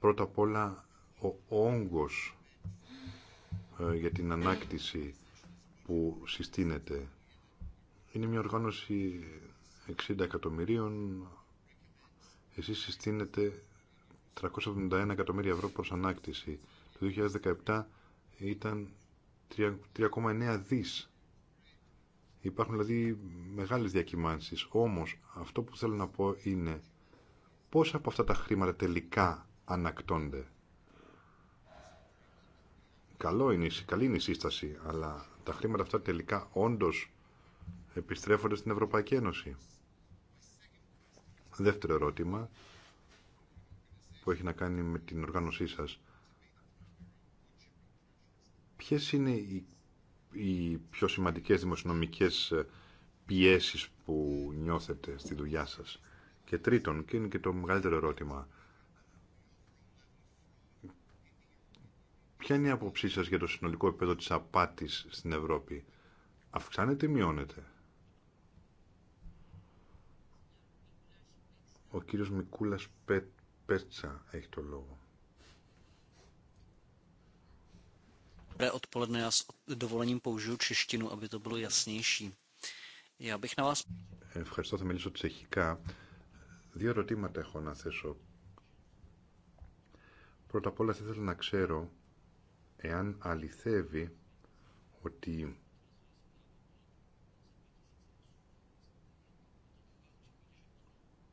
Πρώτα απ' όλα, ο όγκος ε, για την ανάκτηση που συστήνεται. Είναι μια οργάνωση 60 εκατομμυρίων. Εσείς συστήνετε 371 εκατομμύρια ευρώ προς ανάκτηση. Το 2017 ήταν 3,9 δις. Υπάρχουν δηλαδή μεγάλες διακυμάνσεις. Όμως αυτό που θέλω να πω είναι πόσα από αυτά τα χρήματα τελικά ανακτώνται. Καλό είναι, καλή είναι η σύσταση, αλλά τα χρήματα αυτά τελικά όντως επιστρέφονται στην Ευρωπαϊκή Ένωση. Δεύτερο ερώτημα που έχει να κάνει με την οργάνωσή σας. Ποιες είναι οι, οι πιο σημαντικές δημοσιονομικές ε, πιέσεις που νιώθετε στη δουλειά σας. Και τρίτον, και είναι και το μεγαλύτερο ερώτημα, Ποια είναι η άποψή σας για το συνολικό επίπεδο της απάτης στην Ευρώπη. Αυξάνεται ή μειώνεται. Ο κύριος Μικούλας Πέ, Πέτσα έχει το λόγο. Ευχαριστώ, θα μιλήσω τσεχικά. Δύο ερωτήματα έχω να θέσω. Πρώτα απ' όλα θα ήθελα να ξέρω εάν αληθεύει ότι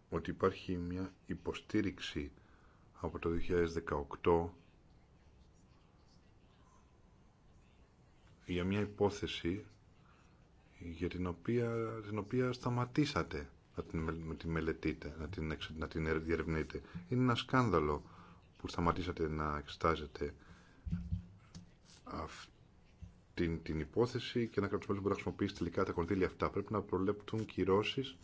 ότι υπάρχει μια υποστήριξη από το 2018 για μια υπόθεση για την οποία, την οποία σταματήσατε να την, μελετείτε, να την, να την διερευνείτε. Είναι ένα σκάνδαλο που σταματήσατε να εξετάζετε αυτή την υπόθεση και να κρατήσουμε να να χρησιμοποιήσει τελικά τα κονδύλια αυτά. Πρέπει να προλέπτουν κυρώσεις.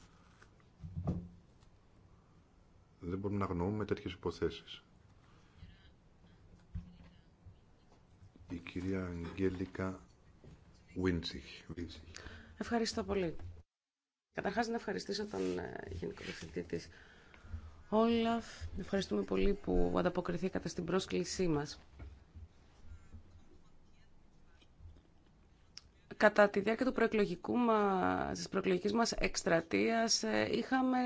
Δεν μπορούμε να γνωρούμε τέτοιες υποθέσεις. Η κυρία Αγγέλικα Βίντσιχ. Ευχαριστώ πολύ. Καταρχάς να ευχαριστήσω τον ε, Γενικό Διευθυντή της Όλαφ. Ευχαριστούμε πολύ που ανταποκριθήκατε στην πρόσκλησή μας. κατά τη διάρκεια του προεκλογικού μα της προεκλογικής μας εκστρατείας ε, είχαμε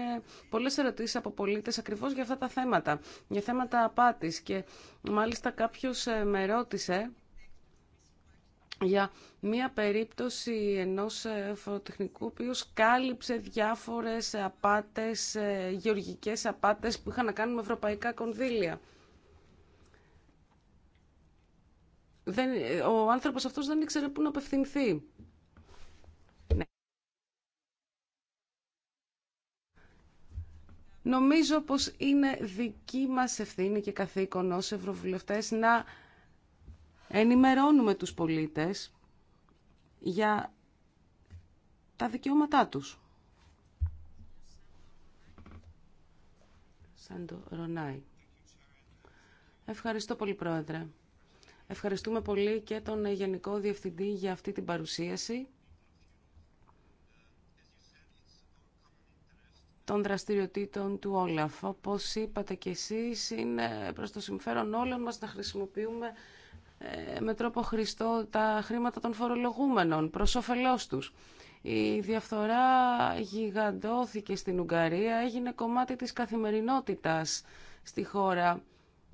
πολλές ερωτήσεις από πολίτες ακριβώς για αυτά τα θέματα, για θέματα απάτης και μάλιστα κάποιος ε, με ρώτησε για μία περίπτωση ενός ε, φοροτεχνικού που κάλυψε διάφορες απάτες, γεωργικές απάτες που είχαν να κάνουν με ευρωπαϊκά κονδύλια. δεν, ο άνθρωπος αυτός δεν ήξερε πού να απευθυνθεί. Ναι. Νομίζω πως είναι δική μας ευθύνη και καθήκον ως ευρωβουλευτές να ενημερώνουμε τους πολίτες για τα δικαιώματά τους. Σαντο Ευχαριστώ πολύ, Πρόεδρε. Ευχαριστούμε πολύ και τον Γενικό Διευθυντή για αυτή την παρουσίαση των δραστηριοτήτων του Όλαφ. Όπως είπατε και εσείς, είναι προς το συμφέρον όλων μας να χρησιμοποιούμε ε, με τρόπο χρηστό τα χρήματα των φορολογούμενων προς όφελός τους. Η διαφθορά γιγαντώθηκε στην Ουγγαρία, έγινε κομμάτι της καθημερινότητας στη χώρα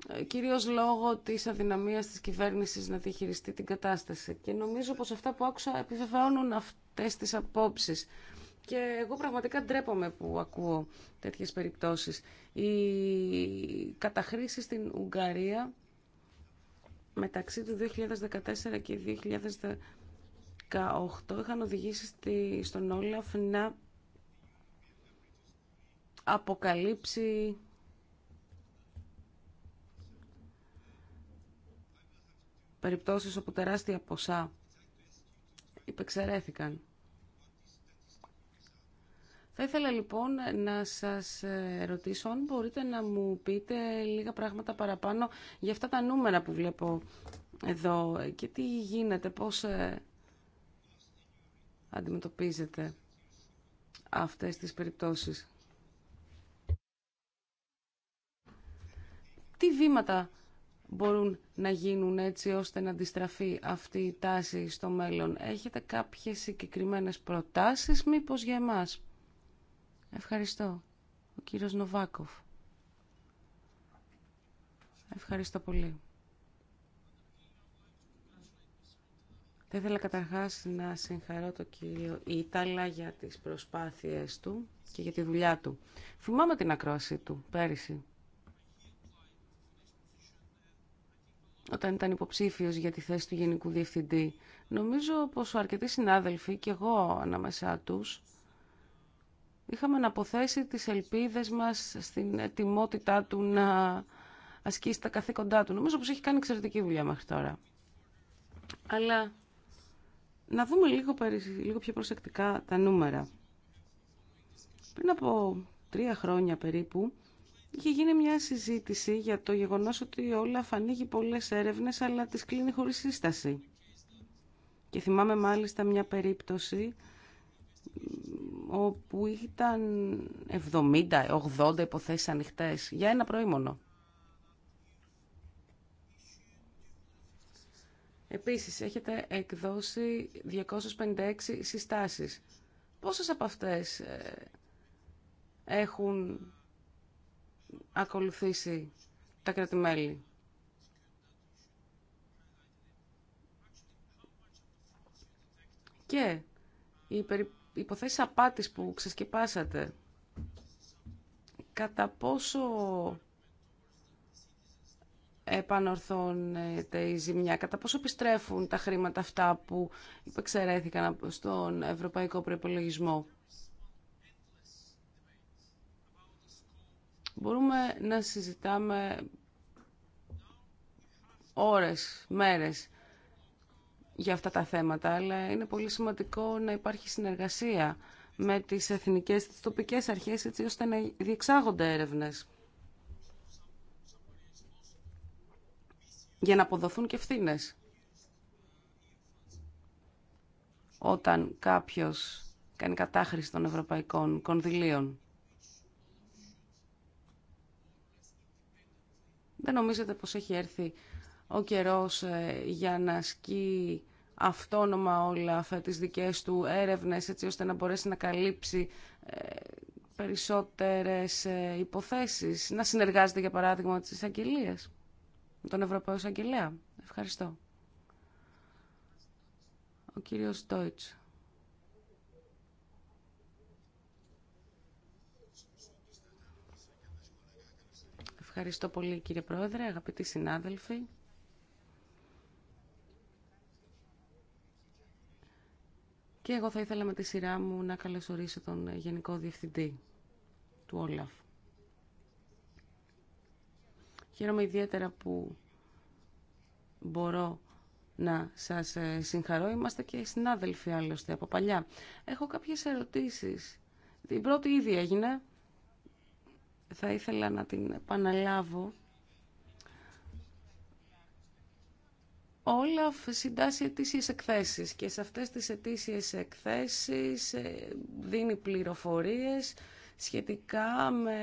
ε, κυρίως λόγω της αδυναμίας της κυβέρνησης να διαχειριστεί την κατάσταση. Και νομίζω πως αυτά που άκουσα επιβεβαιώνουν αυτές τις απόψεις. Και εγώ πραγματικά ντρέπομαι που ακούω τέτοιες περιπτώσεις. Η καταχρήση στην Ουγγαρία μεταξύ του 2014 και 2018 είχαν οδηγήσει στον Όλαφ να αποκαλύψει περιπτώσεις όπου τεράστια ποσά υπεξαιρέθηκαν. Θα ήθελα λοιπόν να σας ε, ρωτήσω αν μπορείτε να μου πείτε λίγα πράγματα παραπάνω για αυτά τα νούμερα που βλέπω εδώ και τι γίνεται, πώς ε, αντιμετωπίζετε αυτές τις περιπτώσεις. Τι βήματα μπορούν να γίνουν έτσι ώστε να αντιστραφεί αυτή η τάση στο μέλλον. Έχετε κάποιες συγκεκριμένες προτάσεις μήπως για εμάς. Ευχαριστώ. Ο κύριος Νοβάκοφ. Ευχαριστώ πολύ. Θα ήθελα καταρχάς να συγχαρώ τον κύριο Ιτάλα για τις προσπάθειες του και για τη δουλειά του. Θυμάμαι την ακρόαση του πέρυσι όταν ήταν υποψήφιος για τη θέση του Γενικού Διευθυντή. Νομίζω πως αρκετοί συνάδελφοι και εγώ ανάμεσά τους είχαμε αναποθέσει αποθέσει τις ελπίδες μας στην ετοιμότητά του να ασκήσει τα καθήκοντά του. Νομίζω πως έχει κάνει εξαιρετική δουλειά μέχρι τώρα. Αλλά να δούμε λίγο, λίγο πιο προσεκτικά τα νούμερα. Πριν από τρία χρόνια περίπου Είχε γίνει μια συζήτηση για το γεγονός ότι όλα αφανίγει πολλές έρευνες, αλλά τις κλείνει χωρίς σύσταση. Και θυμάμαι μάλιστα μια περίπτωση όπου ήταν 70-80 υποθέσεις ανοιχτές για ένα πρωί μόνο. Επίσης, έχετε εκδώσει 256 συστάσεις. Πόσες από αυτές ε, έχουν ακολουθήσει τα κρατημέλη. Και οι υποθέσεις απάτης που ξεσκεπάσατε, κατά πόσο επανορθώνεται η ζημιά, κατά πόσο επιστρέφουν τα χρήματα αυτά που υπεξαιρέθηκαν στον ευρωπαϊκό προπολογισμό. μπορούμε να συζητάμε ώρες, μέρες για αυτά τα θέματα, αλλά είναι πολύ σημαντικό να υπάρχει συνεργασία με τις εθνικές, τις τοπικές αρχές, έτσι ώστε να διεξάγονται έρευνες. Για να αποδοθούν και ευθύνε. Όταν κάποιος κάνει κατάχρηση των ευρωπαϊκών κονδυλίων. Δεν νομίζετε πως έχει έρθει ο καιρός ε, για να ασκεί αυτόνομα όλα αυτά τις δικές του έρευνες έτσι ώστε να μπορέσει να καλύψει ε, περισσότερες ε, υποθέσεις, να συνεργάζεται για παράδειγμα με τις εισαγγελίες, με τον Ευρωπαίο Εισαγγελέα. Ευχαριστώ. Ο κύριος Ντόιτς. Ευχαριστώ πολύ κύριε Πρόεδρε, αγαπητοί συνάδελφοι. Και εγώ θα ήθελα με τη σειρά μου να καλωσορίσω τον Γενικό Διευθυντή του Όλαφ. Χαίρομαι ιδιαίτερα που μπορώ να σας ε, συγχαρώ. Είμαστε και συνάδελφοι άλλωστε από παλιά. Έχω κάποιες ερωτήσεις. Την πρώτη ήδη έγινε θα ήθελα να την επαναλάβω. Όλα συντάσσει αιτήσιες εκθέσεις και σε αυτές τις αιτήσιες εκθέσεις ε, δίνει πληροφορίες σχετικά με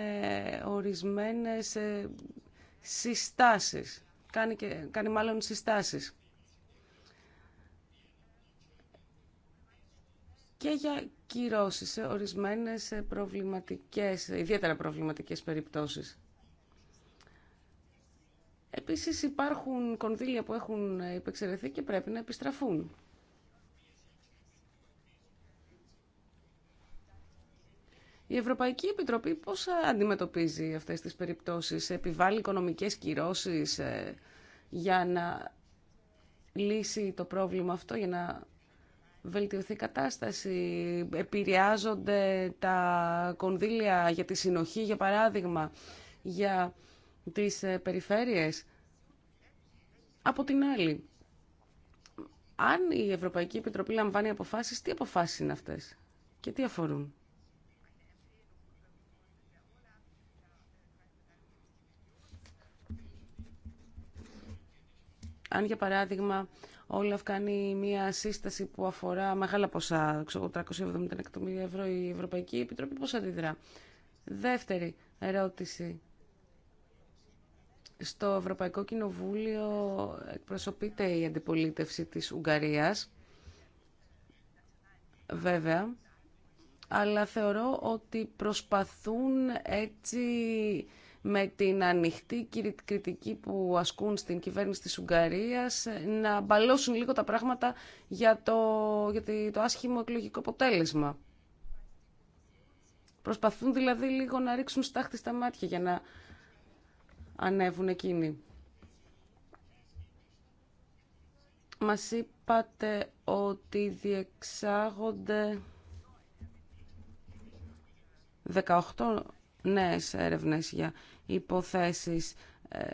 ορισμένες ε, συστάσεις. Κάνει, κάνει μάλλον συστάσεις. και για κυρώσεις σε ορισμένες ε, προβληματικές, ιδιαίτερα προβληματικές περιπτώσεις. Επίσης υπάρχουν κονδύλια που έχουν ε, υπεξαιρεθεί και πρέπει να επιστραφούν. Η Ευρωπαϊκή Επιτροπή πώς αντιμετωπίζει αυτές τις περιπτώσεις, επιβάλλει οικονομικές κυρώσεις ε, για να λύσει το πρόβλημα αυτό, για να βελτιωθεί η κατάσταση, επηρεάζονται τα κονδύλια για τη συνοχή, για παράδειγμα, για τις ε, περιφέρειες. Από την άλλη, αν η Ευρωπαϊκή Επιτροπή λαμβάνει αποφάσεις, τι αποφάσεις είναι αυτές και τι αφορούν. αν για παράδειγμα Όλαφ κάνει μια σύσταση που αφορά μεγάλα ποσά, 370 εκατομμύρια ευρώ η Ευρωπαϊκή Επιτροπή, πώς αντιδρά. Δεύτερη ερώτηση. Στο Ευρωπαϊκό Κοινοβούλιο εκπροσωπείται η αντιπολίτευση της Ουγγαρίας, βέβαια, αλλά θεωρώ ότι προσπαθούν έτσι με την ανοιχτή κριτική που ασκούν στην κυβέρνηση της Ουγγαρίας ε, να μπαλώσουν λίγο τα πράγματα για το, για το άσχημο εκλογικό αποτέλεσμα. Προσπαθούν δηλαδή λίγο να ρίξουν στάχτη στα μάτια για να ανέβουν εκείνοι. Μας είπατε ότι διεξάγονται 18 νέες έρευνες για υποθέσεις ε,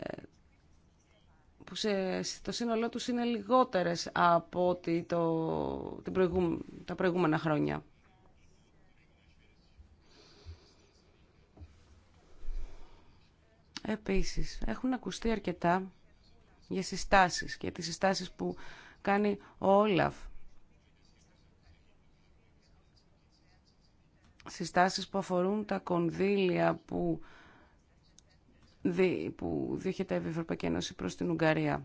που σε, στο σύνολό τους είναι λιγότερες από ότι το, την τα προηγούμενα χρόνια. Επίσης, έχουν ακουστεί αρκετά για συστάσεις και τις συστάσεις που κάνει ο Όλαφ συστάσεις που αφορούν τα κονδύλια που, δι, που η Ευρωπαϊκή Ένωση προς την Ουγγαρία.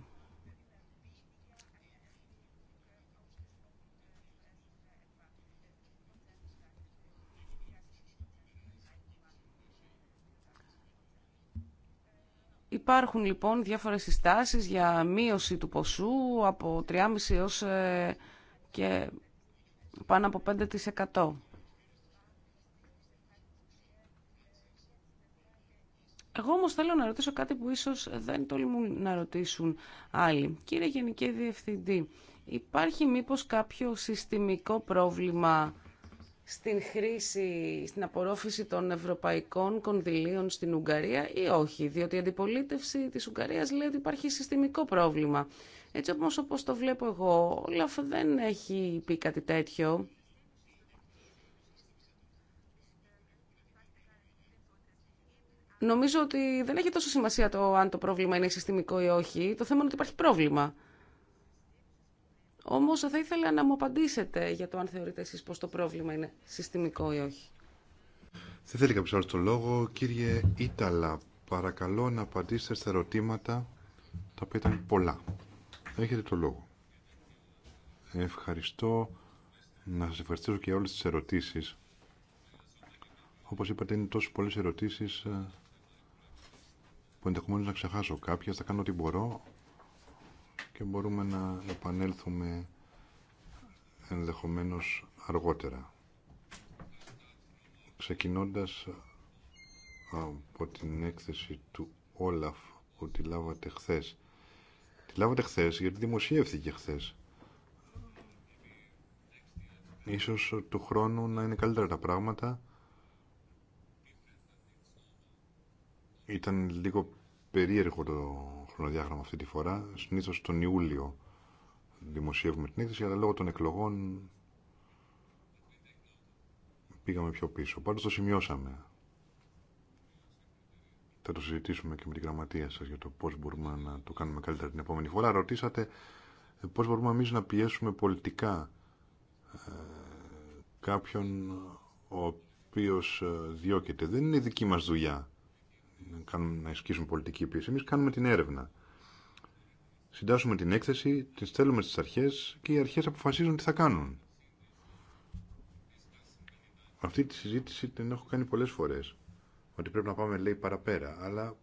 Υπάρχουν λοιπόν διάφορες συστάσεις για μείωση του ποσού από 3,5 έως ε, και πάνω από 5%. Εγώ όμω θέλω να ρωτήσω κάτι που ίσως δεν τολμούν να ρωτήσουν άλλοι. Κύριε Γενική Διευθυντή, υπάρχει μήπως κάποιο συστημικό πρόβλημα στην χρήση, στην απορρόφηση των ευρωπαϊκών κονδυλίων στην Ουγγαρία ή όχι, διότι η αντιπολίτευση της Ουγγαρίας λέει ότι υπάρχει συστημικό πρόβλημα. Έτσι όμως όπως το βλέπω εγώ, ο Λαφ δεν έχει πει κάτι τέτοιο. Νομίζω ότι δεν έχει τόσο σημασία το αν το πρόβλημα είναι συστημικό ή όχι. Το θέμα είναι ότι υπάρχει πρόβλημα. Όμως θα ήθελα να μου απαντήσετε για το αν θεωρείτε εσείς πως το πρόβλημα είναι συστημικό ή όχι. Δεν θέλει κάποιος άλλος το λόγο. Κύριε Ήταλα, παρακαλώ να απαντήσετε στα ερωτήματα τα οποία ήταν πολλά. Έχετε το λόγο. Ευχαριστώ να σας ευχαριστήσω και για όλες τις ερωτήσεις. Όπως είπατε είναι τόσο πολλές ερωτήσεις ε, που ενδεχομένως να ξεχάσω κάποια. Θα κάνω ό,τι μπορώ και μπορούμε να επανέλθουμε ενδεχομένως αργότερα. Ξεκινώντας από την έκθεση του Όλαφ που τη λάβατε χθες. Τη λάβατε χθες γιατί δημοσίευθηκε χθες. Ίσως του χρόνου να είναι καλύτερα τα πράγματα Ήταν λίγο περίεργο το χρονοδιάγραμμα αυτή τη φορά. συνήθω τον Ιούλιο δημοσιεύουμε την έκθεση, αλλά λόγω των εκλογών πήγαμε πιο πίσω. Πάντω το σημειώσαμε. Θα το συζητήσουμε και με την γραμματεία σα για το πώ μπορούμε να το κάνουμε καλύτερα την επόμενη φορά. Ρωτήσατε ε, πώ μπορούμε εμεί να πιέσουμε πολιτικά ε, κάποιον ο οποίος ε, διώκεται. Δεν είναι δική μας δουλειά κάνουμε να ισχύσουν πολιτική πίεση. Εμεί κάνουμε την έρευνα. Συντάσσουμε την έκθεση, την στέλνουμε στις αρχές και οι αρχές αποφασίζουν τι θα κάνουν. Αυτή τη συζήτηση την έχω κάνει πολλές φορές. Ότι πρέπει να πάμε λέει παραπέρα. Αλλά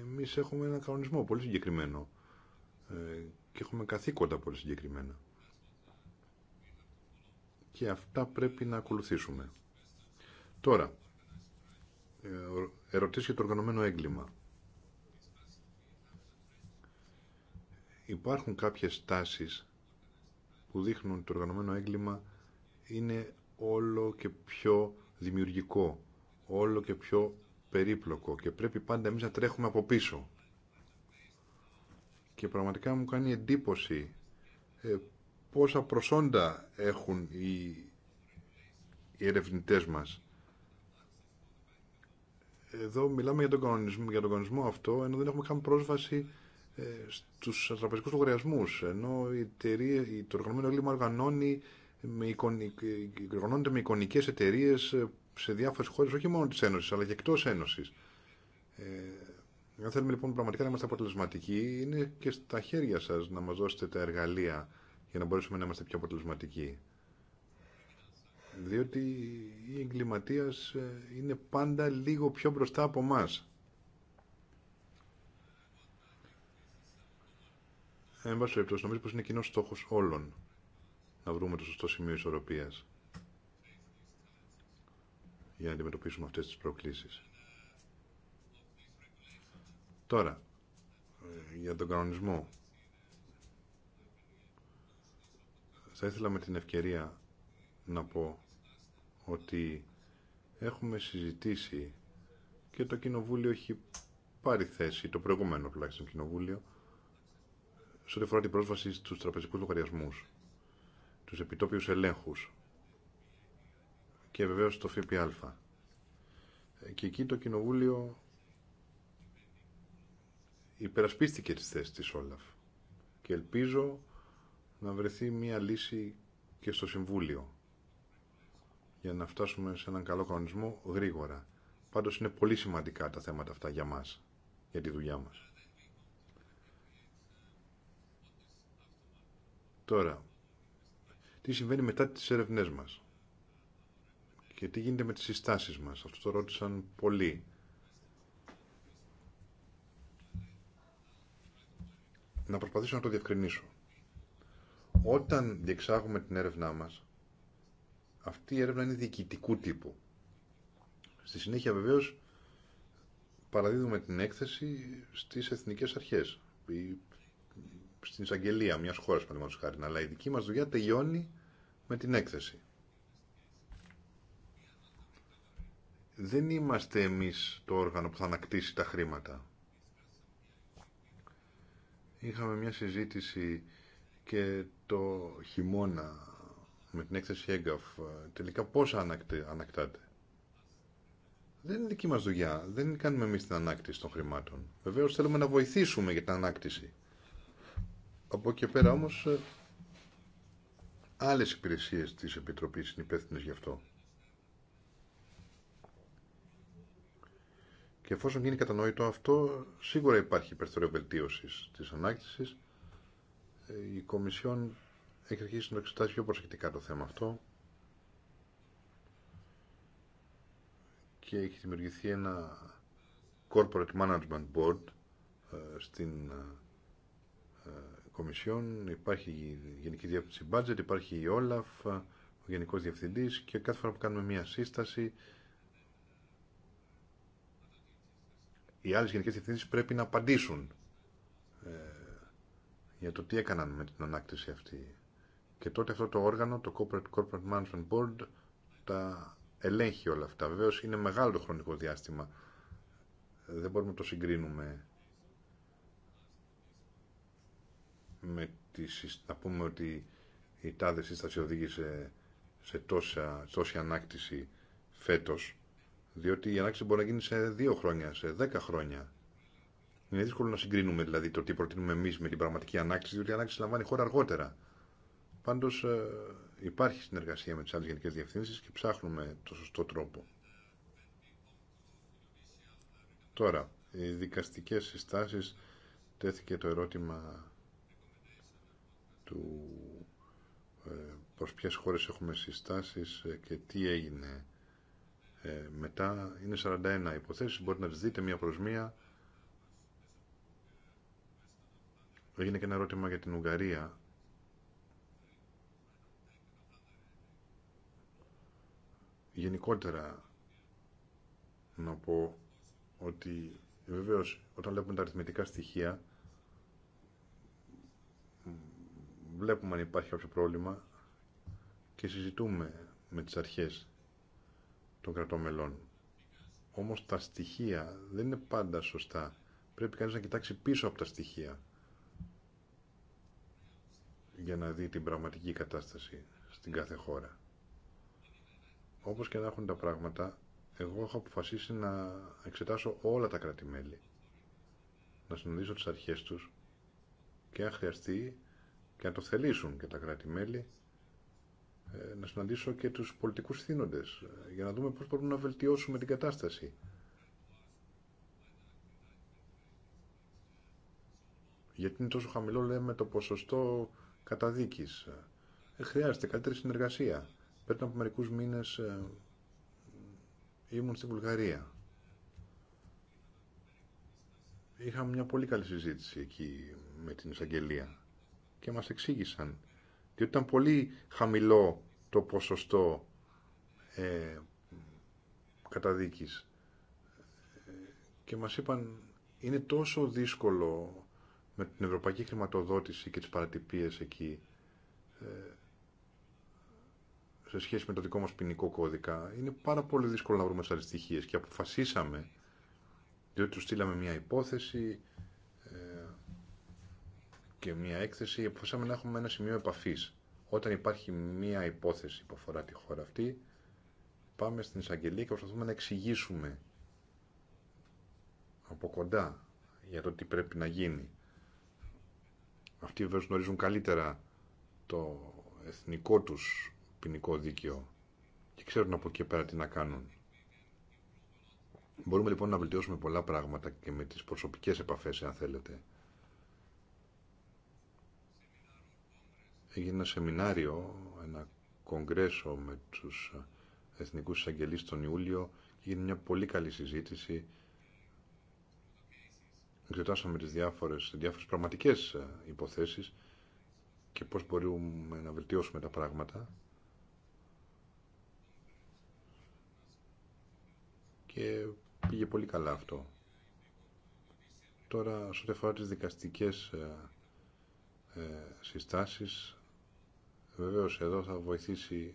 εμεί έχουμε ένα κανονισμό πολύ συγκεκριμένο. Ε, και έχουμε καθήκοντα πολύ συγκεκριμένα. Και αυτά πρέπει να ακολουθήσουμε. Τώρα, ε, Ερωτήσεις για το οργανωμένο έγκλημα. Υπάρχουν κάποιες τάσεις που δείχνουν ότι το οργανωμένο έγκλημα είναι όλο και πιο δημιουργικό, όλο και πιο περίπλοκο και πρέπει πάντα εμείς να τρέχουμε από πίσω. Και πραγματικά μου κάνει εντύπωση ε, πόσα προσόντα έχουν οι, οι ερευνητές μας εδώ μιλάμε για τον κανονισμό, για αυτό, ενώ δεν έχουμε καν πρόσβαση ε, στους τραπεζικούς λογαριασμούς, ενώ η εταιρεία, το οργανωμένο έλλειμμα οργανώνει με οργανώνεται με εικονικέ εταιρείε ε, σε διάφορε χώρε όχι μόνο τη Ένωση, αλλά και εκτό Ένωση. Ε, αν θέλουμε λοιπόν πραγματικά να είμαστε αποτελεσματικοί, είναι και στα χέρια σα να μα δώσετε τα εργαλεία για να μπορέσουμε να είμαστε πιο αποτελεσματικοί διότι η εγκληματίας ε, είναι πάντα λίγο πιο μπροστά από μας. Εν πάση περιπτώσει, νομίζω πως είναι κοινός στόχος όλων να βρούμε το σωστό σημείο ισορροπίας για να αντιμετωπίσουμε αυτές τις προκλήσεις. Τώρα, ε, για τον κανονισμό. Θα ήθελα με την ευκαιρία να πω ότι έχουμε συζητήσει και το Κοινοβούλιο έχει πάρει θέση, το προηγούμενο τουλάχιστον Κοινοβούλιο, σε ό,τι αφορά την πρόσβαση στους τραπεζικούς λογαριασμούς, τους επιτόπιους ελέγχους και βεβαίως το ΦΠΑ. Και εκεί το Κοινοβούλιο υπερασπίστηκε τις θέσεις της Όλαφ και ελπίζω να βρεθεί μια λύση και στο Συμβούλιο για να φτάσουμε σε έναν καλό κανονισμό γρήγορα. Πάντως είναι πολύ σημαντικά τα θέματα αυτά για μας, για τη δουλειά μας. Τώρα, τι συμβαίνει μετά τις έρευνές μας και τι γίνεται με τις συστάσεις μας. Αυτό το ρώτησαν πολλοί. Να προσπαθήσω να το διευκρινίσω. Όταν διεξάγουμε την έρευνά μας, αυτή η έρευνα είναι διοικητικού τύπου. Στη συνέχεια βεβαίως παραδίδουμε την έκθεση στις εθνικές αρχές ή στην εισαγγελία μιας χώρας παραδείγματος χάρη. Αλλά η στην εισαγγελια μια χωρας παραδειγματο χαρη αλλα η δικη μας δουλειά τελειώνει με την έκθεση. Δεν είμαστε εμείς το όργανο που θα ανακτήσει τα χρήματα. Είχαμε μια συζήτηση και το χειμώνα με την έκθεση ΕΓΚΑΦ, τελικά πόσα ανακτάτε. Δεν είναι δική μα δουλειά. Δεν κάνουμε εμεί την ανάκτηση των χρημάτων. Βεβαίω θέλουμε να βοηθήσουμε για την ανάκτηση. Από εκεί πέρα όμω, ε, άλλε υπηρεσίε τη Επιτροπή είναι υπεύθυνε γι' αυτό. Και εφόσον γίνει κατανοητό αυτό, σίγουρα υπάρχει υπερθωριό βελτίωση τη ανάκτηση. Ε, η Κομισιόν έχει αρχίσει να το εξετάζει πιο προσεκτικά το θέμα αυτό και έχει δημιουργηθεί ένα Corporate Management Board ε, στην ε, ε, Κομισιόν, υπάρχει η Γενική Διεύθυνση Budget, υπάρχει η Όλαφ, ο Γενικός Διευθυντής και κάθε φορά που κάνουμε μία σύσταση οι άλλες Γενικές Διευθυντήσεις πρέπει να απαντήσουν για το τι έκαναν με την ανάκτηση αυτή. Και τότε αυτό το όργανο, το Corporate, Corporate Management Board, τα ελέγχει όλα αυτά. Βεβαίω είναι μεγάλο το χρονικό διάστημα. Δεν μπορούμε να το συγκρίνουμε με να πούμε ότι η τάδε σύσταση οδήγησε σε τόσα, τόση ανάκτηση φέτος. Διότι η ανάκτηση μπορεί να γίνει σε δύο χρόνια, σε δέκα χρόνια. Είναι δύσκολο να συγκρίνουμε δηλαδή το τι προτείνουμε εμεί με την πραγματική ανάκτηση, διότι η ανάκτηση λαμβάνει χώρα αργότερα. Πάντως ε, υπάρχει συνεργασία με τις άλλε γενικέ διευθύνσει και ψάχνουμε το σωστό τρόπο. Τώρα, οι δικαστικές συστάσεις τέθηκε το ερώτημα του ε, προς ποιε χώρες έχουμε συστάσεις ε, και τι έγινε μετά. Είναι 41 υποθέσεις, μπορείτε να τι δείτε μία προ μία. Έγινε και ένα ερώτημα για την Ουγγαρία. γενικότερα να πω ότι βεβαίως όταν βλέπουμε τα αριθμητικά στοιχεία βλέπουμε αν υπάρχει κάποιο πρόβλημα και συζητούμε με τις αρχές των κρατών Όμως τα στοιχεία δεν είναι πάντα σωστά. Πρέπει κανείς να κοιτάξει πίσω από τα στοιχεία για να δει την πραγματική κατάσταση στην κάθε χώρα όπως και να έχουν τα πράγματα, εγώ έχω αποφασίσει να εξετάσω όλα τα κράτη-μέλη, να συναντήσω τις αρχές τους και αν χρειαστεί και αν το θελήσουν και τα κρατη ε, να συναντήσω και τους πολιτικούς θύνοντες ε, για να δούμε πώς μπορούμε να βελτιώσουμε την κατάσταση. Γιατί είναι τόσο χαμηλό, λέμε, το ποσοστό καταδίκης. Ε, χρειάζεται καλύτερη συνεργασία. Πριν από μερικούς μήνες ε, ήμουν στην Βουλγαρία. Είχαμε μια πολύ καλή συζήτηση εκεί με την εισαγγελία και μας εξήγησαν διότι ήταν πολύ χαμηλό το ποσοστό ε, καταδίκης και μας είπαν είναι τόσο δύσκολο με την ευρωπαϊκή χρηματοδότηση και τις παρατυπίες εκεί ε, σε σχέση με το δικό μας ποινικό κώδικα, είναι πάρα πολύ δύσκολο να βρούμε τις αριστοιχίες. και αποφασίσαμε, διότι του στείλαμε μια υπόθεση ε, και μια έκθεση, αποφασίσαμε να έχουμε ένα σημείο επαφής. Όταν υπάρχει μια υπόθεση που αφορά τη χώρα αυτή, πάμε στην εισαγγελία και προσπαθούμε να εξηγήσουμε από κοντά για το τι πρέπει να γίνει. Αυτοί βέβαια γνωρίζουν καλύτερα το εθνικό τους ποινικό δίκαιο και ξέρουν από εκεί πέρα τι να κάνουν. Μπορούμε λοιπόν να βελτιώσουμε πολλά πράγματα και με τις προσωπικές επαφές, αν θέλετε. Έγινε ένα σεμινάριο, ένα κογκρέσο με τους εθνικούς εισαγγελείς τον Ιούλιο και έγινε μια πολύ καλή συζήτηση. Εξετάσαμε τις διάφορες, διάφορες πραγματικές υποθέσεις και πώς μπορούμε να βελτιώσουμε τα πράγματα. και πήγε πολύ καλά αυτό. Τώρα, σε ό,τι αφορά τις δικαστικές ε, ε, συστάσεις, βεβαίως εδώ θα βοηθήσει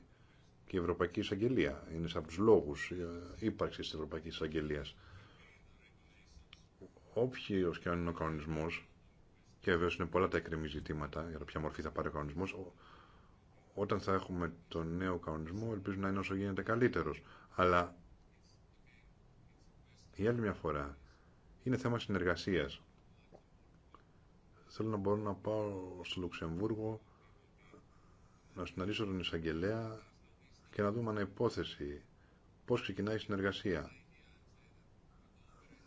και η Ευρωπαϊκή Εισαγγελία. Είναι σαν τους λόγους ε, ύπαρξης της Ευρωπαϊκής Εισαγγελίας. Όποιος και αν είναι ο κανονισμός, και βεβαίως είναι πολλά τα εκκρεμή ζητήματα για το ποια μορφή θα πάρει ο κανονισμός, Όταν θα έχουμε τον νέο κανονισμό, ελπίζω να είναι όσο γίνεται καλύτερο. Αλλά η άλλη μια φορά είναι θέμα συνεργασίας. Θέλω να μπορώ να πάω στο Λουξεμβούργο να συναντήσω τον εισαγγελέα και να δούμε υπόθεση πώς ξεκινάει η συνεργασία.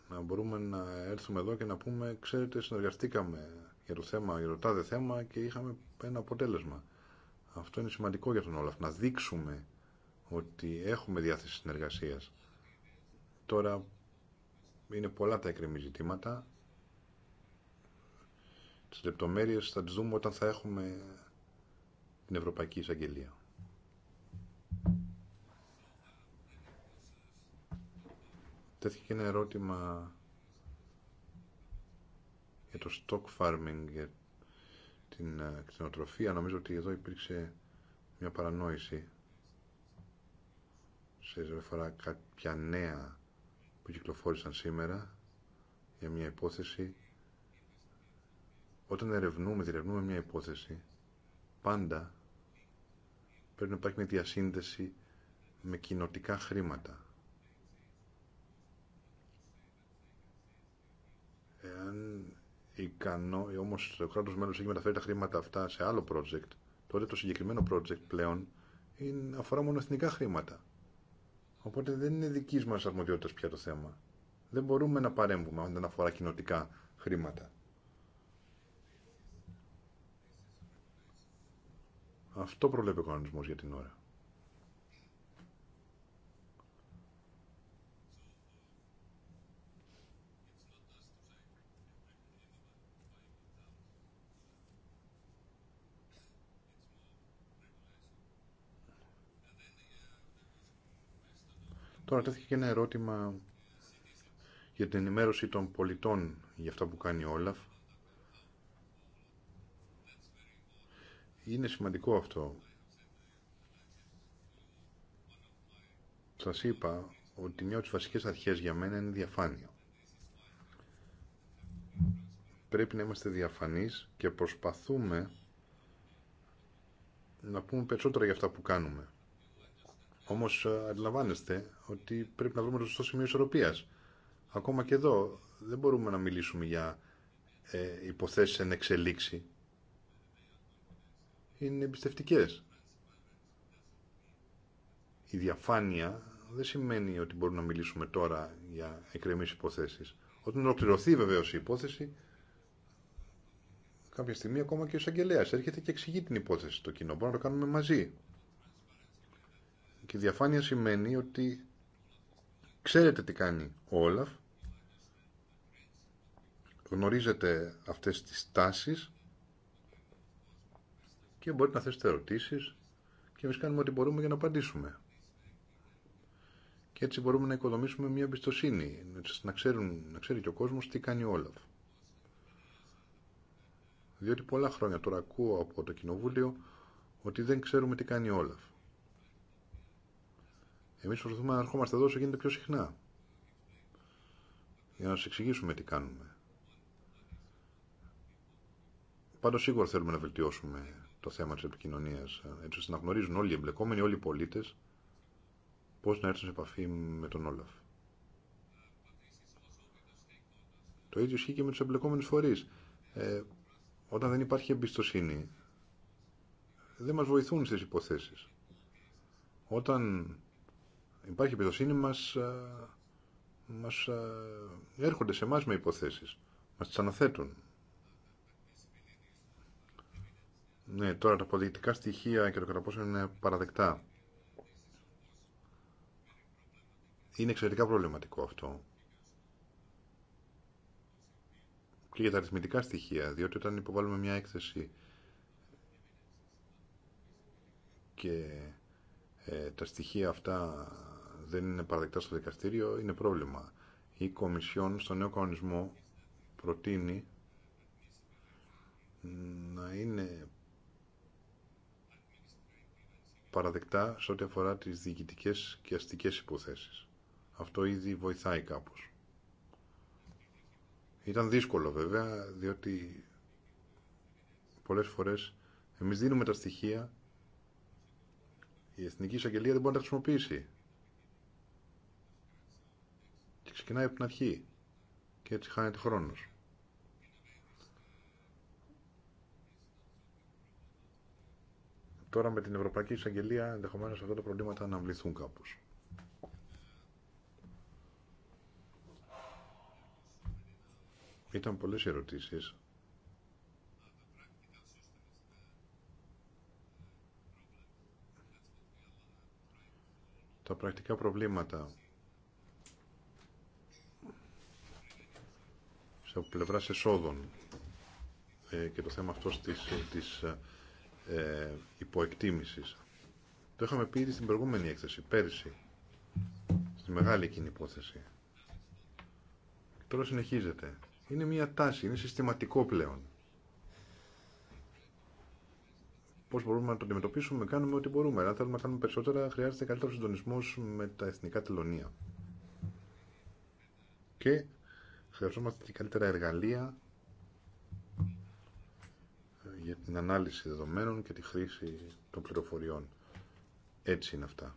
Να μπορούμε να έρθουμε εδώ και να πούμε ξέρετε συνεργαστήκαμε για το θέμα, για το τάδε θέμα και είχαμε ένα αποτέλεσμα. Αυτό είναι σημαντικό για τον Όλαφ, να δείξουμε ότι έχουμε διάθεση συνεργασίας. Τώρα είναι πολλά τα εκκρεμή ζητήματα. Τις λεπτομέρειες θα τις δούμε όταν θα έχουμε την Ευρωπαϊκή Εισαγγελία. Τέθηκε και ένα ερώτημα για το stock farming, για την ε, κτηνοτροφία. Νομίζω ότι εδώ υπήρξε μια παρανόηση σε φορά κάποια νέα που κυκλοφόρησαν σήμερα για μια υπόθεση. Όταν ερευνούμε, διερευνούμε μια υπόθεση, πάντα πρέπει να υπάρχει μια διασύνδεση με κοινοτικά χρήματα. Εάν ικανό, όμως το κράτος μέλος έχει μεταφέρει τα χρήματα αυτά σε άλλο project, τότε το συγκεκριμένο project πλέον είναι, αφορά μόνο εθνικά χρήματα. Οπότε δεν είναι δική μα αρμοδιότητα πια το θέμα. Δεν μπορούμε να παρέμβουμε αν δεν αφορά κοινοτικά χρήματα. Αυτό προβλέπει ο κανονισμό για την ώρα. Τώρα τέθηκε και ένα ερώτημα για την ενημέρωση των πολιτών για αυτά που κάνει ο Όλαφ. Είναι σημαντικό αυτό. Σας είπα ότι μια από τις βασικές αρχές για μένα είναι διαφάνεια. Πρέπει να είμαστε διαφανείς και προσπαθούμε να πούμε περισσότερα για αυτά που κάνουμε. Όμω ε, αντιλαμβάνεστε ότι πρέπει να βρούμε το σωστό σημείο ισορροπία. Ακόμα και εδώ δεν μπορούμε να μιλήσουμε για ε, υποθέσεις εν εξελίξη. Είναι εμπιστευτικέ. Η διαφάνεια δεν σημαίνει ότι μπορούμε να μιλήσουμε τώρα για εκκρεμεί υποθέσεις. Όταν ολοκληρωθεί βεβαίως η υπόθεση, κάποια στιγμή ακόμα και ο εισαγγελέα έρχεται και εξηγεί την υπόθεση στο κοινό. Μπορούμε να το κάνουμε μαζί. Και διαφάνεια σημαίνει ότι ξέρετε τι κάνει ο Όλαφ, γνωρίζετε αυτές τις τάσεις και μπορείτε να θέσετε ερωτήσεις και εμείς κάνουμε ό,τι μπορούμε για να απαντήσουμε. Και έτσι μπορούμε να οικοδομήσουμε μια εμπιστοσύνη, να, ξέρουν, να ξέρει και ο κόσμος τι κάνει ο Όλαφ. Διότι πολλά χρόνια τώρα ακούω από το Κοινοβούλιο ότι δεν ξέρουμε τι κάνει ο Όλαφ. Εμεί προσπαθούμε να ερχόμαστε εδώ όσο γίνεται πιο συχνά. Για να σα εξηγήσουμε τι κάνουμε. Πάντω σίγουρα θέλουμε να βελτιώσουμε το θέμα της επικοινωνίας, έτσι ώστε να γνωρίζουν όλοι οι εμπλεκόμενοι, όλοι οι πολίτες, πώς να έρθουν σε επαφή με τον Όλαφ. Το ίδιο ισχύει και με του εμπλεκόμενους φορεί Ε, όταν δεν υπάρχει εμπιστοσύνη, δεν μα βοηθούν στι υποθέσει. Όταν υπάρχει εμπιστοσύνη μας, ε, μας ε, έρχονται σε εμά με υποθέσεις. Μας τις αναθέτουν. Ναι, τώρα τα αποδεικτικά στοιχεία και το κατά πόσο είναι παραδεκτά. Είναι εξαιρετικά προβληματικό αυτό. Και για τα αριθμητικά στοιχεία, διότι όταν υποβάλλουμε μια έκθεση και ε, τα στοιχεία αυτά δεν είναι παραδεκτά στο δικαστήριο είναι πρόβλημα. Η Κομισιόν στο νέο κανονισμό προτείνει να είναι παραδεκτά σε ό,τι αφορά τις διοικητικές και αστικές υποθέσεις. Αυτό ήδη βοηθάει κάπως. Ήταν δύσκολο βέβαια, διότι πολλές φορές εμείς δίνουμε τα στοιχεία, η Εθνική Εισαγγελία δεν μπορεί να τα χρησιμοποιήσει και ξεκινάει από την αρχή και έτσι χάνεται χρόνος. Τώρα με την Ευρωπαϊκή Εισαγγελία ενδεχομένως αυτά τα προβλήματα να βληθούν κάπως. Ήταν πολλές ερωτήσεις. Τα πρακτικά προβλήματα σε πλευρά εσόδων ε, και το θέμα αυτό της, της ε, Το είχαμε πει ήδη στην προηγούμενη έκθεση, πέρυσι, στη μεγάλη εκείνη υπόθεση. Τώρα συνεχίζεται. Είναι μια τάση, είναι συστηματικό πλέον. Πώ μπορούμε να το αντιμετωπίσουμε, κάνουμε ό,τι μπορούμε. Αν θέλουμε να κάνουμε περισσότερα, χρειάζεται καλύτερο συντονισμό με τα εθνικά τελωνία. Και Χρειαζόμαστε και καλύτερα εργαλεία ε, για την ανάλυση δεδομένων και τη χρήση των πληροφοριών. Έτσι είναι αυτά.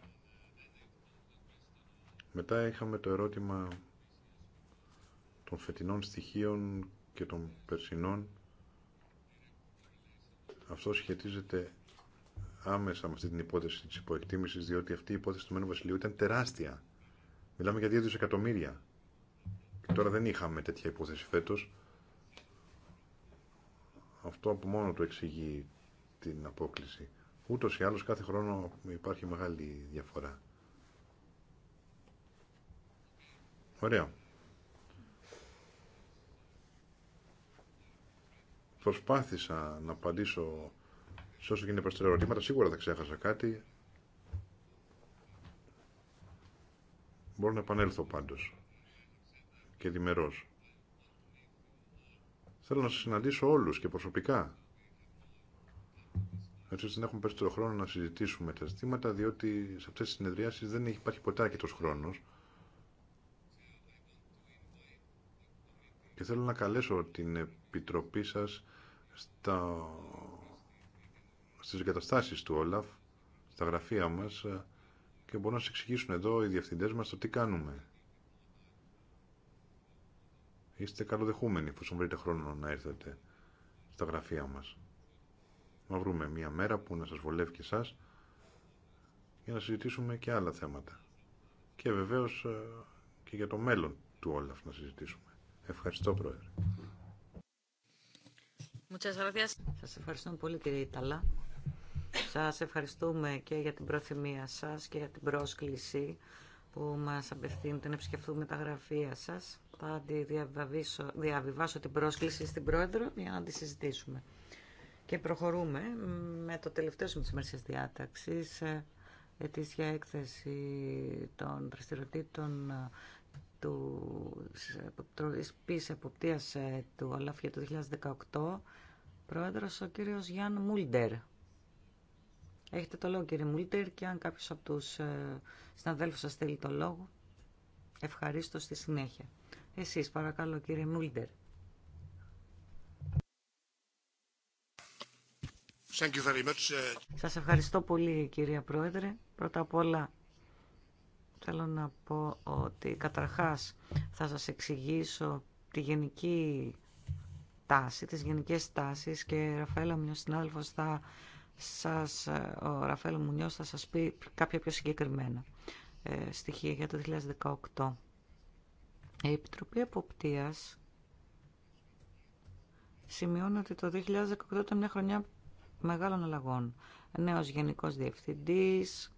Μετά είχαμε το ερώτημα των φετινών στοιχείων και των περσινών. Αυτό σχετίζεται άμεσα με αυτή την υπόθεση της υποεκτίμησης, διότι αυτή η υπόθεση του Μένου Βασιλείου ήταν τεράστια. Μιλάμε για δύο δισεκατομμύρια τώρα δεν είχαμε τέτοια υπόθεση φέτος. Αυτό από μόνο του εξηγεί την απόκληση. Ούτως ή άλλως κάθε χρόνο υπάρχει μεγάλη διαφορά. Ωραία. Προσπάθησα να απαντήσω σε όσο γίνεται προς ερωτήματα. Σίγουρα θα ξέχασα κάτι. Μπορώ να επανέλθω πάντως και διμερός. Θέλω να σας συναντήσω όλους και προσωπικά. Έτσι δεν να έχουμε περισσότερο χρόνο να συζητήσουμε τα ζητήματα, διότι σε αυτές τις συνεδριάσεις δεν υπάρχει ποτέ αρκετός χρόνος. Και θέλω να καλέσω την Επιτροπή σας στα... στις εγκαταστάσεις του Όλαφ, στα γραφεία μας και μπορούν να σας εξηγήσουν εδώ οι διευθυντές μας το τι κάνουμε. Είστε καλοδεχούμενοι που σου βρείτε χρόνο να έρθετε στα γραφεία μας. Να βρούμε μια μέρα που να σας βολεύει και εσάς για να συζητήσουμε και άλλα θέματα. Και βεβαίως ε, και για το μέλλον του Όλαφ να συζητήσουμε. Ευχαριστώ Πρόεδρε. Σας ευχαριστούμε πολύ κύριε Ιταλά. Σας ευχαριστούμε και για την προθυμία σας και για την πρόσκληση που μας απευθύνετε να επισκεφθούμε τα γραφεία σας. Θα διαβιβάσω την πρόσκληση στην Πρόεδρο για να τη συζητήσουμε. Και προχωρούμε με το τελευταίο σημείο της ημέρας διάταξης, ε, ετήσια έκθεση των δραστηριοτήτων ε, του Επιτροπής εποπτείας ε, του ΟΛΑΦ για το 2018, πρόεδρος ο κύριος Γιάν Μούλντερ. Έχετε το λόγο κύριε Μούλτερ και αν κάποιος από τους ε, συναδέλφους σας θέλει το λόγο, ευχαρίστω στη συνέχεια. Εσείς παρακαλώ κύριε Μούλτερ. Thank ε. Σας ευχαριστώ πολύ κυρία Πρόεδρε. Πρώτα απ' όλα θέλω να πω ότι καταρχάς θα σας εξηγήσω τη γενική τάση, τις γενικές τάσεις και Ραφαέλα, ο συνάδελφος, θα σας, ε, ο Ραφαέλ Μουνιός θα σας πει κάποια πιο συγκεκριμένα ε, στοιχεία για το 2018. Η Επιτροπή Εποπτείας σημειώνει ότι το 2018 ήταν μια χρονιά μεγάλων αλλαγών. Νέος Γενικός Διευθυντής,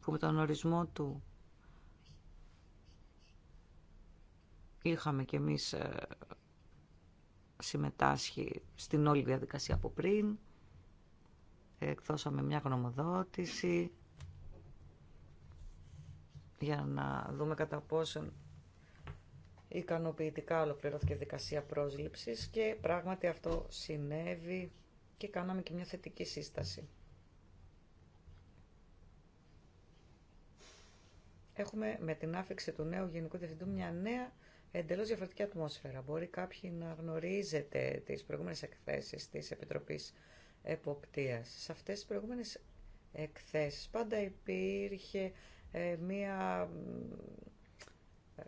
που με τον ορισμό του είχαμε κι εμείς ε, συμμετάσχει στην όλη διαδικασία από πριν. Εκδώσαμε μια γνωμοδότηση για να δούμε κατά πόσον ικανοποιητικά ολοκληρώθηκε η δικασία πρόσληψης και πράγματι αυτό συνέβη και κάναμε και μια θετική σύσταση. Έχουμε με την άφηξη του νέου Γενικού Διευθυντού μια νέα εντελώς διαφορετική ατμόσφαιρα. Μπορεί κάποιοι να γνωρίζετε τις προηγούμενες εκθέσεις της Επιτροπής Εποπτείας. Σε αυτές τις προηγούμενες εκθέσεις πάντα υπήρχε ε, μία ε,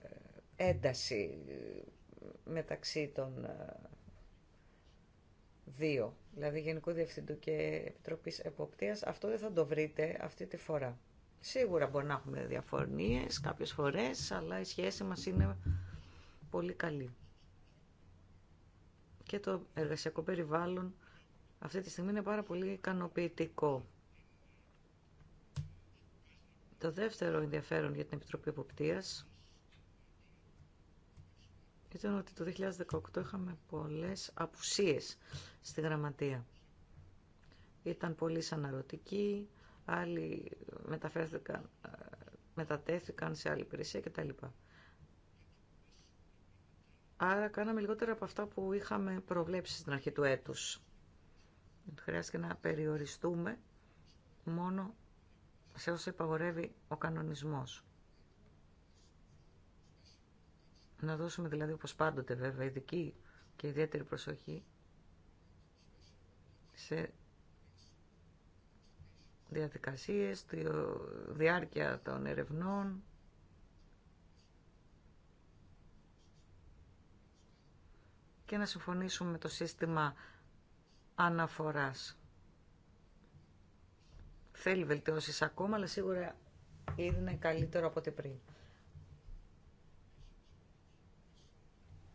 ένταση ε, μεταξύ των δύο, δηλαδή Γενικού Διευθυντού και Επιτροπής Εποπτείας. Αυτό δεν θα το βρείτε αυτή τη φορά. Σίγουρα μπορεί να έχουμε διαφωνίες κάποιες φορές, αλλά η σχέση μας είναι πολύ καλή. Και το εργασιακό περιβάλλον αυτή τη στιγμή είναι πάρα πολύ ικανοποιητικό. Το δεύτερο ενδιαφέρον για την Επιτροπή Εποπτείας ήταν ότι το 2018 είχαμε πολλές απουσίες στη γραμματεία. Ήταν πολύ αναρωτικοί, άλλοι μεταφέρθηκαν, ε, μετατέθηκαν σε άλλη υπηρεσία κτλ. Άρα κάναμε λιγότερα από αυτά που είχαμε προβλέψει στην αρχή του έτους. Χρειάστηκε να περιοριστούμε μόνο σε όσα υπαγορεύει ο κανονισμός. Να δώσουμε δηλαδή όπως πάντοτε βέβαια ειδική και ιδιαίτερη προσοχή σε διαδικασίες, τη διάρκεια των ερευνών, και να συμφωνήσουμε με το σύστημα αναφοράς. Θέλει βελτιώσεις ακόμα, αλλά σίγουρα είναι καλύτερο από ό,τι πριν.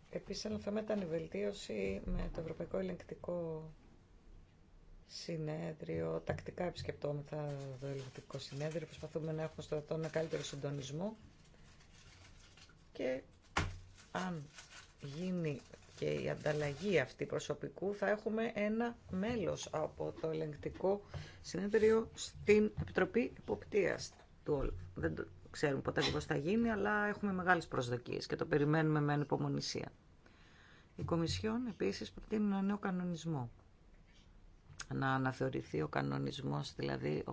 Επίσης, ένα θέμα ήταν η βελτίωση με το Ευρωπαϊκό Ελεγκτικό Συνέδριο. Τακτικά επισκεπτόμεθα το Ελεγκτικό Συνέδριο. Προσπαθούμε να έχουμε στο ένα καλύτερο συντονισμό. Και αν γίνει και η ανταλλαγή αυτή προσωπικού θα έχουμε ένα μέλος από το ελεγκτικό συνέδριο στην Επιτροπή Υποπτείας του Όλου. Δεν ξέρουμε ποτέ πώς θα γίνει, αλλά έχουμε μεγάλες προσδοκίες και το περιμένουμε με ανυπομονησία. Η Κομισιόν επίσης προτείνει ένα νέο κανονισμό να αναθεωρηθεί ο κανονισμός δηλαδή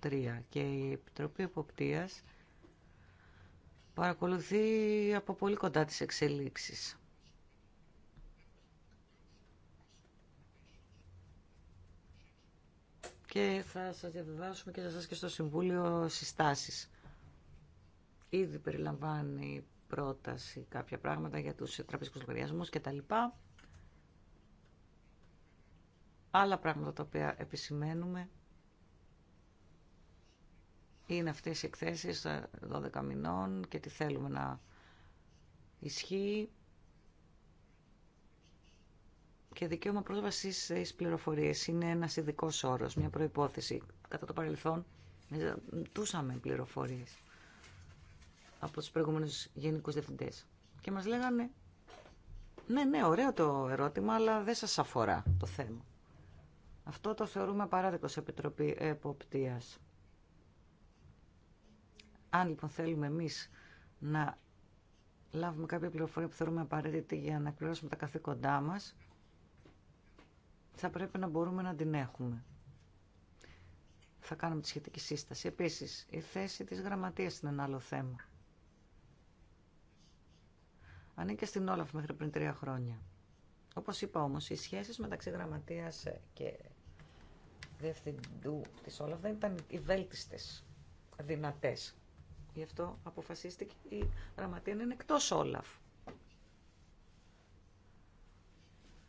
883 και η Επιτροπή Υποπτείας παρακολουθεί από πολύ κοντά τις εξελίξεις. και θα σας διαβιβάσουμε και σε σας και στο Συμβούλιο συστάσεις. Ήδη περιλαμβάνει πρόταση κάποια πράγματα για τους τραπεζικούς λογαριασμούς και τα λοιπά. Άλλα πράγματα τα οποία επισημαίνουμε είναι αυτές οι εκθέσεις 12 μηνών και τι θέλουμε να ισχύει και δικαίωμα πρόσβαση στι πληροφορίε είναι ένα ειδικό όρο, μια προπόθεση. Κατά το παρελθόν, ζητούσαμε πληροφορίε από του προηγούμενου γενικού διευθυντέ. Και μα λέγανε, ναι, ναι, ωραίο το ερώτημα, αλλά δεν σα αφορά το θέμα. Αυτό το θεωρούμε παράδειγμα σε Επιτροπή Εποπτεία. Αν λοιπόν θέλουμε εμεί να λάβουμε κάποια πληροφορία που θεωρούμε απαραίτητη για να εκπληρώσουμε τα καθήκοντά μας, θα πρέπει να μπορούμε να την έχουμε. Θα κάνουμε τη σχετική σύσταση. Επίσης, η θέση της γραμματείας είναι ένα άλλο θέμα. Ανήκε στην Όλαφ μέχρι πριν τρία χρόνια. Όπως είπα όμως, οι σχέσεις μεταξύ γραμματείας και διευθυντού της Όλαφ δεν ήταν οι βέλτιστες δυνατές. Γι' αυτό αποφασίστηκε η γραμματεία να είναι εκτός Όλαφ.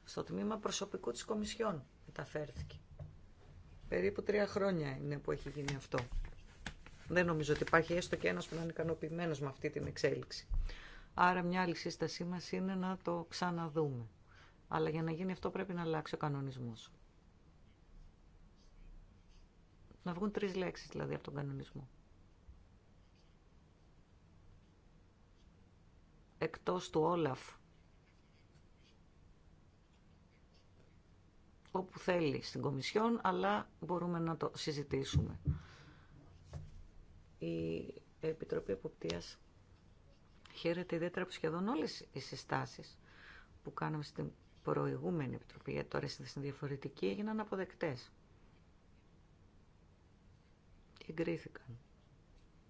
στο τμήμα προσωπικού της Κομισιόν μεταφέρθηκε. Περίπου τρία χρόνια είναι που έχει γίνει αυτό. Δεν νομίζω ότι υπάρχει έστω και ένας που να είναι ικανοποιημένο με αυτή την εξέλιξη. Άρα μια άλλη σύστασή μας είναι να το ξαναδούμε. Αλλά για να γίνει αυτό πρέπει να αλλάξει ο κανονισμός. Να βγουν τρεις λέξεις δηλαδή από τον κανονισμό. Εκτός του Όλαφ όπου θέλει στην Κομισιόν, αλλά μπορούμε να το συζητήσουμε. Η Επιτροπή Εποπτείας χαίρεται ιδιαίτερα από σχεδόν όλες οι συστάσεις που κάναμε στην προηγούμενη Επιτροπή, γιατί τώρα στην διαφορετική έγιναν αποδεκτές. Και εγκρίθηκαν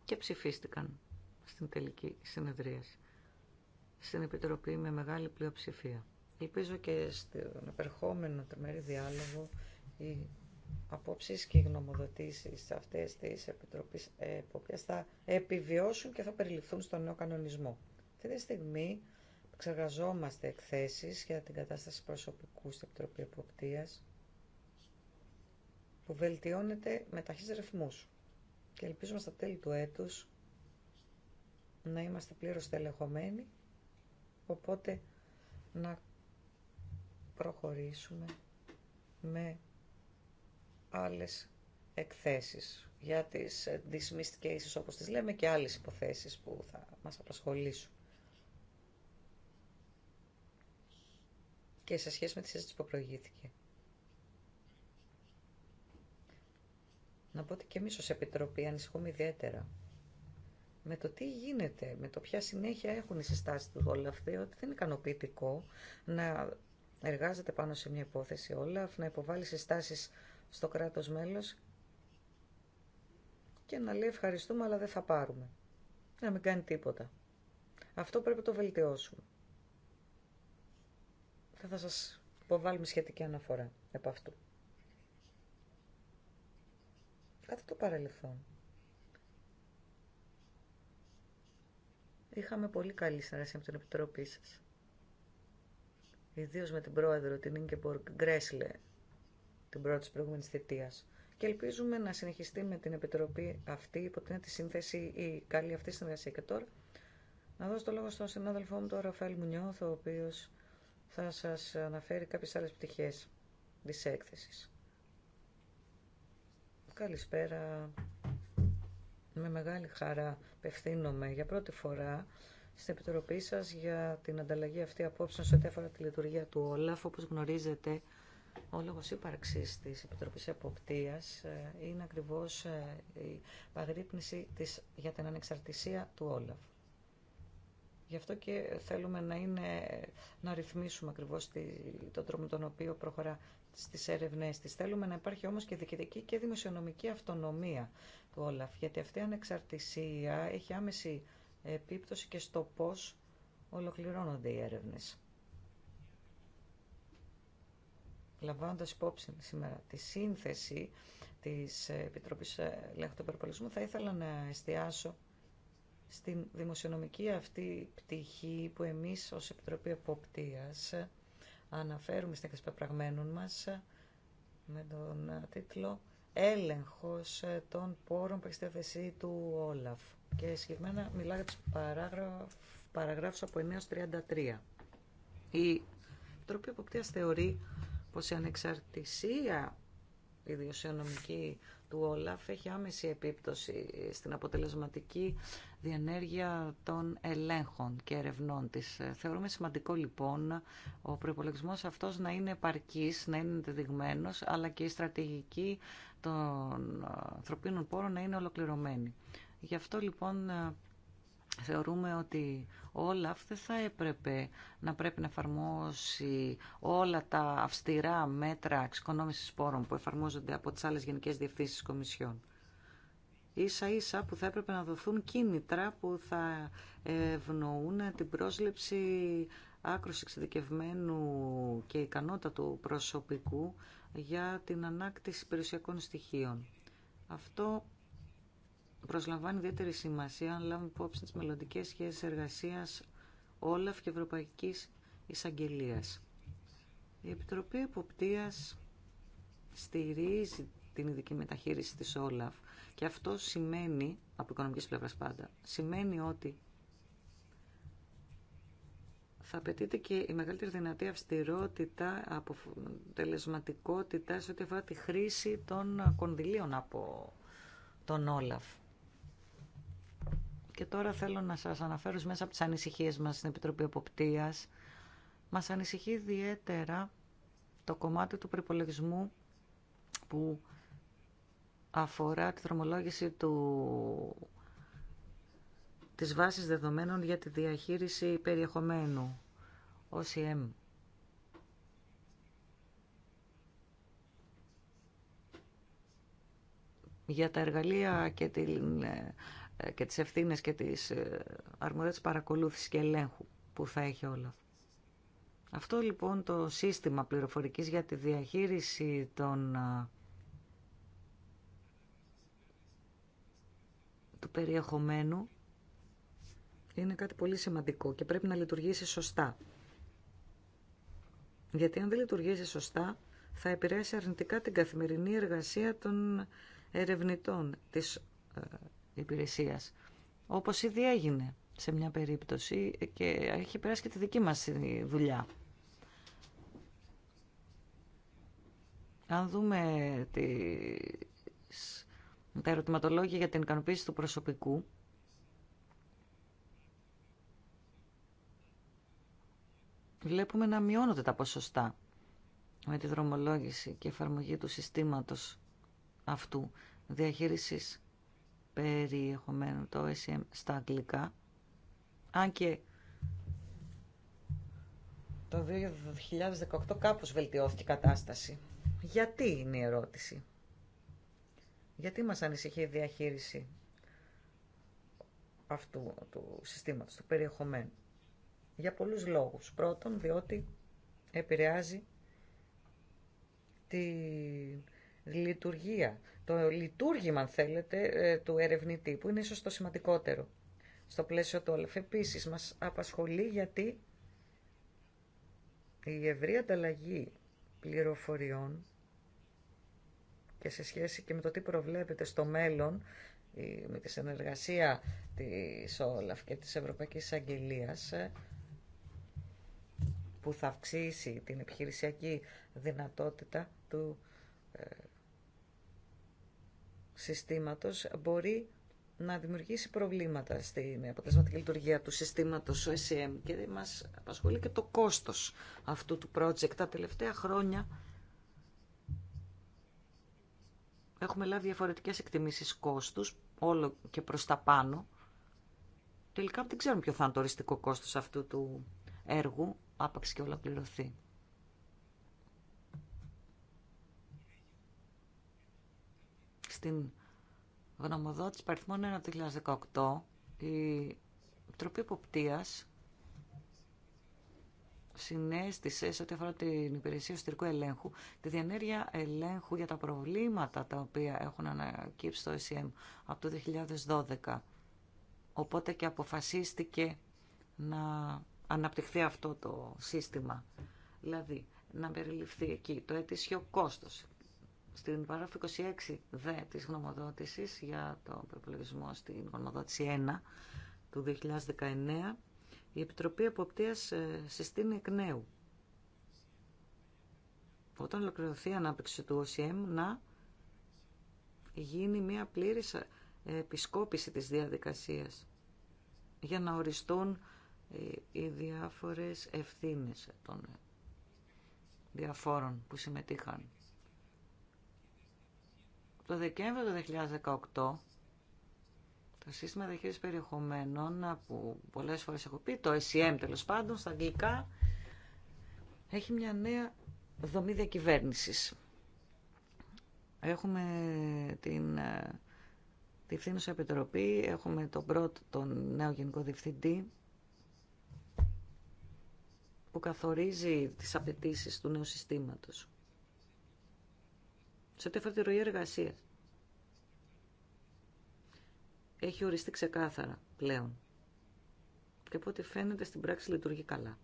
και ψηφίστηκαν στην τελική συνεδρίαση στην Επιτροπή με μεγάλη πλειοψηφία. Ελπίζω και στον επερχόμενο τρομερή διάλογο οι απόψει και οι γνωμοδοτήσει αυτές της επιτροπή εποπιά θα επιβιώσουν και θα περιληφθούν στον νέο κανονισμό. Αυτή τη στιγμή εξεργαζόμαστε εκθέσεις για την κατάσταση προσωπικού στην Επιτροπή Εποπτείας που βελτιώνεται με ταχύ ρυθμού. και ελπίζουμε στα τέλη του έτου, να είμαστε πλήρω τελεχωμένοι οπότε να προχωρήσουμε με άλλες εκθέσεις για τις dismissed cases όπως τις λέμε και άλλες υποθέσεις που θα μας απασχολήσουν. Και σε σχέση με τη συζήτηση που προηγήθηκε. Να πω ότι και εμείς ως Επιτροπή ανησυχούμε ιδιαίτερα με το τι γίνεται, με το ποια συνέχεια έχουν οι συστάσεις του όλα ότι δεν είναι ικανοποιητικό να εργάζεται πάνω σε μια υπόθεση όλα, να υποβάλει συστάσεις στο κράτος μέλος και να λέει ευχαριστούμε αλλά δεν θα πάρουμε. Να μην κάνει τίποτα. Αυτό πρέπει να το βελτιώσουμε. Θα, θα σας υποβάλουμε σχετική αναφορά επ' αυτού. κάτι το παρελθόν. Είχαμε πολύ καλή συνεργασία με την Επιτροπή σας ιδίω με την πρόεδρο, την Ίνκεμπορ Γκρέσλε, την πρώτη τη προηγούμενη θητεία. Και ελπίζουμε να συνεχιστεί με την επιτροπή αυτή, υπό την τη σύνθεση η καλή αυτή συνεργασία. Και τώρα να δώσω το λόγο στον συνάδελφό μου, τον Ραφαέλ Μουνιώθ, ο οποίο θα σα αναφέρει κάποιε άλλε πτυχέ τη έκθεση. Καλησπέρα. Με μεγάλη χαρά απευθύνομαι για πρώτη φορά στην Επιτροπή σα για την ανταλλαγή αυτή απόψεων σε ό,τι αφορά τη λειτουργία του ΟΛΑΦ. Όπω γνωρίζετε, ο λόγο ύπαρξή τη Επιτροπή Εποπτεία ε, είναι ακριβώ ε, η παγρύπνηση της, για την ανεξαρτησία του Όλαφ. Γι' αυτό και θέλουμε να, είναι, να ρυθμίσουμε ακριβώ τον τρόπο με τον οποίο προχωρά στις έρευνε τη. Θέλουμε να υπάρχει όμω και διοικητική και δημοσιονομική αυτονομία του Όλαφ, γιατί αυτή η ανεξαρτησία έχει άμεση επίπτωση και στο πώς ολοκληρώνονται οι έρευνες. Λαμβάνοντας υπόψη σήμερα τη σύνθεση της Επιτροπής Ελέγχου θα ήθελα να εστιάσω στην δημοσιονομική αυτή πτυχή που εμείς ως Επιτροπή Εποπτείας αναφέρουμε στην πεπραγμένων μας με τον τίτλο «Έλεγχος των πόρων που έχει του Όλαφ» και συγκεκριμένα μιλάω για τις παραγραφους παραγράφους από 9-33. Η Επιτροπή Εποπτείας θεωρεί πως η ανεξαρτησία ιδιοσιονομική του ΟΛΑΦ έχει άμεση επίπτωση στην αποτελεσματική διενέργεια των ελέγχων και ερευνών της. Θεωρούμε σημαντικό λοιπόν ο προπολογισμό αυτός να είναι επαρκής, να είναι δεδειγμένος, αλλά και η στρατηγική των ανθρωπίνων πόρων να είναι ολοκληρωμένη. Γι' αυτό λοιπόν ε, θεωρούμε ότι όλα αυτά θα έπρεπε να πρέπει να εφαρμόσει όλα τα αυστηρά μέτρα εξοικονόμηση σπόρων που εφαρμόζονται από τις άλλες γενικές διευθύνσεις κομισιών. Ίσα ίσα που θα έπρεπε να δοθούν κίνητρα που θα ευνοούν την πρόσληψη άκρως εξειδικευμένου και ικανότατου προσωπικού για την ανάκτηση περιουσιακών στοιχείων. Αυτό προσλαμβάνει ιδιαίτερη σημασία αν λάβουμε υπόψη τις μελλοντικές σχέσεις εργασίας Όλαφ και Ευρωπαϊκής Εισαγγελίας. Η Επιτροπή Εποπτείας στηρίζει την ειδική μεταχείριση της Όλαφ και αυτό σημαίνει, από οικονομικής πλευράς πάντα, σημαίνει ότι θα απαιτείται και η μεγαλύτερη δυνατή αυστηρότητα, αποτελεσματικότητα σε ό,τι αφορά τη χρήση των κονδυλίων από τον Όλαφ. Και τώρα θέλω να σας αναφέρω μέσα από τις ανησυχίες μας στην Επιτροπή Εποπτείας. Μας ανησυχεί ιδιαίτερα το κομμάτι του προπολογισμού που αφορά τη θρομολόγηση του... της βάσης δεδομένων για τη διαχείριση περιεχομένου, OCM. για τα εργαλεία και την ε, και τις ευθύνε και τις ε, αρμοδιότητες παρακολούθησης και ελέγχου που θα έχει όλο. Αυτό λοιπόν το σύστημα πληροφορικής για τη διαχείριση των ε, του περιεχομένου είναι κάτι πολύ σημαντικό και πρέπει να λειτουργήσει σωστά. Γιατί αν δεν λειτουργήσει σωστά θα επηρέασει αρνητικά την καθημερινή εργασία των ερευνητών, της ε, υπηρεσία. Όπως ήδη έγινε σε μια περίπτωση και έχει περάσει και τη δική μα δουλειά. Αν δούμε τις, τα ερωτηματολόγια για την ικανοποίηση του προσωπικού, βλέπουμε να μειώνονται τα ποσοστά με τη δρομολόγηση και εφαρμογή του συστήματος αυτού διαχείρισης περιεχομένου το SM στα αγγλικά. Αν και το 2018 κάπως βελτιώθηκε η κατάσταση. Γιατί είναι η ερώτηση. Γιατί μας ανησυχεί η διαχείριση αυτού του συστήματος, του περιεχομένου. Για πολλούς λόγους. Πρώτον, διότι επηρεάζει τη λειτουργία, το λειτουργήμα, αν θέλετε, ε, του ερευνητή, που είναι ίσως το σημαντικότερο στο πλαίσιο του ΟΛΕΦ. Επίσης, μας απασχολεί γιατί η ευρή ανταλλαγή πληροφοριών και σε σχέση και με το τι προβλέπεται στο μέλλον με τη συνεργασία της ΟΛΑΦ και της Ευρωπαϊκής Αγγελίας ε, που θα αυξήσει την επιχειρησιακή δυνατότητα του ε, συστήματος μπορεί να δημιουργήσει προβλήματα στην αποτελεσματική λειτουργία του συστήματος OSM και μας απασχολεί και το κόστος αυτού του project. Τα τελευταία χρόνια έχουμε λάβει διαφορετικές εκτιμήσεις κόστους, όλο και προς τα πάνω. Τελικά δεν ξέρουμε ποιο θα είναι το οριστικό κόστος αυτού του έργου, άπαξ και όλα πληρωθεί. Στην γνωμοδότηση παριθμών 1 2018, η Επιτροπή Εποπτείας συνέστησε σε ό,τι αφορά την υπηρεσία εσωτερικού ελέγχου τη διενέργεια ελέγχου για τα προβλήματα τα οποία έχουν ανακύψει στο ΕΣΥΕΜ από το 2012. Οπότε και αποφασίστηκε να αναπτυχθεί αυτό το σύστημα. Δηλαδή, να περιληφθεί εκεί το αίτησιο κόστος, στην παράγραφο 26 δε της γνωμοδότησης για το προπολογισμό στην γνωμοδότηση 1 του 2019, η Επιτροπή Εποπτείας ε, συστήνει εκ νέου. Όταν ολοκληρωθεί η ανάπτυξη του OCM να γίνει μια πλήρης ε, επισκόπηση της διαδικασίας για να οριστούν ε, οι διάφορες ευθύνες των διαφόρων που συμμετείχαν. Το Δεκέμβριο του 2018 το σύστημα διαχείρισης περιεχομένων που πολλές φορές έχω πει, το SEM τέλο πάντων στα αγγλικά, έχει μια νέα δομή διακυβέρνησης. Έχουμε την διευθύνουσα επιτροπή, έχουμε τον πρώτο, τον νέο γενικό διευθυντή, που καθορίζει τις απαιτήσεις του νέου συστήματος σε ό,τι τη ροή εργασία. Έχει οριστεί ξεκάθαρα πλέον. Και από ό,τι φαίνεται στην πράξη λειτουργεί καλά.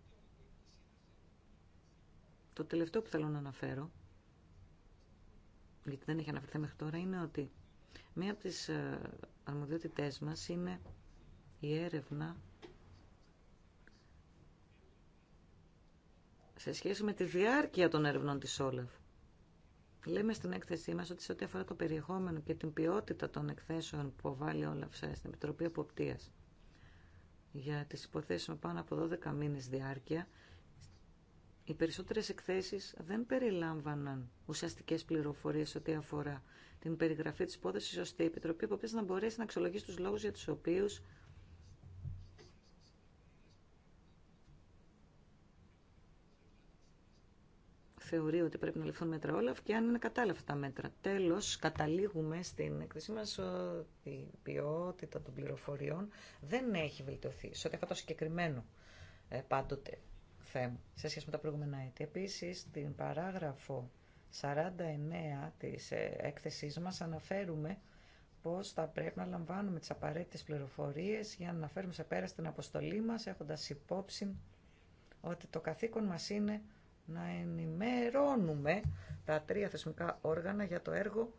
Το τελευταίο που θέλω να αναφέρω, γιατί δεν έχει αναφερθεί μέχρι τώρα, είναι ότι μία από τις ε, αρμοδιότητές μας είναι η έρευνα σε σχέση με τη διάρκεια των ερευνών της Όλαφ. Λέμε στην έκθεσή μας ότι σε ό,τι αφορά το περιεχόμενο και την ποιότητα των εκθέσεων που βάλει όλα αυτά στην Επιτροπή Αποπτίας για τις υποθέσεις με πάνω από 12 μήνες διάρκεια, οι περισσότερες εκθέσεις δεν περιλάμβαναν ουσιαστικές πληροφορίες ό,τι αφορά την περιγραφή της υπόθεσης, ώστε η Επιτροπή Αποπτίας να μπορέσει να αξιολογήσει τους λόγους για τους οποίους θεωρεί ότι πρέπει να ληφθούν μέτρα όλα και αν είναι κατάλληλα αυτά τα μέτρα. Τέλο, καταλήγουμε στην έκθεσή μα ότι η ποιότητα των πληροφοριών δεν έχει βελτιωθεί σε ό,τι το συγκεκριμένο ε, πάντοτε θέμα σε σχέση με τα προηγούμενα έτη. Επίσης, στην παράγραφο 49 της ε, έκθεσή μα αναφέρουμε πώς θα πρέπει να λαμβάνουμε τις απαραίτητες πληροφορίες για να φέρουμε σε πέρα στην αποστολή μας έχοντας υπόψη ότι το καθήκον μας είναι να ενημερώνουμε τα τρία θεσμικά όργανα για το έργο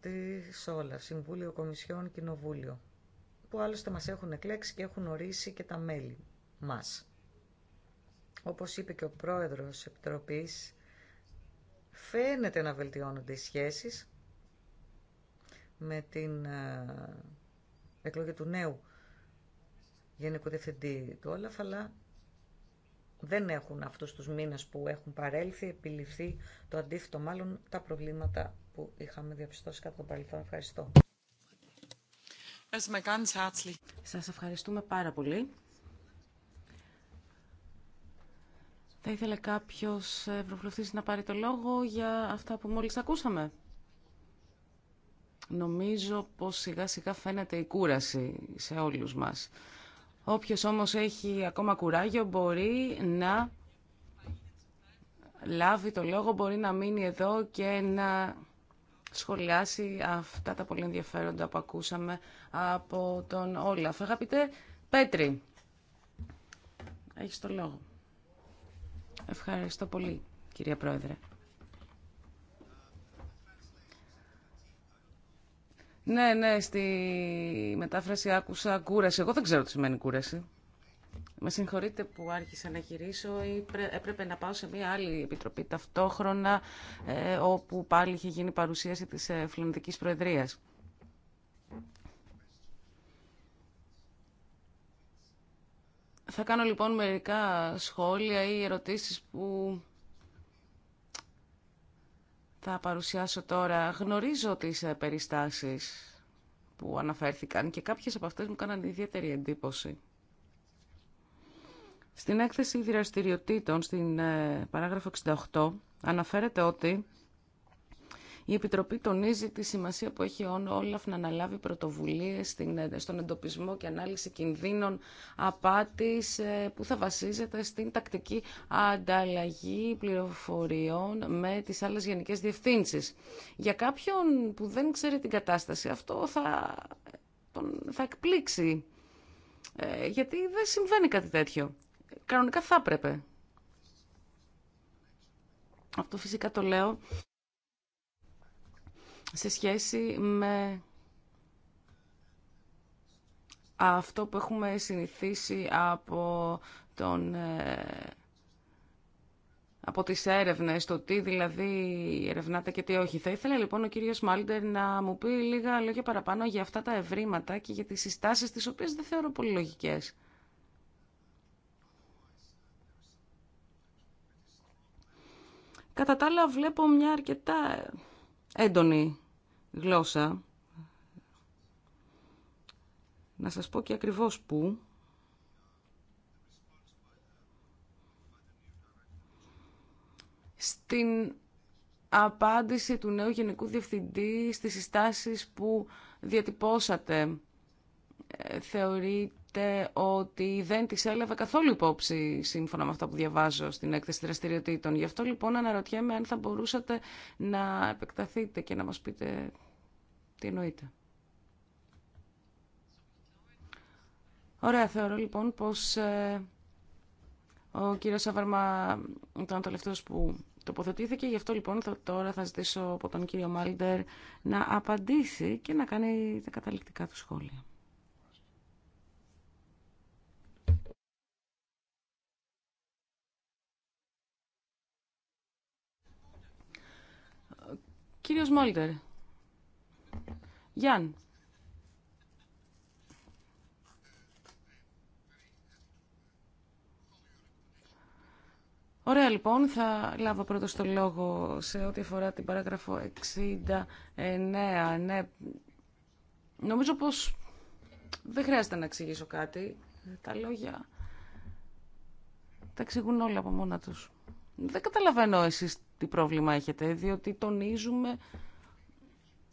της όλα, Συμβούλιο, Κομισιόν, Κοινοβούλιο, που άλλωστε μας έχουν εκλέξει και έχουν ορίσει και τα μέλη μας. Όπως είπε και ο πρόεδρος Επιτροπής, φαίνεται να βελτιώνονται οι σχέσεις με την ε, εκλογή του νέου Γενικού Διευθυντή του Όλαφ, δεν έχουν αυτούς τους μήνες που έχουν παρέλθει, επιληφθεί το αντίθετο μάλλον τα προβλήματα που είχαμε διαπιστώσει κατά το παρελθόν. Ευχαριστώ. Σας ευχαριστούμε πάρα πολύ. Θα ήθελε κάποιος ευρωβουλευτής να πάρει το λόγο για αυτά που μόλις ακούσαμε. Νομίζω πως σιγά σιγά φαίνεται η κούραση σε όλους μας. Όποιος όμως έχει ακόμα κουράγιο μπορεί να λάβει το λόγο, μπορεί να μείνει εδώ και να σχολιάσει αυτά τα πολύ ενδιαφέροντα που ακούσαμε από τον Όλαφ. Αγαπητέ Πέτρη, έχεις το λόγο. Ευχαριστώ πολύ, κυρία Πρόεδρε. Ναι, ναι, στη μετάφραση άκουσα κούραση. Εγώ δεν ξέρω τι σημαίνει κούραση. Με συγχωρείτε που άρχισα να γυρίσω ή έπρεπε να πάω σε μια άλλη επιτροπή ταυτόχρονα ε, όπου πάλι είχε γίνει παρουσίαση της ε, Προεδρίας. Θα κάνω λοιπόν μερικά σχόλια ή ερωτήσεις που θα παρουσιάσω τώρα. Γνωρίζω τις ε, περιστάσεις που αναφέρθηκαν και κάποιες από αυτές μου κάναν ιδιαίτερη εντύπωση. Στην έκθεση δραστηριοτήτων, στην ε, παράγραφο 68, αναφέρεται ότι η Επιτροπή τονίζει τη σημασία που έχει ο Όλαφ να αναλάβει πρωτοβουλίε στον εντοπισμό και ανάλυση κινδύνων απάτη ε, που θα βασίζεται στην τακτική ανταλλαγή πληροφοριών με τι άλλε γενικέ διευθύνσει. Για κάποιον που δεν ξέρει την κατάσταση, αυτό θα τον θα εκπλήξει. Ε, γιατί δεν συμβαίνει κάτι τέτοιο. Κανονικά θα έπρεπε. Αυτό φυσικά το λέω σε σχέση με αυτό που έχουμε συνηθίσει από, τον, ε, από τις έρευνες, το τι δηλαδή ερευνάτε και τι όχι. Θα ήθελα λοιπόν ο κύριος Μάλντερ να μου πει λίγα λόγια παραπάνω για αυτά τα ευρήματα και για τις συστάσεις τις οποίες δεν θεωρώ πολύ λογικές. Κατά τα άλλα βλέπω μια αρκετά έντονη γλώσσα. Να σας πω και ακριβώς πού. Στην απάντηση του νέου Γενικού Διευθυντή στις συστάσεις που διατυπώσατε ε, θεωρείτε ότι δεν τις έλαβε καθόλου υπόψη σύμφωνα με αυτά που διαβάζω στην έκθεση δραστηριοτήτων. Γι' αυτό λοιπόν αναρωτιέμαι αν θα μπορούσατε να επεκταθείτε και να μας πείτε τι εννοείται. Ωραία, θεωρώ λοιπόν πως ε, ο κύριος Σαβαρμα ήταν ο τελευταίος που τοποθετήθηκε. Γι' αυτό λοιπόν θα, τώρα θα ζητήσω από τον κύριο Μάλντερ να απαντήσει και να κάνει τα καταληκτικά του σχόλια. Κύριος Μόλτερ, Γιάν. Ωραία λοιπόν, θα λάβω πρώτος το λόγο σε ό,τι αφορά την παράγραφο 69. Ναι, νομίζω πως δεν χρειάζεται να εξηγήσω κάτι. Τα λόγια τα εξηγούν όλα από μόνα τους. Δεν καταλαβαίνω εσείς τι πρόβλημα έχετε, διότι τονίζουμε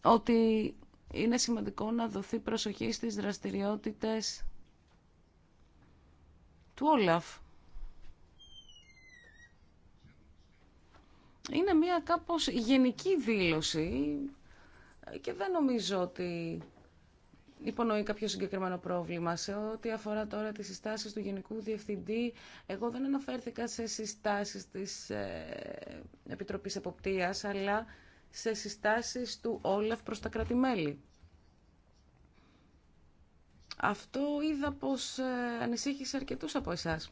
ότι είναι σημαντικό να δοθεί προσοχή στις δραστηριότητες του Όλαφ. Είναι μια κάπως γενική δήλωση και δεν νομίζω ότι υπονοεί κάποιο συγκεκριμένο πρόβλημα. Σε ό,τι αφορά τώρα τις συστάσεις του Γενικού Διευθυντή, εγώ δεν αναφέρθηκα σε συστάσεις της ε, Επιτροπής Εποπτείας, αλλά σε συστάσεις του Όλαφ προς τα κρατημέλη. Αυτό είδα πως ε, ανησύχησε αρκετούς από εσάς.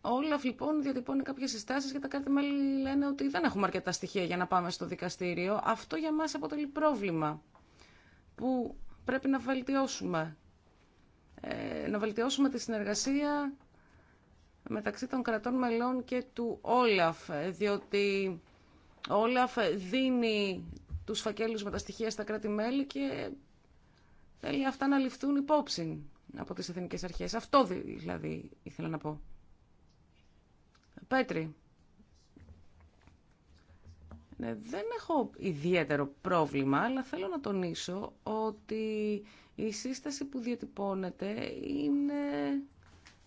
Όλαφ λοιπόν διατυπώνει κάποιες συστάσεις και τα κρατημέλη λένε ότι δεν έχουμε αρκετά στοιχεία για να πάμε στο δικαστήριο. Αυτό για μας αποτελεί πρόβλημα που πρέπει να βελτιώσουμε. Ε, να βελτιώσουμε τη συνεργασία μεταξύ των κρατών μελών και του Όλαφ, διότι ο Όλαφ δίνει τους φακέλους με τα στοιχεία στα κράτη-μέλη και θέλει αυτά να ληφθούν υπόψη από τις εθνικές αρχές. Αυτό δηλαδή ήθελα να πω. Πέτρη. Ναι, δεν έχω ιδιαίτερο πρόβλημα, αλλά θέλω να τονίσω ότι η σύσταση που διατυπώνεται είναι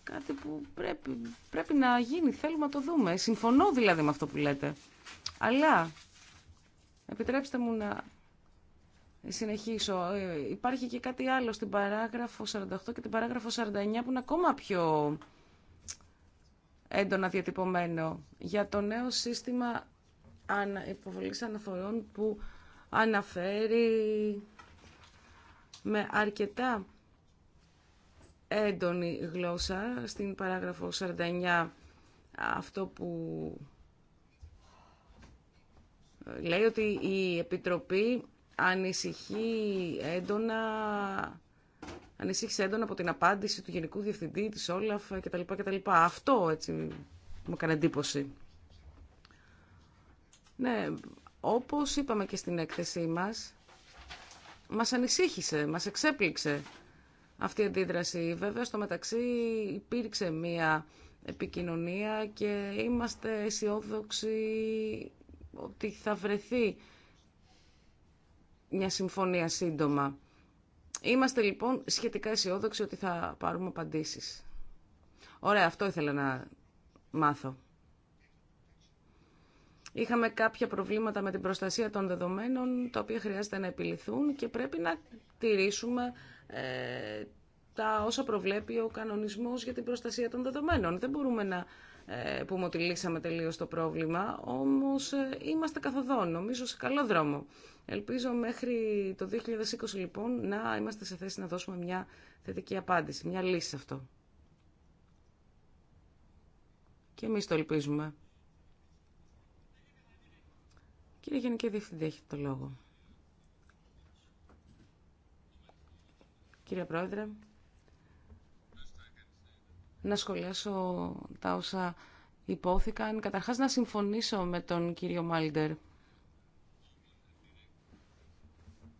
κάτι που πρέπει, πρέπει να γίνει, θέλουμε να το δούμε. Συμφωνώ δηλαδή με αυτό που λέτε. Αλλά, επιτρέψτε μου να συνεχίσω. Ε, υπάρχει και κάτι άλλο στην παράγραφο 48 και την παράγραφο 49 που είναι ακόμα πιο έντονα διατυπωμένο για το νέο σύστημα υποβολής αναφορών που αναφέρει με αρκετά έντονη γλώσσα. Στην παράγραφο 49 αυτό που λέει ότι η Επιτροπή ανησυχεί έντονα, ανησύχησε έντονα από την απάντηση του Γενικού Διευθυντή της Όλαφ τα λοιπά Αυτό έτσι μου έκανε εντύπωση. Ναι, όπως είπαμε και στην έκθεσή μας, μας ανησύχησε, μας εξέπληξε αυτή η αντίδραση. Βέβαια, στο μεταξύ υπήρξε μία επικοινωνία και είμαστε αισιόδοξοι ότι θα βρεθεί μια συμφωνία σύντομα. Είμαστε λοιπόν σχετικά αισιόδοξοι ότι θα πάρουμε απαντήσεις. Ωραία, αυτό ήθελα να μάθω. Είχαμε κάποια προβλήματα με την προστασία των δεδομένων, τα οποία χρειάζεται να επιληθούν και πρέπει να τηρήσουμε ε, τα όσα προβλέπει ο κανονισμός για την προστασία των δεδομένων. Δεν μπορούμε να ε, πούμε ότι λύσαμε τελείως το πρόβλημα, όμως ε, είμαστε καθοδόν, νομίζω σε καλό δρόμο. Ελπίζω μέχρι το 2020 λοιπόν να είμαστε σε θέση να δώσουμε μια θετική απάντηση, μια λύση σε αυτό. Και εμείς το ελπίζουμε. Κύριε Γενική Διευθυντή, έχετε το λόγο. Κύριε Πρόεδρε, να σχολιάσω τα όσα υπόθηκαν. Καταρχάς να συμφωνήσω με τον κύριο Μάλντερ.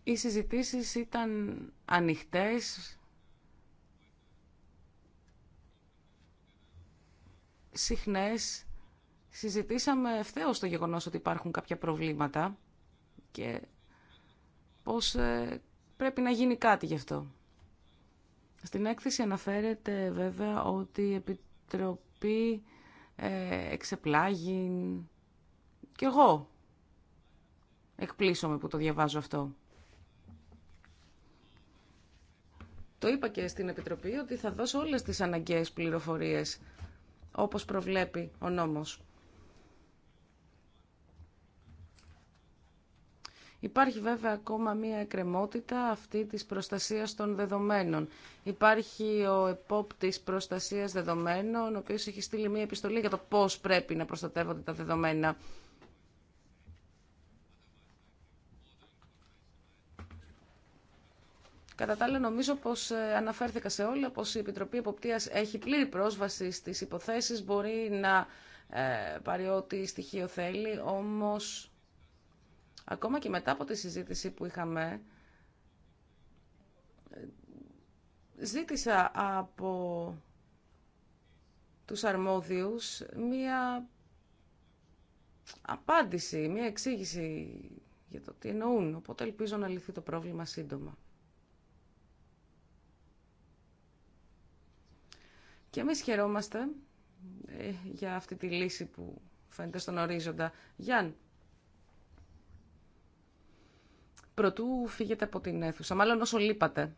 Οι συζητήσεις ήταν ανοιχτές. Συχνές. Συζητήσαμε ευθέως το γεγονός ότι υπάρχουν κάποια προβλήματα και πώς ε, πρέπει να γίνει κάτι γι' αυτό. Στην έκθεση αναφέρεται βέβαια ότι η Επιτροπή ε, εξεπλάγει και εγώ εκπλήσωμαι που το διαβάζω αυτό. Το είπα και στην Επιτροπή ότι θα δώσω όλες τις αναγκαίες πληροφορίες όπως προβλέπει ο νόμος. Υπάρχει βέβαια ακόμα μία εκκρεμότητα αυτή της προστασίας των δεδομένων. Υπάρχει ο επόπτης προστασίας δεδομένων, ο οποίος έχει στείλει μία επιστολή για το πώς πρέπει να προστατεύονται τα δεδομένα. Κατά τα άλλα, νομίζω πω ε, αναφέρθηκα σε όλα πω η Επιτροπή Εποπτεία έχει πλήρη πρόσβαση στι υποθέσει, μπορεί να ε, πάρει ό,τι στοιχείο θέλει, όμω Ακόμα και μετά από τη συζήτηση που είχαμε, ζήτησα από τους αρμόδιους μία απάντηση, μία εξήγηση για το τι εννοούν. Οπότε ελπίζω να λυθεί το πρόβλημα σύντομα. Και εμείς χαιρόμαστε ε, για αυτή τη λύση που φαίνεται στον ορίζοντα. Γιάννη. Προτού φύγετε από την αίθουσα, μάλλον όσο λείπατε.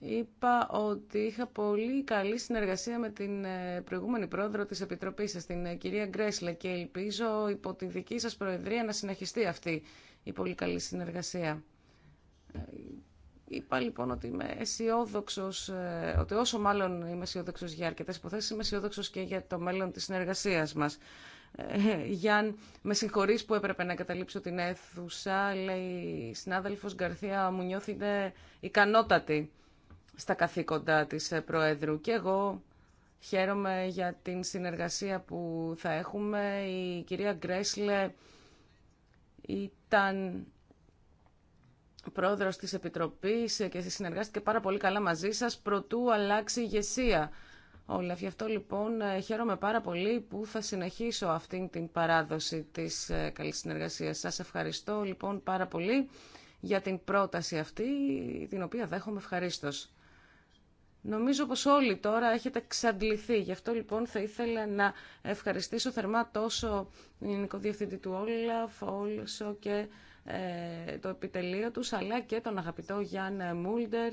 Είπα ότι είχα πολύ καλή συνεργασία με την ε, προηγούμενη πρόεδρο της Επιτροπής σας, την ε, κυρία Γκρέσλε, και ελπίζω υπό τη δική σας προεδρία να συνεχιστεί αυτή η πολύ καλή συνεργασία. Ε, είπα λοιπόν ότι είμαι αισιόδοξο, ότι όσο μάλλον είμαι αισιόδοξο για αρκετέ υποθέσει, είμαι αισιόδοξο και για το μέλλον τη συνεργασία μα. Ε, Γιάν, με συγχωρείς που έπρεπε να καταλήψω την αίθουσα, λέει η συνάδελφος Γκαρθία μου νιώθετε ικανότατη στα καθήκοντα της ε, Προέδρου και εγώ χαίρομαι για την συνεργασία που θα έχουμε. Η κυρία Γκρέσλε ήταν πρόεδρος της Επιτροπής και συνεργάστηκε πάρα πολύ καλά μαζί σας προτού αλλάξει ηγεσία Όλα. Γι' αυτό λοιπόν ε, χαίρομαι πάρα πολύ που θα συνεχίσω αυτήν την παράδοση της ε, καλής συνεργασίας. Σας ευχαριστώ λοιπόν πάρα πολύ για την πρόταση αυτή, την οποία δέχομαι ευχαρίστω. Νομίζω πως όλοι τώρα έχετε ξαντληθεί. Γι' αυτό λοιπόν θα ήθελα να ευχαριστήσω θερμά τόσο τον Γενικό Διευθυντή του Όλαφ, όλο και ε, το επιτελείο τους, αλλά και τον αγαπητό Γιάννα Μούλντερ,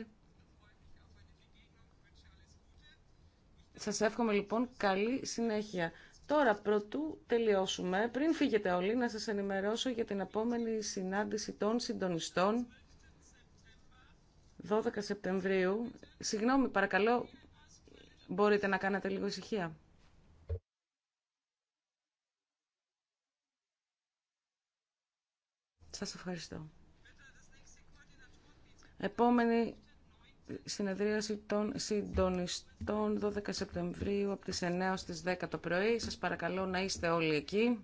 Σας εύχομαι λοιπόν καλή συνέχεια. Τώρα, πρωτού τελειώσουμε, πριν φύγετε όλοι, να σας ενημερώσω για την επόμενη συνάντηση των συντονιστών 12 Σεπτεμβρίου. Συγγνώμη, παρακαλώ, μπορείτε να κάνετε λίγο ησυχία. Σας ευχαριστώ. Επόμενη συνεδρίαση των συντονιστών 12 Σεπτεμβρίου από τις 9 τις 10 το πρωί. Σας παρακαλώ να είστε όλοι εκεί.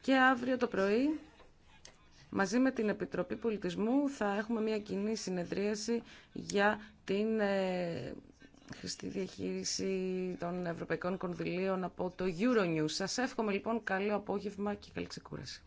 Και αύριο το πρωί, μαζί με την Επιτροπή Πολιτισμού, θα έχουμε μια κοινή συνεδρίαση για την ε, χρηστή διαχείριση των ευρωπαϊκών κονδυλίων από το Euronews. Σας εύχομαι λοιπόν καλό απόγευμα και καλή ξεκούραση.